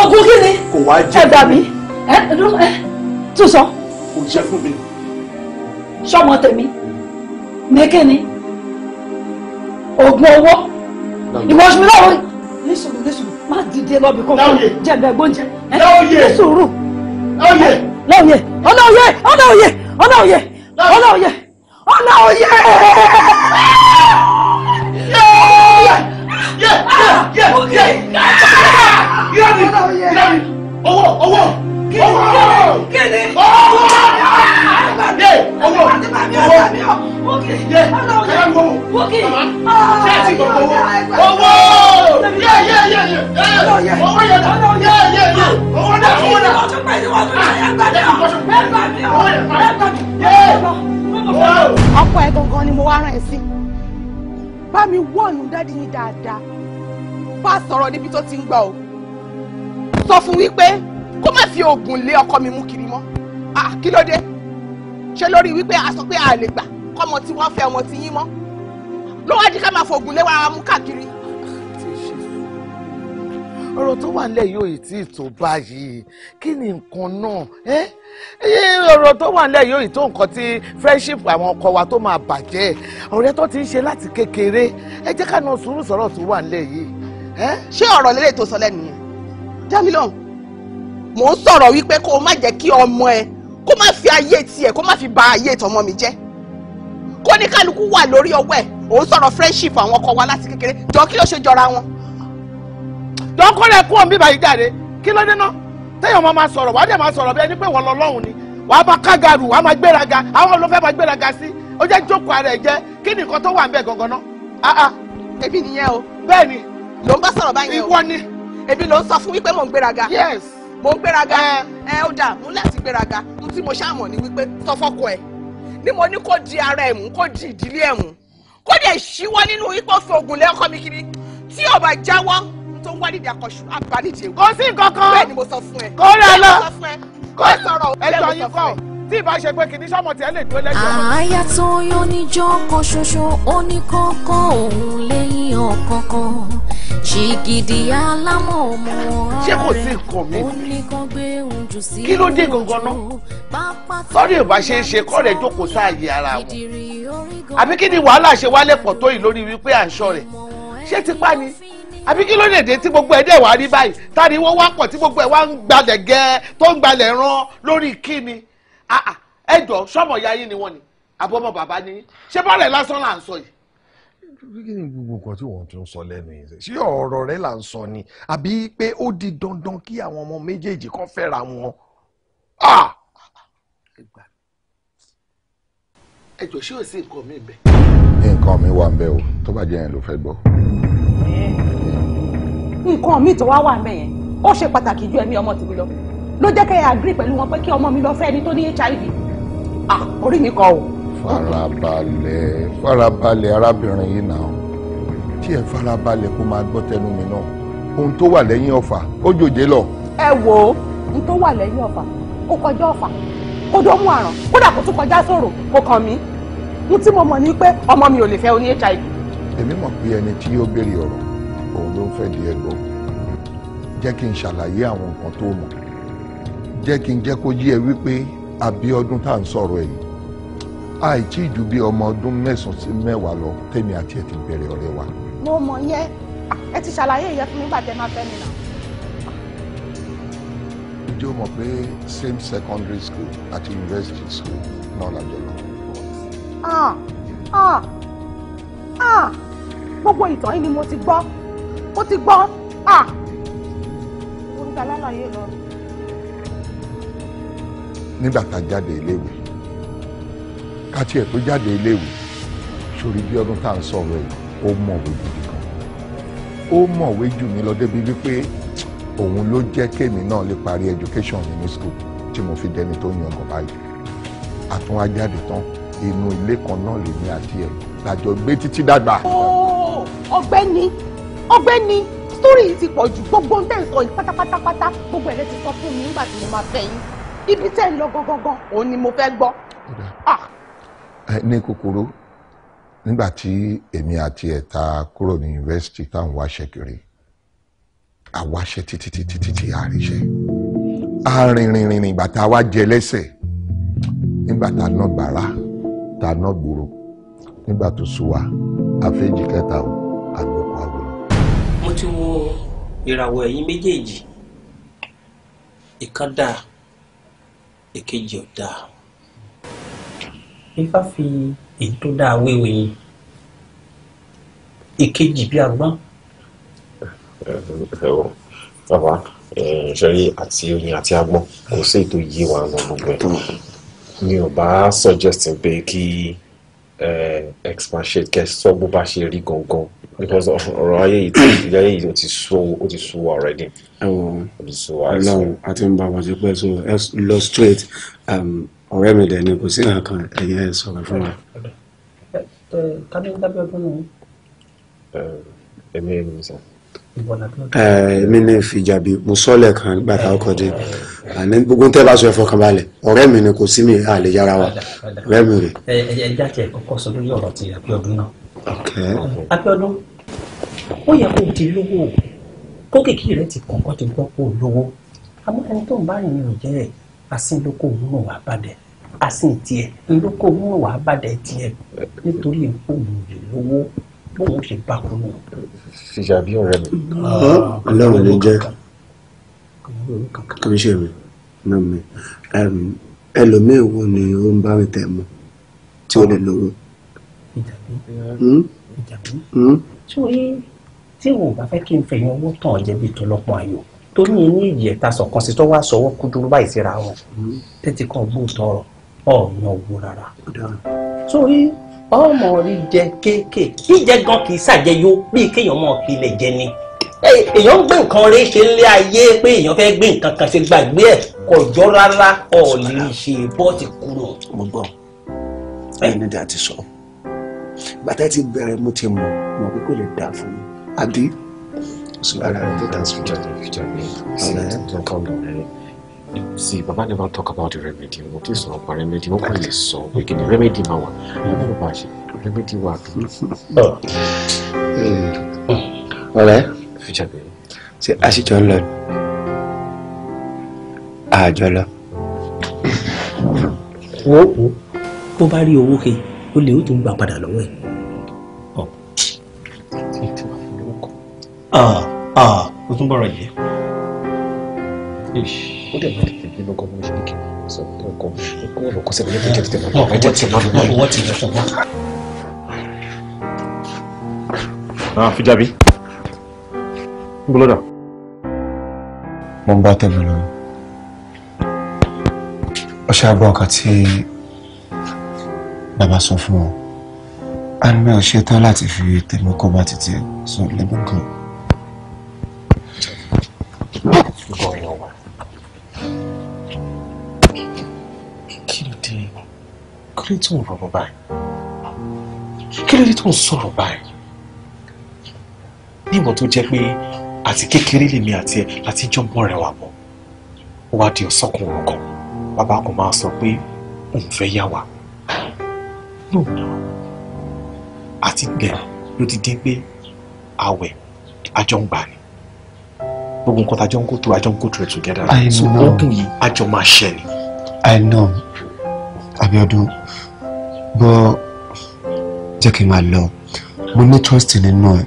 oògùn kí ni. kò wá jẹ́ ẹgbà mi ẹ ẹ tún sọ. kò jẹ́ fún mi. sọmọ tèmi ní kí ni oògùn owó ìwọ ṣùgbọ́n láwọn. nísòrò nísòrò má dìde lọ́bì kan jẹ̀bẹ̀ gbóúnjẹ ẹ sùúrù láòyè ọláòyè ọláòyè ọláòyè ọláòyè ọláòyè. owó owó kéde owó àtẹ̀bàbí owó àtẹ̀bàbí àtẹ̀bàbí òkè ọlọ́wọ́ òkè ṣẹ́ẹ̀tì gbogbo owó yẹ yẹ yẹ yẹ owó yẹ dà yẹ yẹ yẹ owó dà owó dà owó tún pèsè wọn tún náà ẹgbàdé ọ ẹgbàdé ọ ẹgbàdé ọ. ọkọ ẹ gangan ni mo wá rán ẹ sí bá mi wọ́ọ̀nù dádì yín dáadáa bá a sọ̀rọ̀ níbi tó ti ń gbà ó sọ fún wípé kó má fi oògùn lé ọkọ mi mú kiri mọ́ ah kí ló dé ṣe lórí wípé a sọ pé a lè gbà kọ́mọ tí wọ́n fẹ́ ọmọ tí yín mọ́ ló wá di ká máa fògùn lé wa mú káàkiri. ọ̀rọ̀ tó wà nílẹ̀ yóò tí ì tó báyìí kí ni nǹkan náà ẹ́ ọ̀rọ̀ tó wà nílẹ̀ yóò tó nǹkan tí friendship àwọn ọkọ wa tó máa bàjẹ́ ọ̀rẹ́ tó ti ń ṣe láti kékeré ẹ jẹ́ ká náà sùúrù sọ̀rọ̀ tó wà nílẹ̀ yìí. ṣé ọ̀rọ̀ lélẹ̀ lẹ́nu yẹn jámi lóhùn mò ń sọ̀rọ̀ wípé kó o má jẹ́ kí ọmọ ẹ kó má fi ayé tiẹ̀ kó má fi ba ayé tọmọ mi jẹ́ kó ní kálukú wà lórí ọwọ́ ẹ̀ òun sọ̀rọ̀ friendship àwọn ọkọ wa láti kékeré jọ kí ló ṣe jọra wọn. dọ́kọ́rẹ́ kú òun bíbá yìí jáde kí ló dé náà téèyàn máa sọ̀rọ̀ wàá dẹ̀ máa sọ̀rọ̀ bí ẹni pé wọ́n lọ lọ́hùn ni wàá bá kágàrù wàá máa gbéraga àwọn ló fẹ́ máa gbéraga sí ó jẹ́ jókòó ara ẹ̀ jẹ́ kí ni nǹkan tó wà ń gangan náà. ah ah èmi nìyẹn o. bẹ́ẹ̀ ni. ló ń bá sọ̀rọ̀ báyìí o. ìwọ ni. èmi ló ń sọ fún wípé mò ń gbéraga. yes mo gbéraga ẹ ó dà mú láti gbéraga mú tí mo ṣàmọ̀ ni wípé tọfọ́kọ ẹ̀ ni mo ní kó di ara ẹ̀ mú kó di ìdílé ẹ̀ mú kó dẹ̀ ṣíwọ́ nínú ipò fi ògùn lé ọkọ mi kiri tí ò bá jáwọ́ tó ń wá nídìí àkọ́ṣù abaníjẹ. kò sí kankan bẹ́ẹ̀ ni mo sọ fún ẹ. kò lọ kò sọ̀rọ̀ bẹ́ẹ̀ mo sọ tí ìbá ṣe pé kìíní sọmọ tí ẹ lè dúró lẹ́jọ́. àáyá tó yọ níjọ́ kan ṣoṣo ó òun lẹ́yìn ọ̀kọ̀ọ̀kan ṣìgìdì alámọ̀ ọmọ ọ̀rẹ́ ṣé kò sí nǹkan mi sí kí ló dé gangan náà sọ́rí ìbá ṣe é ṣe kọ́ rẹ̀ jókòó sáàyè ara wọn àbí kí ni wàhálà ṣe wálé pọ̀ tó yìí lórí wípé à ń ṣọ́ rẹ̀ ṣé tipá ni àbí kí ló lè dé tí gbogbo ẹ̀ dẹ̀ wá rí báyìí tani wọ́n wá pọ̀ tí gbogbo ẹ̀ wá ń gbalẹ̀ gẹ́ tó ń gbalẹ̀ rán lórí kíni ah, ah, ẹ jọ sọmọ ya ni wọ́n ni àbọ̀mọ bàbá ni ṣé bọ́ọ̀lù ẹ̀ lásán là ń sọ yìí kí ni gbogbo nǹkan tí wọ́n tún sọ lẹ́nu yìí ṣé ọ̀rọ̀ rẹ là ń sọ ni àbí pé ó di dandan kí àwọn ọmọ méjèèjì kan fẹ́ra wọn. ẹ jọ ṣé ò sí nǹkan mi bẹ. nǹkan mi wà ń bẹ o tó bá jẹ́ yẹn ló fẹ́ gbọ́. nǹkan mi tó wá wà ń bẹ yẹn ó ṣe pàtàkì ju ẹ̀mí ọmọ tèmi lọ ló jẹ́ kẹ́ ẹ pẹ̀lú wọn pé kí ọmọ mi lọ fẹ́ ẹni tó ní hiv orí mi kọ o farabalẹ̀ farabalẹ̀ arábìnrin yìí náà tí ẹ farabalẹ̀ kó máa gbọ́ tẹnu mi náà ohun tó wà lẹ́yìn ọ̀fà ó jòjé lọ. ẹ wo ohun tó wà lẹ́yìn ọ̀fà ó kọjá ọ̀fà kó dó àràn kódà kó tún kọjá sòrò kó kàn mí ohun tí mo mọ̀ ni pé ọmọ mi ò lè fẹ́ oní hiv. èmi mọ̀ pé ẹni tí yóò béèrè ọ̀rọ̀ òun ló ń fẹ́ di ẹgbọ́n jẹ́ kí n ṣàlàyé àwọn nǹkan tó mọ̀ jẹ́ kí n jẹ́ kó yé ẹ wípé Abíọ́dún tá à ń sọ̀rọ̀ ẹ̀yìn àìtí ju bí ọmọ ọdún mẹ́sàn-án sí mẹ́wàá lọ tèmi àti ẹ̀ ti bẹ̀rẹ̀ ọ̀rẹ́ wa. mo mọ̀ yẹn ẹ ti ṣàlàyé ìyẹn fún mi gbàtẹ́ máa fẹ́ mi náà ǹjẹ́ o mọ̀ pé same secondary school àti university school náà la jọ lọ. Ah, ah, ah. gbogbo ìtàn yìí ni mo ti gbọ́ mo ti gbọ́ orúkọ alálàyé lọ. nígbà tá a jáde iléèwé káti ẹ̀ tó jáde iléèwé sórí bí ọdún tá à ń sọ̀rọ̀ ẹ̀ ó mọ̀wé gidi kan ó mọ̀wé jù mí lọ débi wípé òun ló jẹ́ kémi náà lè parí education mi ní school tí mo fi dẹni tó yan ọkọ̀ báyìí àtúnwá jáde tán inú ilé kan náà lèmi àti ẹ̀ làjọ gbé títí dàgbà. ọ̀gbẹ́ni ọ̀gbẹ́ni sítórì yìí ti pọ̀ jù gbogbo ń tẹ̀ ń sọ yìí pátápátápátá gbogbo ẹ̀rẹ́ ti sọ fún mi nígbà tí mo máa fẹ́ yín ibi tẹ́ ń lọ gangan òun ni mo fẹ́ gbọ́. ní kúkúrú nígbà tí èmi àti ẹ̀ta kúrò ní yunifásitì táwọn wáṣẹ́ kiri àwáṣẹ́ títí títí àríṣẹ́ arìnrìnrìn ìgbà a wá jẹ lẹ́sẹ̀ nígbà tá a ná bàrà tá a ná gbòòrò nígbà tó sùn àfẹ́jì kẹta àgbọ̀rọ̀. mo ti wo ìràwọ̀ ẹ̀yìn méjèèjì ìkan dáa èkejì ò dáa. ifá fi èyí tó dáa wéwè yìí èkejì bíi agbọ́n. bàbá ṣẹ́rí àti oyin àti agbọ́n kò sí ètò yé wa lọ gbogbo ẹ̀ mi ò bá suggest pé kí expatiate kẹ́ sọ bó bá ṣe rí gangan because ọ̀rọ̀ ayé yìí ayé yìí ó ti sú ó ti sú wa already. ẹ wọ Ọlọ́run àti ń bá wa ṣe pẹ́ so ẹ lọ straight. Um, ọ̀rẹ́ mi dẹ̀ ni kò sí nǹkan kan ẹ̀yẹ sọ̀rọ̀ fún wa. kádé dábẹ́ fún mi. èmi èmi sọ. èmi ní fìjàbí mo sọ́lẹ̀ kan nígbà tá a kọ́ dé àní gbogbo tẹ́ bá sọ ẹ fọkàn balẹ̀ ọ̀rẹ́ mi ni kò sí mi à lè yára wa ọ̀rẹ́ mi rè. ẹ ẹ jáde kọ́kọ́ sọ lórí ọ̀rọ̀ ti Abíọ́dún náà. Abíọ́dún ó yẹ kó di lówó kókèké rẹ ti kọ̀ọ̀kan ti gbọ́ kó lówó àmọ́ ẹni tó ń bá rìn ní òjẹ́ rẹ̀ asínlókò òun náà wà bàdẹ asín tiẹ ìlókò òun náà wà bàdẹ tiẹ nítorí nǹkó òun lè lówó bóun ṣe bá kú nù. ṣèṣà bí ọ̀rẹ́ mi. ọlọ́run ló jẹ́ kí n ṣe mi náà mi ẹlòmíín wo ni o ń bá mi tẹ̀ mọ́ tí ó lè lówó. Hmm? Hmm? ṣé o yé tí wọn ò bá fẹ́ kí n fẹ̀yìn owó tán ọ̀jẹ̀ bíi tọlọ́pọ̀ ayò torí yẹn ní ìyẹ̀ta sọ̀kan sí tó wá sọ̀wọ́ kúdúrú báyìí síra wọn tètè kan gbó tọrọ ọ̀yàn owó rárá. sórí ọmọ rí jẹ kéèké jíjẹ gan kì í ṣàjẹyó bíi kéèyàn mọ ilẹ̀ jẹ ni èèyàn ń gbé nǹkan rẹ ṣe ń lé ayé pé èèyàn fẹ́ gbé nǹkan kan ṣe gbàgbé ẹ̀ kò jọ rárá ọ̀ lè ṣe bọ́ọ̀tì kúrò. mo gbọ́ ẹni dà ti sọ bàtà ti bẹ̀rẹ̀ mo ti mọ̀ mọ̀ pé kò lè dà fún mi àbí Similarly, that's future. Amen. No problem. See, Baba never talk about the remedy. Mo ti sọ̀rọ̀ pa remedy. Wọ́n kàn lè sọ pé kí ni remedy máa wà. Bàbá bàbá ṣe remedy wà. Ọ̀rẹ́. Future baby. Ṣé àṣìjọ ń lọ? Àjọ lọ. Wo bó bá rí owó ke, ó lè ó tún gbà padà lọ́wọ́ ẹ̀. ah ah o tún bọ̀rọ̀ yìí. ó dẹ̀ máa tètè bínú gan mọ́ ṣe kí n sọ pé ọkọ ọkọ ọ̀rọ̀ kọ́sẹ̀ mi lẹ́kọ̀ọ́ tètè máa bọ̀ ẹ̀jẹ̀ tí máa bọ̀ wọ́n ti lẹ́kọ̀ọ́ wọn. ah Fíjábí ń bọ́ lọ́dà. mo ń bá tẹ̀lé lọ ọ ṣe àgbọ̀ ọkàn a ní mi ò gan wà. kí ló dé kí ló dé je ń ati báyìí kí mi ati tó ń sọ̀rọ̀ báyìí ní ìwọ̀n tó jẹ́ pé àti kékeré lèmi àti ẹ̀ láti jọ mọ́ rẹ̀ di ọ̀sọ́kùn òun kan bàbá kan máa sọ pé òun fẹ́ wa lóòótọ́ àti gbẹ̀rù ló ti dín pé àwẹ̀ àjọ ń gbà ni gbogbo nǹkan tá a jọ ń go through a jọ ń go through together right so open yìí a jọ máa ṣe ni. i know Abiodun bọ jẹ́ kí n máa lọ mo ní trust nínú ẹ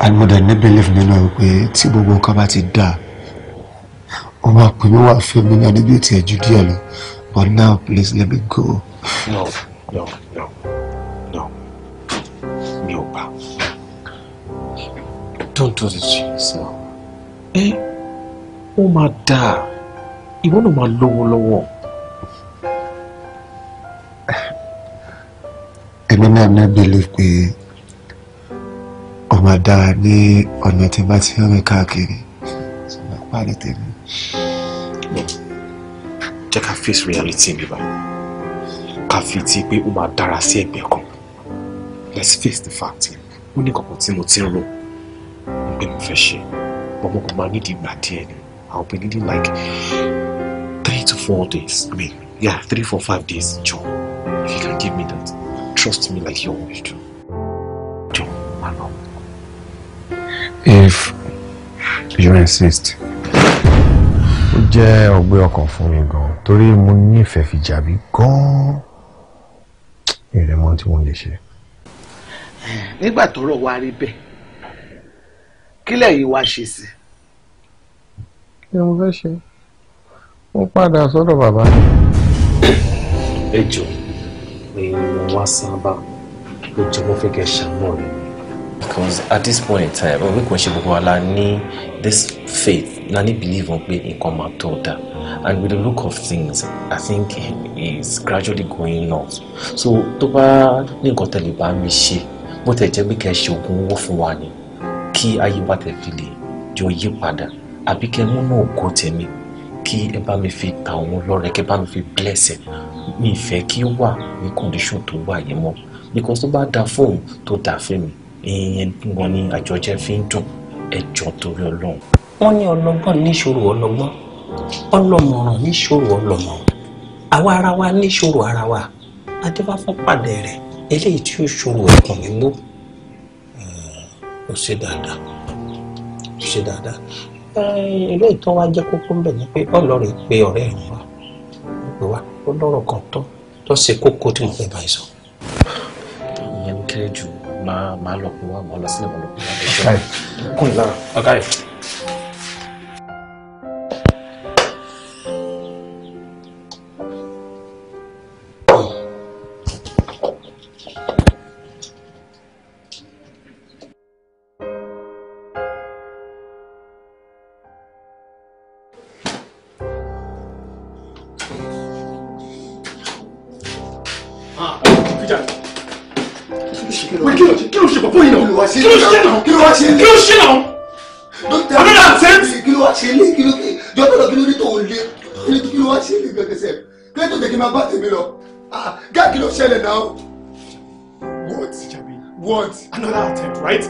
and mo dẹ̀ ní belief nínú ẹ pé tí gbogbo nǹkan bá ti dà ó máa pè mí wá fún mi náà níbi ètò ẹ̀jú díẹ̀ lọ but now please let me go. no no no no mi ò bá don't do this to yourself ẹ ó máa dáa ìwọ náà máa lówó lọ́wọ́. èmi náà náà believe pé ó máa dáa ní ọ̀nà tí bá ti ń rìn káàkiri ṣùgbọ́n pàdé tèmi. jẹ́ ká face reality mi bá ká fi ti pé ó máa dára sí ẹgbẹ́ kan let's face the fact ó ní kankan tí mo ti ń rò nígbà mo fẹ́ ṣe ọmọ kan máa nídìí ìgbà I'll be needing like three to four days I mean yeah three four five days Joe. if you can give me that trust me like you always do Joe. ma lọ. if you insist ó jẹ́ ọgbẹ́ ọkàn fún Tori gan-an torí mo nífẹ̀ẹ́ fi jàbí gan-an ìrẹ́mọ́ tí wọ́n lè ṣe. nígbà tọ́rọ̀ wá rí kílẹ̀ yìí wá ṣe sí. kí ni mo fẹ́ ṣe mo padà sọ́dọ̀ bàbá mi. ẹ jọ èyí mo wá sábà ló jẹ mo fẹ́ kẹ́ ṣàánú rẹ. because at this point in time ọ̀rẹ́ kò ṣe gbogbo wa ní this faith la ní belief on pé nǹkan máa tó dáa and with the look of things i think it's gradually going north so tó bá ní nǹkan tẹ̀lé bá mi ṣe bó tẹ̀ jẹ́ pé kẹ́ ṣe oògùn owó fún wa ni kí ayé wa tẹ̀ fi lè jọ yí padà àbí kẹ́ múnú ògo tèmi kí ẹ bá mi fi ta òun lọ́rẹ kẹ́ bá mi fi blẹ́sẹ̀ mi ìfẹ́ kí ó wà ní kọ́ndíṣọ̀n tó wà yẹn mọ́ because tó bá da fóun tó da fẹ́mi ìyẹn wọn ni àjọjẹ́ fi ń dùn ẹjọ́ torí ọlọ́run. wọ́n ní ọlọ́gbọ́n níṣòro ọlọ́gbọ́n ọlọ́mọràn níṣòro ọlọ́mọ àwa ara wa níṣòro ara wa adébáfún pàdé rẹ̀ eléyìí tí ó ṣòro ẹ̀kùn mímú ó ṣe dáadáa ó ṣe dáadáa eh, ilé ìtàn wa jẹ́ kókó ń bẹ̀ ni pé ọ̀lọ́ rẹ̀ pé ọ̀rẹ́ ẹ̀ wá pé wá ó lọ́rọ̀ kan tó tó ṣe kókó tí mo fẹ́ bá sọ. ìyẹn ló kéré jù máa máa lọ pé wá máa lọ sílẹ̀ máa lọ pé wá. ọkùnrin lára ọ̀gá rẹ̀. Àbújá kí ló ṣe pọ̀ fún yìí náà kí ló ṣe náà kí ló ṣe náà kí ló ṣe náà ọdún náà sẹ́ńtì. kí ló wá ṣe lé kí ló jọ́tọ̀ lọ kí ló ní tòun lé kí what what another attempt right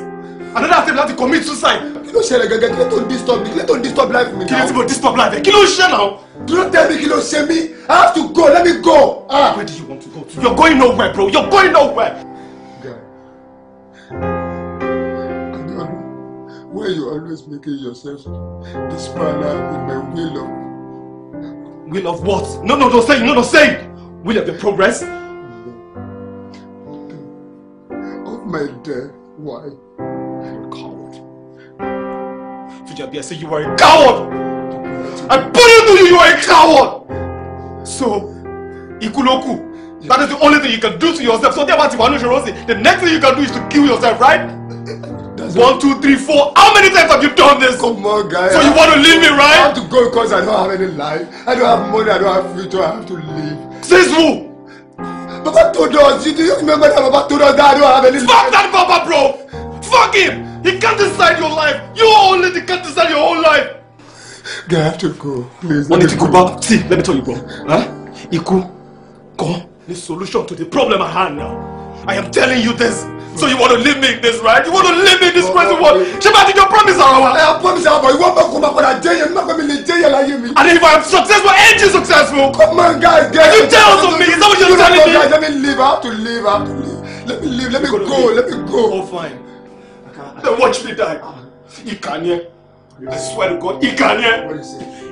another step láti commit suicide. kí ló ṣẹlẹ̀ gẹ́gẹ́ kí ló tó disturb me. kí ló tó disturb life mi. kí ló ti disturb life ẹ kí ló ṣe náà. do not tell me kí ló ṣe mí i have to go let me go. Ah. where do you want to go to. You're going nowhere bro You're going nowhere. Why you always making yourself the spanner in my will of will of what? No no no say no no say will of your progress. Of my dear wife. Fijabi, I said you were a coward. I pointed to you, you are a coward. So, Ikuloku, that is the only thing you can do to yourself. So, about Ivano Shirosi, the next thing you can do is to kill yourself, right? That's One, two, three, four. How many times have you done this? Come on, guys. So you want to leave me, right? I have to go because I don't have any life. I don't have money. I don't have future. I have to leave. Says who? Baba told us. Do you remember that Baba told us that I don't have any Fuck life? Fuck that Baba, bro. Fuck him! He can't decide your life! You only can't decide your whole life! Guy, I have to go. Please, let Only me go. Back. See, let me tell you, bro. Huh? Iku, go. The solution to the problem at hand now. I am telling you this. So you want to leave me in this, right? You want to leave me in this present world? Shema, did you promise Arawa? I have promised Arawa. You want me to come back on a day and not going to jail like you And if I am successful, ain't you successful? Come on, guys, guys. Are you jealous of me? Is that what you're telling me? let me leave. I have to leave. I have to leave. Let me leave. Let me go. Let me go. Oh, fine then watch me die. Ìkà I swear to God, ìkà ni ẹ́.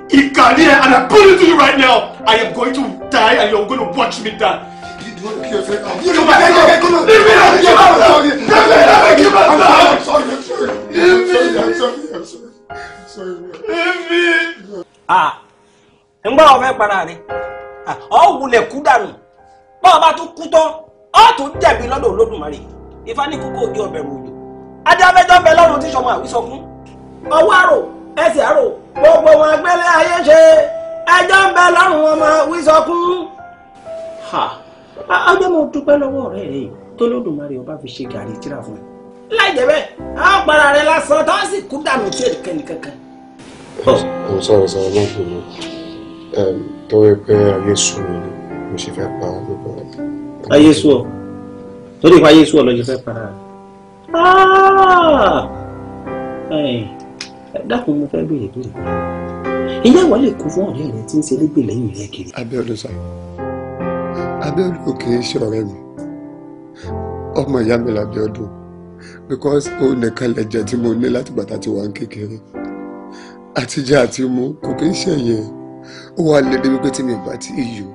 Ìkà ni ẹ́ and I put it to you right now. I am going to die and you're going to watch me die. Ngbà ọ̀fẹ́ para rẹ̀, ọ̀ wulẹ̀ kú dànù, bọ́ọ̀ bá tún kú tán, ọ̀ tún jẹ̀bi lọ́dọ̀ Olódùmarè, Ifá ní kókó òjò ọ̀bẹ̀rù adábẹ́jọ́ ń bẹ lọ́rùn tí sọmọ àwí sọ fún ọwọ́ àrò ẹsẹ̀ àrò gbogbo wọn gbélé ayé ṣe ẹjọ́ ń bẹ lọ́rùn ọmọ àwí sọ fún. ọjọ́ mo dúpẹ́ lọ́wọ́ ọ̀rẹ́ rẹ̀ tó lódùmarè ọba fi ṣe gàrí tíra fún ẹ. láì jẹ́ bẹ́ẹ̀ a ó para rẹ lásán tó sì kú dànù tí èdè kẹ́nìkankan. mo sọ̀rọ̀ sọ̀rọ̀ lọ́gbọ̀n mi tọ́wọ́ pé ayé sùn mi mo ṣe fẹ́ pa ọ́ lọ́gbọ̀n. ayé sùn ọ torí pé ayé sùn ọ lọ́jọ́ fẹ́ para rẹ. Ah! dákun mo fẹ́ béèrè béèrè ìyá wa lè kú fún ọ̀rẹ́ rẹ tí ń ṣe lẹ́gbẹ̀ẹ́ lẹ́yìn rẹ kiri. Abíọ́dún sá Abíọ́dún kò kì í ṣe ọ̀rẹ́ mi ọmọ ìyá mi làbíọ́dún because ó nìkan lẹ́jẹ̀ tí mo ní láti bàtà tí wà ń kékeré àtijọ́ àti mu kò kì í ṣe yẹn ó wà lédè wípé tí mi bá ti yù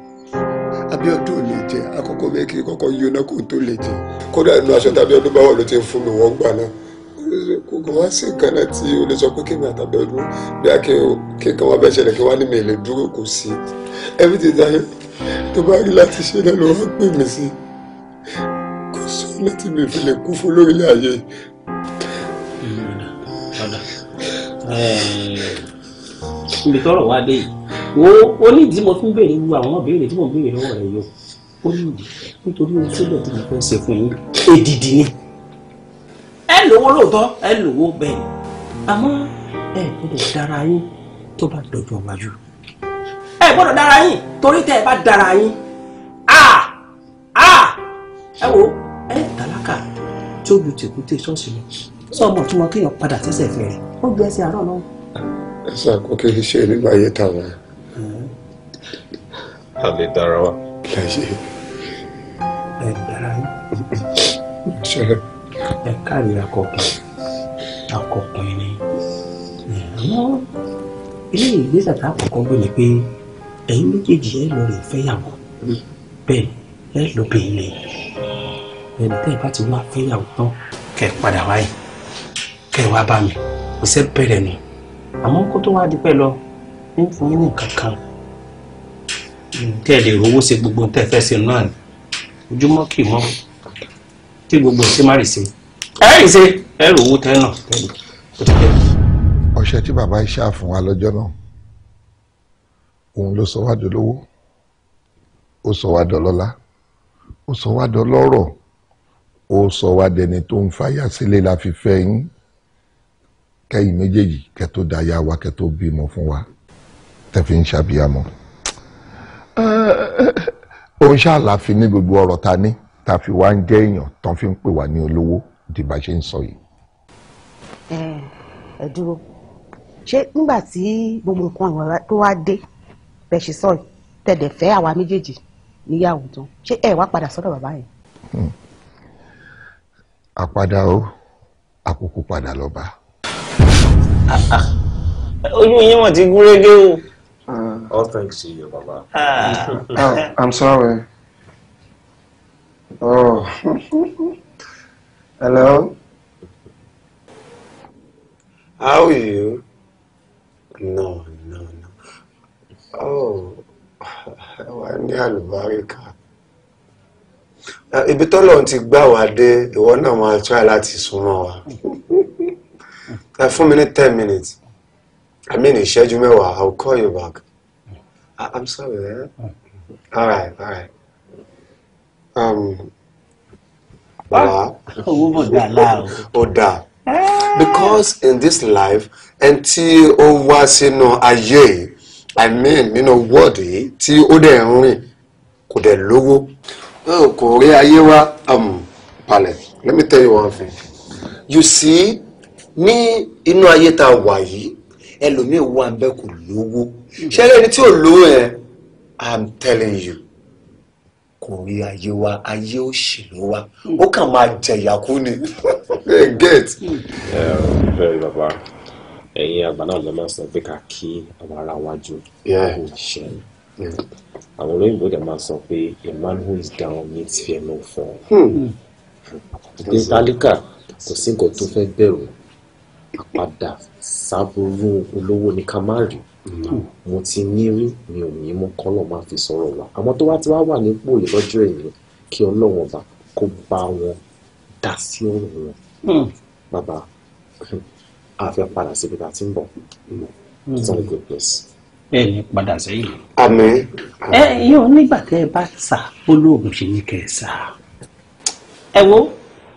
Abíọ́dún jẹ àkókò mẹ́kì kọ́kọ́ yí oná kò tó lè jẹ kódà inú aṣọ tàbí ọdún báwọ̀ ló ti ń fún mi wọ́n gbà náà kò wá sí nǹkan náà tí o lè sọ pé kémi àtàbí ọdún bí a kí nǹkan wọn bẹ́ẹ̀ ṣẹlẹ̀ kí wọ́n á ní mi lè dúró kò sí everything dáyé tó bá rí láti ṣe náà ló wá pè mí sí kò sí ọ̀nà tí mi fi lè kú fún lórílẹ̀ ayé. ibi tọrọ wa dé yìí wo onídìí mo fi ń béèrè wu àwọn béèrè tí mo ń béèrè lọ́wọ́ rẹ yìí o ó ní ìdí nítorí ohun tí lọ́ọ̀tì mi fẹ́ ṣe fún yín èdìdì ni. ẹ lówó lóòótọ́ ẹ lówó bẹ́ẹ̀ àmọ́ ẹ gbọ́dọ̀ dára yín tó bá dọjọ́ wájú. ẹ gbọ́dọ̀ dára yín torí tẹ́ ẹ bá dára yín a a ẹ wo ẹ tálákà tí ó ju tèkúté ṣọ́ọ̀ṣì lọ sọ́ọ̀mù tí wọn kéèyàn padà sẹ́sẹ̀ fẹ́ rẹ̀ ó gbé ẹsẹ̀ àárọ̀ náà. ẹ sọ àkókò iṣẹ́ nínú ayé táwọn a lè dára wa. kí ẹ dára yín ẹ káàrìrà kọkùn akọkùn ni àmọ́ ilé ìgbésẹ̀ tá a kọ́kọ́ gbé ni pé ẹ̀yin méjèèjì ẹ lọ rè fẹ́yàwó bẹ́ẹ̀ ẹ lọ bẹ̀rẹ̀ ẹni tẹ́ ẹ bá ti wá fẹ́yàwó tán kẹ́ ẹ padà wáyé kẹ́ ẹ wá bá mi kò sẹ́ bẹ̀rẹ̀ nù àmọ́ kó tó wá di pẹ́ lọ ń fún yín nìkan kan tẹ́ ẹ lè rówó ṣe gbogbo tẹ́ ẹ fẹ́ ṣe náà ni ojúmọ́ kì mọ́ tí gbogbo ẹ̀ ṣe má rèé ṣe ẹ rèé ṣe ẹ rò owó tẹ́ náà tẹ́lẹ̀ ó ti tẹ́lẹ̀. ọṣẹ tí bàbá iṣẹ́ àfún wa lọ́jọ́ náà òun ló sọ wá dolówó ó sọ wá dọlọ́lá ó sọ wá dọlọ́rọ̀ ó sọ wá dẹni tó ń fàyà sílé la fi fẹ́ yín kẹ́yìn méjèèjì kẹ́ tó dáyà wa kẹ́ tó bímọ fún wa tẹ́ ń ṣàbíyamọ. ó ń ṣàlàfi ní gbogbo ọ̀rọ̀ ta ní ta fi wá ń jẹ́ èèyàn tán fi ń pè wá ní olówó di bá ṣe ń sọ yìí. ẹ dúró ṣé nígbà tí gbogbo nǹkan ìwà tó wá dé bẹ́ẹ̀ ṣe sọ yìí tẹ̀dẹ̀ fẹ́ àwa méjèèjì níyàwó tán ṣé ẹ wá padà sọ́dọ̀ bàbá yẹn. àpadà hmm. o àkókò padà lọ́ba. Ah, ah. oyún yín wọ́n ti gúrégé o. Uh, All thanks to you, Mama. Uh, oh, I'm sorry. Oh. Hello? How are you? No, no, no. Oh, wà ní àlùbáríkà. Ah, ibi tọ́lọ̀ ti day the one ìwọ náà to try láti súnmọ́ wa. Fún mi ní ten minutes. I mean, ìṣẹ́jú mẹ́wàá, I'll call you back. I I'm sorry, man. Eh? Oh. All right, all right. Um, Bàbá. Oh, that. Because in this life, ẹn tí you know, sínú ayé, I mean, nínú wọ́ọ̀dù yìí, till ó dẹ̀ ń rìn, kò dẹ̀ lówó. Kò rí ayé wá balẹ̀. Um, let me tell you one thing. You see, ní inú ayé tá a wà ẹlòmíì wà ń kò lówó hmm. ṣé ẹni tí ò lówó yẹn i'm telling you kò rí ayé wa ayé ó ṣì ló wa hmm. ó kàn máa jẹ̀yàkú ni get. bẹ́ẹ̀ hmm. bàbá ẹ̀yin àgbà náà lè máa sọ pé ká kí àwọn ará wájú ṣe àwọn olóyìnbó dẹ̀ máa sọ pé a man who is down needs fear no fall. dé tálíkà kò sí nǹkan tó fẹ́ bẹ̀rù àpadà sábúrú olówó ni ká má rí mm. mo ti ní rí mi ò ní mú kọ́lọ̀ máa fi sọ̀rọ̀ wá àwọn tó wá ti wá wà nípò yìí lọ́jọ́ ẹ̀yìn kí ọlọ́wọ́n bá kó bá wọn dá sí ọ̀rọ̀ wọn mm. bàbá a fẹ́ padà síbi tá a ti ń bọ̀ mm. it's good place. ẹ ní padà sẹ́yìn. àmín. ẹ yóò nígbà tẹ ẹ bá sà bólóògùn ṣe ní kẹ ẹ wo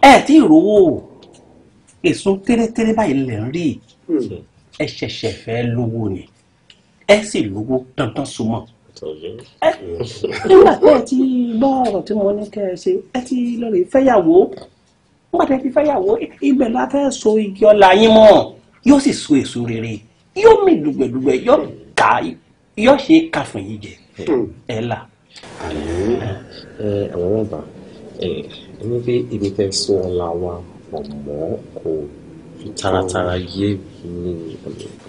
ẹ ti rówó o èso térétéré báyìí lè ń rí hmm. ẹ ṣẹ̀ṣẹ̀ fẹ́ lówó ni ẹ sì lówó dandan so mọ́ nígbà tẹ́ ẹ ti gbọ́ ọ̀rọ̀ tí mo ní kẹ́ ẹ ṣe ẹ ti lọ rè fẹ́yàwó nígbà tẹ́ ẹ ti fẹ́yàwó ibẹ̀ la fẹ́ so igi ọlá yín mọ́ yóò sì so èso rere yóò mì dùgbẹ̀dùgbẹ̀ yóò kà yóò ṣe káfíń yìí jẹ hmm. ẹ là. àmì àwọn ọba ẹni pé ibi tẹ so ọlá wa pọ̀ mọ́ kò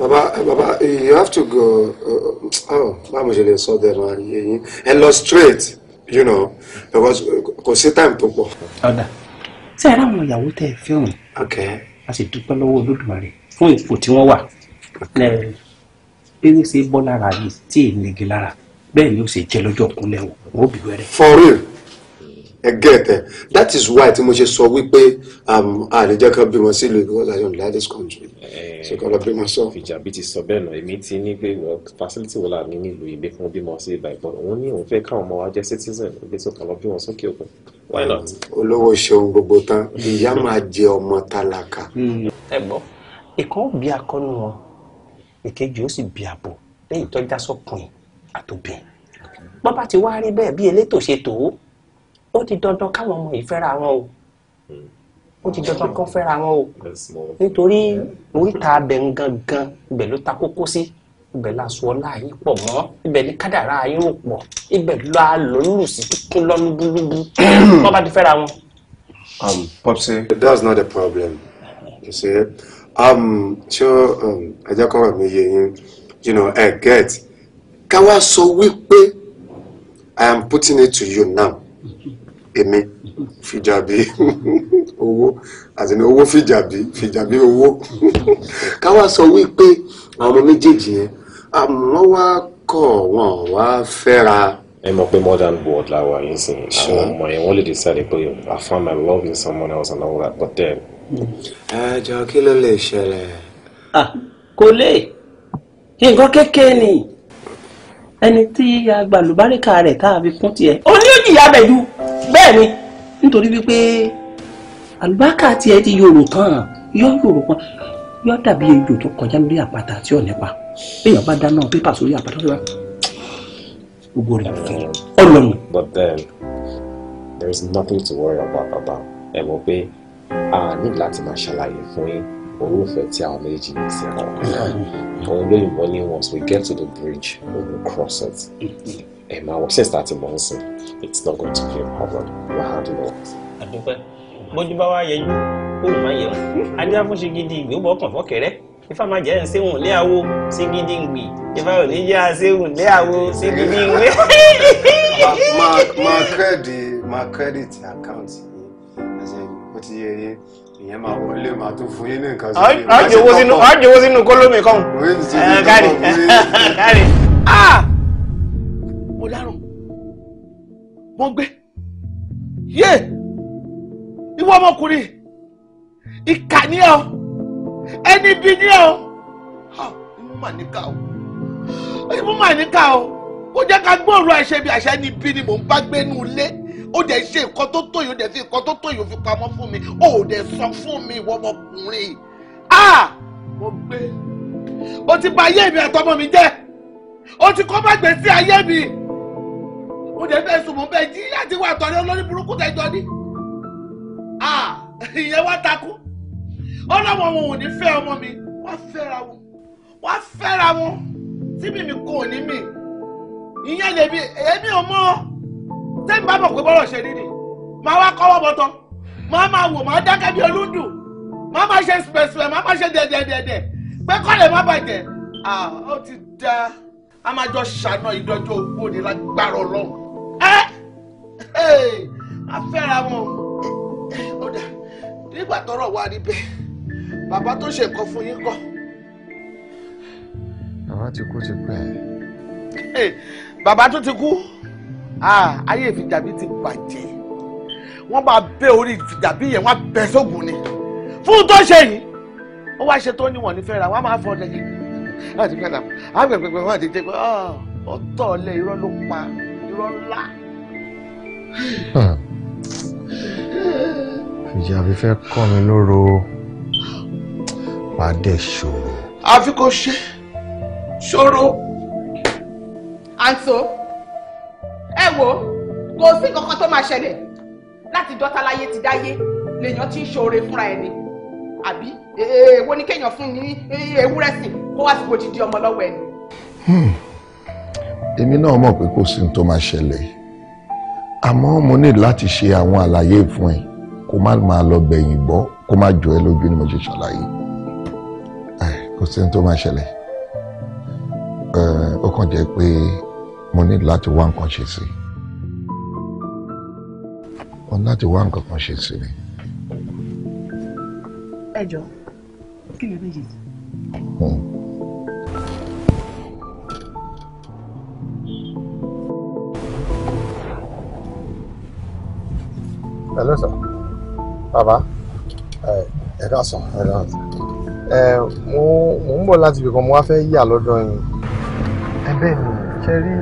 bàbá bàbá you have to go uh, uh, oh, báwo ṣe lè sọ dẹnu ayé yín ẹ lọ straight you know because uh, kò sí time tó pọ̀. ọ̀dà tí ara àwọn ìyàwó tẹ ẹ fẹ́ òun a sì dúpẹ́ lọ́wọ́ olódùmarè fún ipò tí wọ́n wà péré ṣe bọ́ lára yìí tí èmi gé lára bẹ́ẹ̀ ni ó ṣe jẹ́ lọ́jọ́ kúnlẹ̀ o wọ́n bí wẹ́rẹ́. for real ẹ that is why tí mo ṣe sọ wípé um, a lè jẹ́ ká bímọ sílùú because I don't like this country eh, so kọ́ lọ bímọ sọ. fìjàbí ti sọ bẹ́ẹ̀ náà èmi ti ní pé facility wo la ní nílùú ilé fún bímọ sí ibà ìbọn òun ní òun fẹ́ káwọn ọmọ wa jẹ́ citizen ilé tó kàn lọ bí wọn sókè òkun why not. Mm. olówó ṣeun gbogbo tán ìyá máa jẹ ọmọ tálákà. Mm. ẹ gbọ́ ìkan bí akọni wọn ìkejì ó sì bí àbò lẹ́yìn tó já sọ́kùnrin àtòbìn bàbá ti wá rí bẹ́ẹ̀ bí elétò ṣe tòó ó di dandan káwọn ọmọ yìí fẹ́ra wọn o hmm. ó ti dandan kán fẹ́ra wọn o nítorí oríta abẹ ń gangan ibẹ̀ ló ta kókó sí ibẹ̀ la sọ ọlá yín pọ̀ mọ́ ibẹ̀ ní kádàrá yín rò pọ̀ ibẹ̀ la lọ́lù sí kíkún lọ́nù wọ́n bá ti fẹ́ra wọn. um popsi that's not the problem you see um ṣé ẹjẹ kan wà mí yé yín you know ẹ get ká wá sọ wípé i am putting it to you now èmi fìjàbí owó àti ní owó fìjàbí fìjàbí owó káwá sọ wípé àwọn ọmọ méjèèjì yẹn àmọ́ wá kọ̀ wọ́n wá fẹ́ra. ẹ mọ̀ pé modern world la wà yín sìn àwọn ọmọ yẹn wọ́n lè decide pé I found my love in someone else and all that but then. ẹ jọ kí ló lè ṣẹlẹ̀. Ah, kò lè nǹkan kékeré ni ẹni tí agbàlùbáríkà rẹ̀ tá a fi kún tiẹ̀ ó ní ó jìyà bẹ̀lú bẹ́ẹ̀ ni nítorí wípé àlùbákà tiẹ̀ ti yòrò kan yọ yòrò kan yọ dàbí ejò tó kọjá lórí àpáta tí ò èèyàn bá dáná pépà sórí àpáta tó gbogbo rẹ̀ fún ọlọ́run. but then there is nothing to worry about about. ẹ mọ̀ pé a ní láti máa ṣàlàyé fún yín olùfẹ́ tí àwọn our ní sí àwọn òun lóyìnbó ní once we get to the bridge we will cross it ẹ máa wọ since thirty months it's not going to be a problem we handle it. àdúpẹ́ bójú bá wá yẹjú kóòlù máa yẹ wọn adé afúnṣe gidi ìgbé ó bọ ọkàn fọkẹrẹ ifá máa jẹ́ ṣéhùn lé àwo sí gidi ìgbì ifá ò ní jẹ́ ṣéhùn lé àwo sí gidi ìgbì. máa kírẹ́dì máa kírẹ́dì àkáǹtì yìí ó ti yẹ yé ìyẹn máa wọlé máa tún fún yín ní nǹkan sí i. àjòwò sínú àjòwò sínú kólómì kan. kárí kárí mo dárùn mo gbé yé ìwọ ọmọkùnrin ìkà ni ọ ẹni bí ni ọ ìmú mà níkà o ìmú mà níkà o kó jẹ́ ká gbóòórùn àìṣe bí àṣẹ ni bí ni mò ń bá gbénú ilé ó dẹ̀ ṣe nǹkan tó tó yìí ó dẹ̀ fi nǹkan tó tó yìí ó fi pamọ́ fún mi ó dẹ̀ sọ fún mi ìwọ ọmọkùnrin ah mo gbé o ti bà ayé mi àtọmọ mi jẹ́ o ti kọ́ bá gbèsè ayé mi o dẹ̀ bẹ́ẹ̀ sùn mọ́ bẹ́ẹ̀ jí láti wà tọ́lé olórí burúkú tẹ́jọ́ ní ah ìyẹn wá takú ọlọ́wọ́ wọn ò ní fẹ́ ọmọ mi wá fẹ́ra wọn wá fẹ́ra wọn tí mímí kò ní mì ìyẹn lèmi èmi ò mọ̀ ọ́ tẹ́mi bá mọ̀ pé bọ́rọ̀ ṣe rí ni màá wá kọ́wọ́ bọ́tọ̀ màá máa wò màá dákẹ́ bí olúndùn màá máa ṣe spẹ̀sipẹ̀ màá máa ṣe dẹ̀dẹ̀dẹ̀dẹ̀ pé kọ́lẹ̀ má bàjẹ́ ó ti da a máa jọ ṣàná ìdọ́jọ́ owó ni lágbára ọlọ́run ẹ ẹ afẹ́ra wọn ó dà nígbà tọ́rọ̀ wá rí bẹ́ẹ̀ bàbá tó ṣe nǹkan fún yín kọ́. bàbá ti kú ti pẹ́. bàbá tó ti kú. Ah, ayé ìfìjàbí ti bàjẹ́ wọ́n bá bẹ́ orí ìfìjàbí yẹn wọ́n á bẹ́ sógun ni fún tó ṣe yìí ó wá ṣe tó níwọ̀n nífẹ̀ẹ́ ra wọ́n á máa fọ ọ̀dẹ̀ yìí láti fẹ́ dàpọ̀ àgbẹ̀gbẹ̀gbẹ̀ wọ́n ti jẹ́ pé ó tọ̀ lé irọ́ ló pa irọ́ ńlá. Hmm. ìjàbí fẹ́ kọ́ mi lóró pàdé ṣòro. àfi kò ṣe ṣòro. àǹtó ẹ wo kò sí kankan tó máa ṣẹlẹ̀ láti dọ́ta láyé ti dáyé lèèyàn ti ń ṣoore fúnra ẹni àbí èèwọ̀ ni kéèyàn fún ní ewúrẹ́ sìn kó wá sí kò jìdí ọmọ lọ́wọ́ ẹni. Hmm. èmi náà mọ̀ pé kò sí ní tó máa ṣẹlẹ̀ àmọ́ mo ní láti ṣe àwọn àlàyé fún ẹ kó má máa lọ bẹ̀yìn gbọ́ kó má jọ ẹ lójú ni mo ṣe ṣàlàyé kò sí ní tó máa ṣẹlẹ̀ ó kàn jẹ́ pé mo ní láti wá nǹkan ṣe sí i mo ní láti wá nǹkan kan ṣe sí i. ẹ jọ kí lè méjì. Hmm. Hello sir. Bàbá ẹ ká ẹ ká Mo ń bọ̀ láti ibìkan mo wá fẹ́ yà lọ́dọ̀ yín. Ẹ bẹ́ẹ̀ ni ṣe rí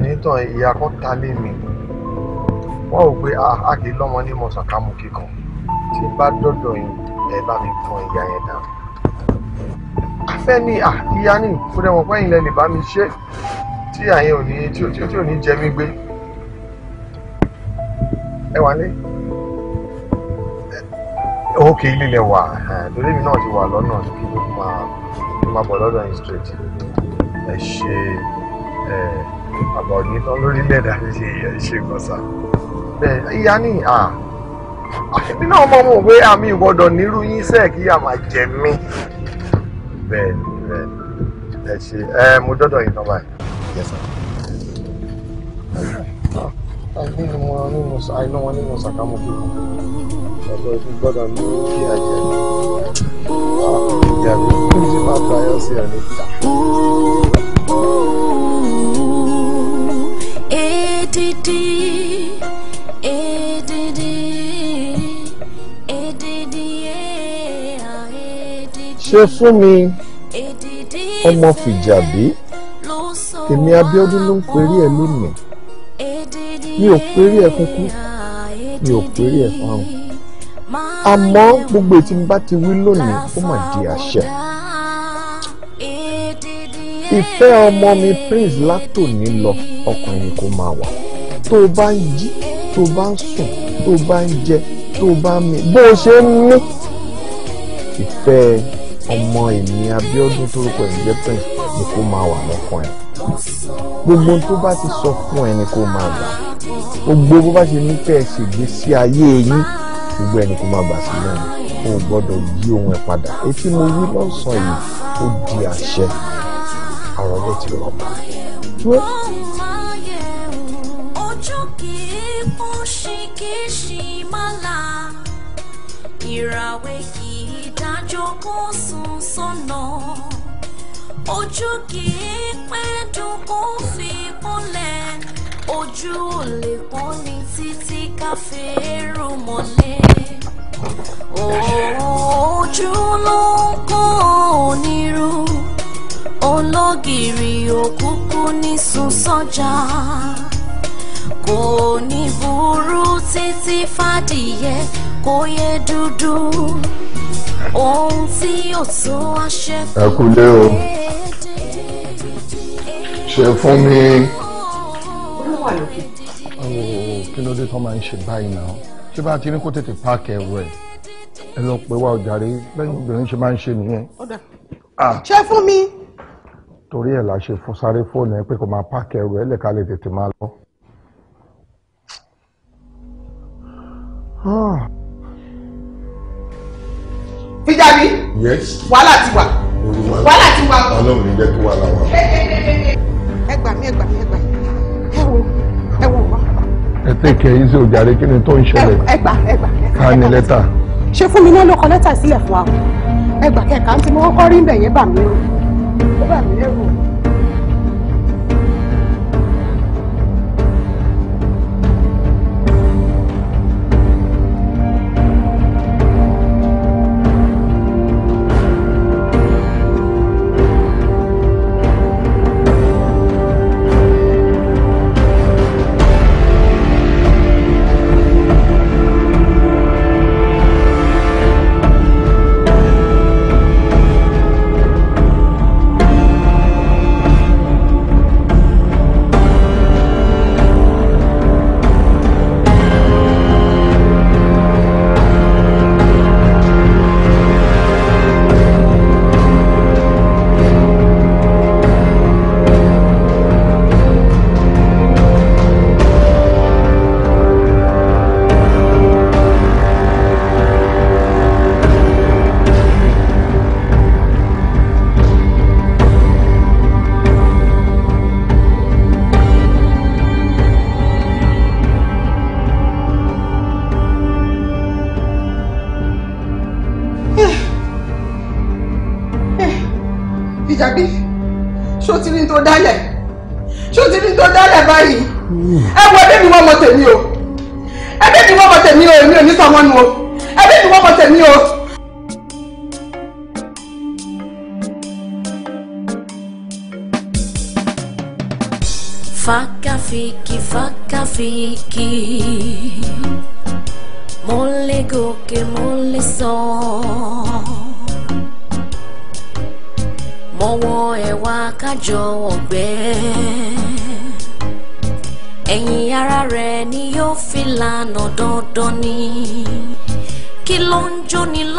nítàn ìyá kan ta lé mi wọ́n rò pé ah, a kì í lọ́mọ ní mọ̀sàkámù kíkan tí bá dọ́dọ̀ yín ẹ bá mi fọn ìyá yẹn dá. afẹ́ni ah, ìyá ni fúnra wọn pẹ́yìn lẹ́nu bá mi ṣe tí àyẹn ò ní tí ò ní jẹ mí gbé ẹ wà lé òkè ilé lẹ wà lórí mi náà ti wà lọ́nà kí gbogbo máa bọ̀ lọ́dọ̀ yín straight ẹ ṣe àbá òní tán lórílẹ̀ dàbí ṣe ṣe gọ́sà ìyá ni àfi náà mọ̀ mọ̀ pé àmì ìwọ́dọ̀ nírú yín sẹ́ẹ̀ kí yà máa jẹ mí bẹ́ẹ̀ ni bẹ́ẹ̀ ni ẹ ṣe ẹ mo dọ́dọ̀ yín tán báyìí. Yes sir. nínú wọn nínú àìná wọn nínú sàkámọ́ kí wọn ọ̀dọ̀ ìfi gbọ́dọ̀ ní kí àjẹ́ ah, ìyá mi kí n sì máa tayọ́ sí ẹ̀ níta. Edidi, edidi, edidi, ṣe fún mi ọmọ Fìjàbí èmi Abíọ́dún ló ń perí ẹ lónìí mi ò perí ẹ kúkú mi ò perí ẹ fáwọn àmọ́ gbogbo ètí bá ti wí lónìí ó mà di àṣẹ ìfẹ́ ọmọ mi Prince látòní lọ ọkùnrin kò máa wà tó o bá ń jí tó o bá ń sùn tó o bá ń jẹ tó o bá ń mi bó o ṣe ń mí ìfẹ́ ọmọ èmi Abíọ́dún tórúkọ ẹ̀ jẹ́ Prince ni kó máa wà lọ́kàn ẹ̀ gbogbo ohun tó bá ti sọ fún ẹ ni kó máa gbà gbogbo bó bá ṣe ní kẹ́ ẹ ṣègbè sí ayé yín gbogbo ẹni kó máa gbà sí lẹ́nu òun gbọ́dọ̀ yí ohun ẹ̀ padà etí mo wí lọ́sàn-án yìí ó di àṣẹ àwọn ọlọ́tí rọ̀ bá. ṣìmọ́lá ìràwé yìí dájọ́ kó sùn sọ́nà ojú kìí pẹ́ dùn kó fi kúnlẹ̀ ojú ò lè ní títí ká fèrò mọ́lẹ̀ ojú ló ń kó onírú ológìrì òkúkú ní sùn sọ́jà. So kò ní burú títí fàdìyẹ kò yẹ dúdú ohun tí yóò tún aṣẹ fún mi. ẹ kúlé o ṣe fún mi. olúwa lókè. kí ló dé tó máa ń ṣe báyìí náà ṣé bá a ti ní kó tètè páàkì ẹrù ẹ ẹ lọ pé wá ọjà rí obìnrin ṣe máa ń ṣe nìyẹn. ṣe fún mi. torí ẹ̀ la ṣe sáré fóònù ẹ pé kò máa páàkì ẹrù ẹ lẹ́ka lè tètè máa lọ. Ah. Fíjábí. Yes. Wàhálà ti wà. Wàhálà ti wà. Ọlọ́run ní jẹ́ kí wàhálà wà. Ẹ gbà mí, ẹ gbà mí, ẹ gbà mí. Ẹ wo, ẹ wo wa. Ẹ tẹ́kẹ̀ yín sí òjàre kí ni tó ń ṣẹlẹ̀. Ẹ gbà, Ká ní lẹ́tà. Ṣé fún mi náà ló kọ lẹ́tà sílẹ̀ fún wa? Ẹ kẹ̀kẹ́ àǹtí mo kọ́kọ́ rí ń bẹ̀ yẹn bà mí Ó bà mí lẹ́rù.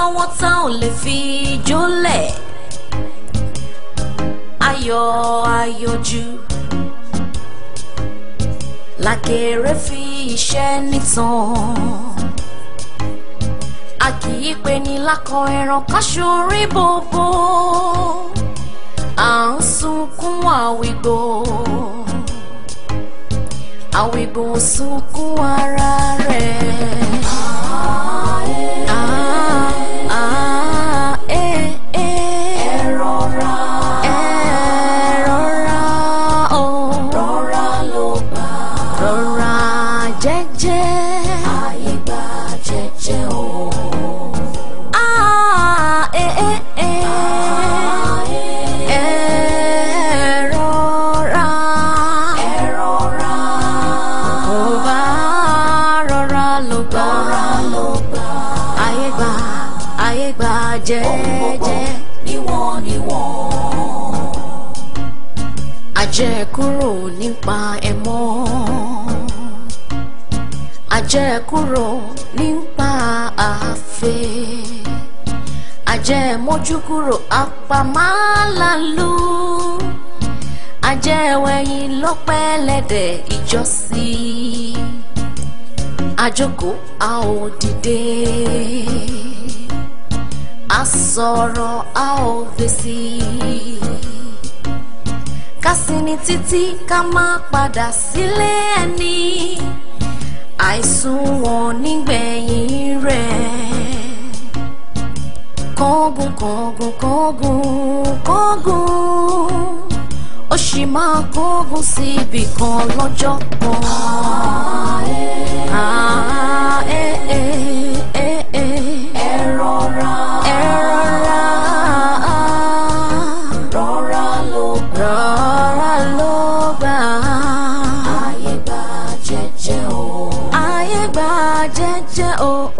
lọ́wọ́ tá ò lè fi jólẹ̀ ayọ̀ ayọ̀jú làkèrè fi iṣẹ́ nìtàn a kì í pe ní lákọ ẹran káṣorí bòbò à ń sunkún àwìgbò àwìgbò sunkún ara rẹ̀. ò ní pa ẹ mọ́ àjẹkúrò ní pa àfẹ́ àjẹmójúkúrò àpamálàlú àjẹwẹ̀yìn lọ́pẹ́ lẹ́dẹ̀ ìjọsí àjòkó a ò dìde àsọ̀rọ̀ a ò fèsì ká sinmi títí ká má padà sílé ẹni àìsùn wọn nígbẹ̀yìn rẹ̀ kángun kángun kángun kángun ó sì máa kángun síbi kan lọ́jọ́ kan. Ah, Ah, eh, eh. Oh.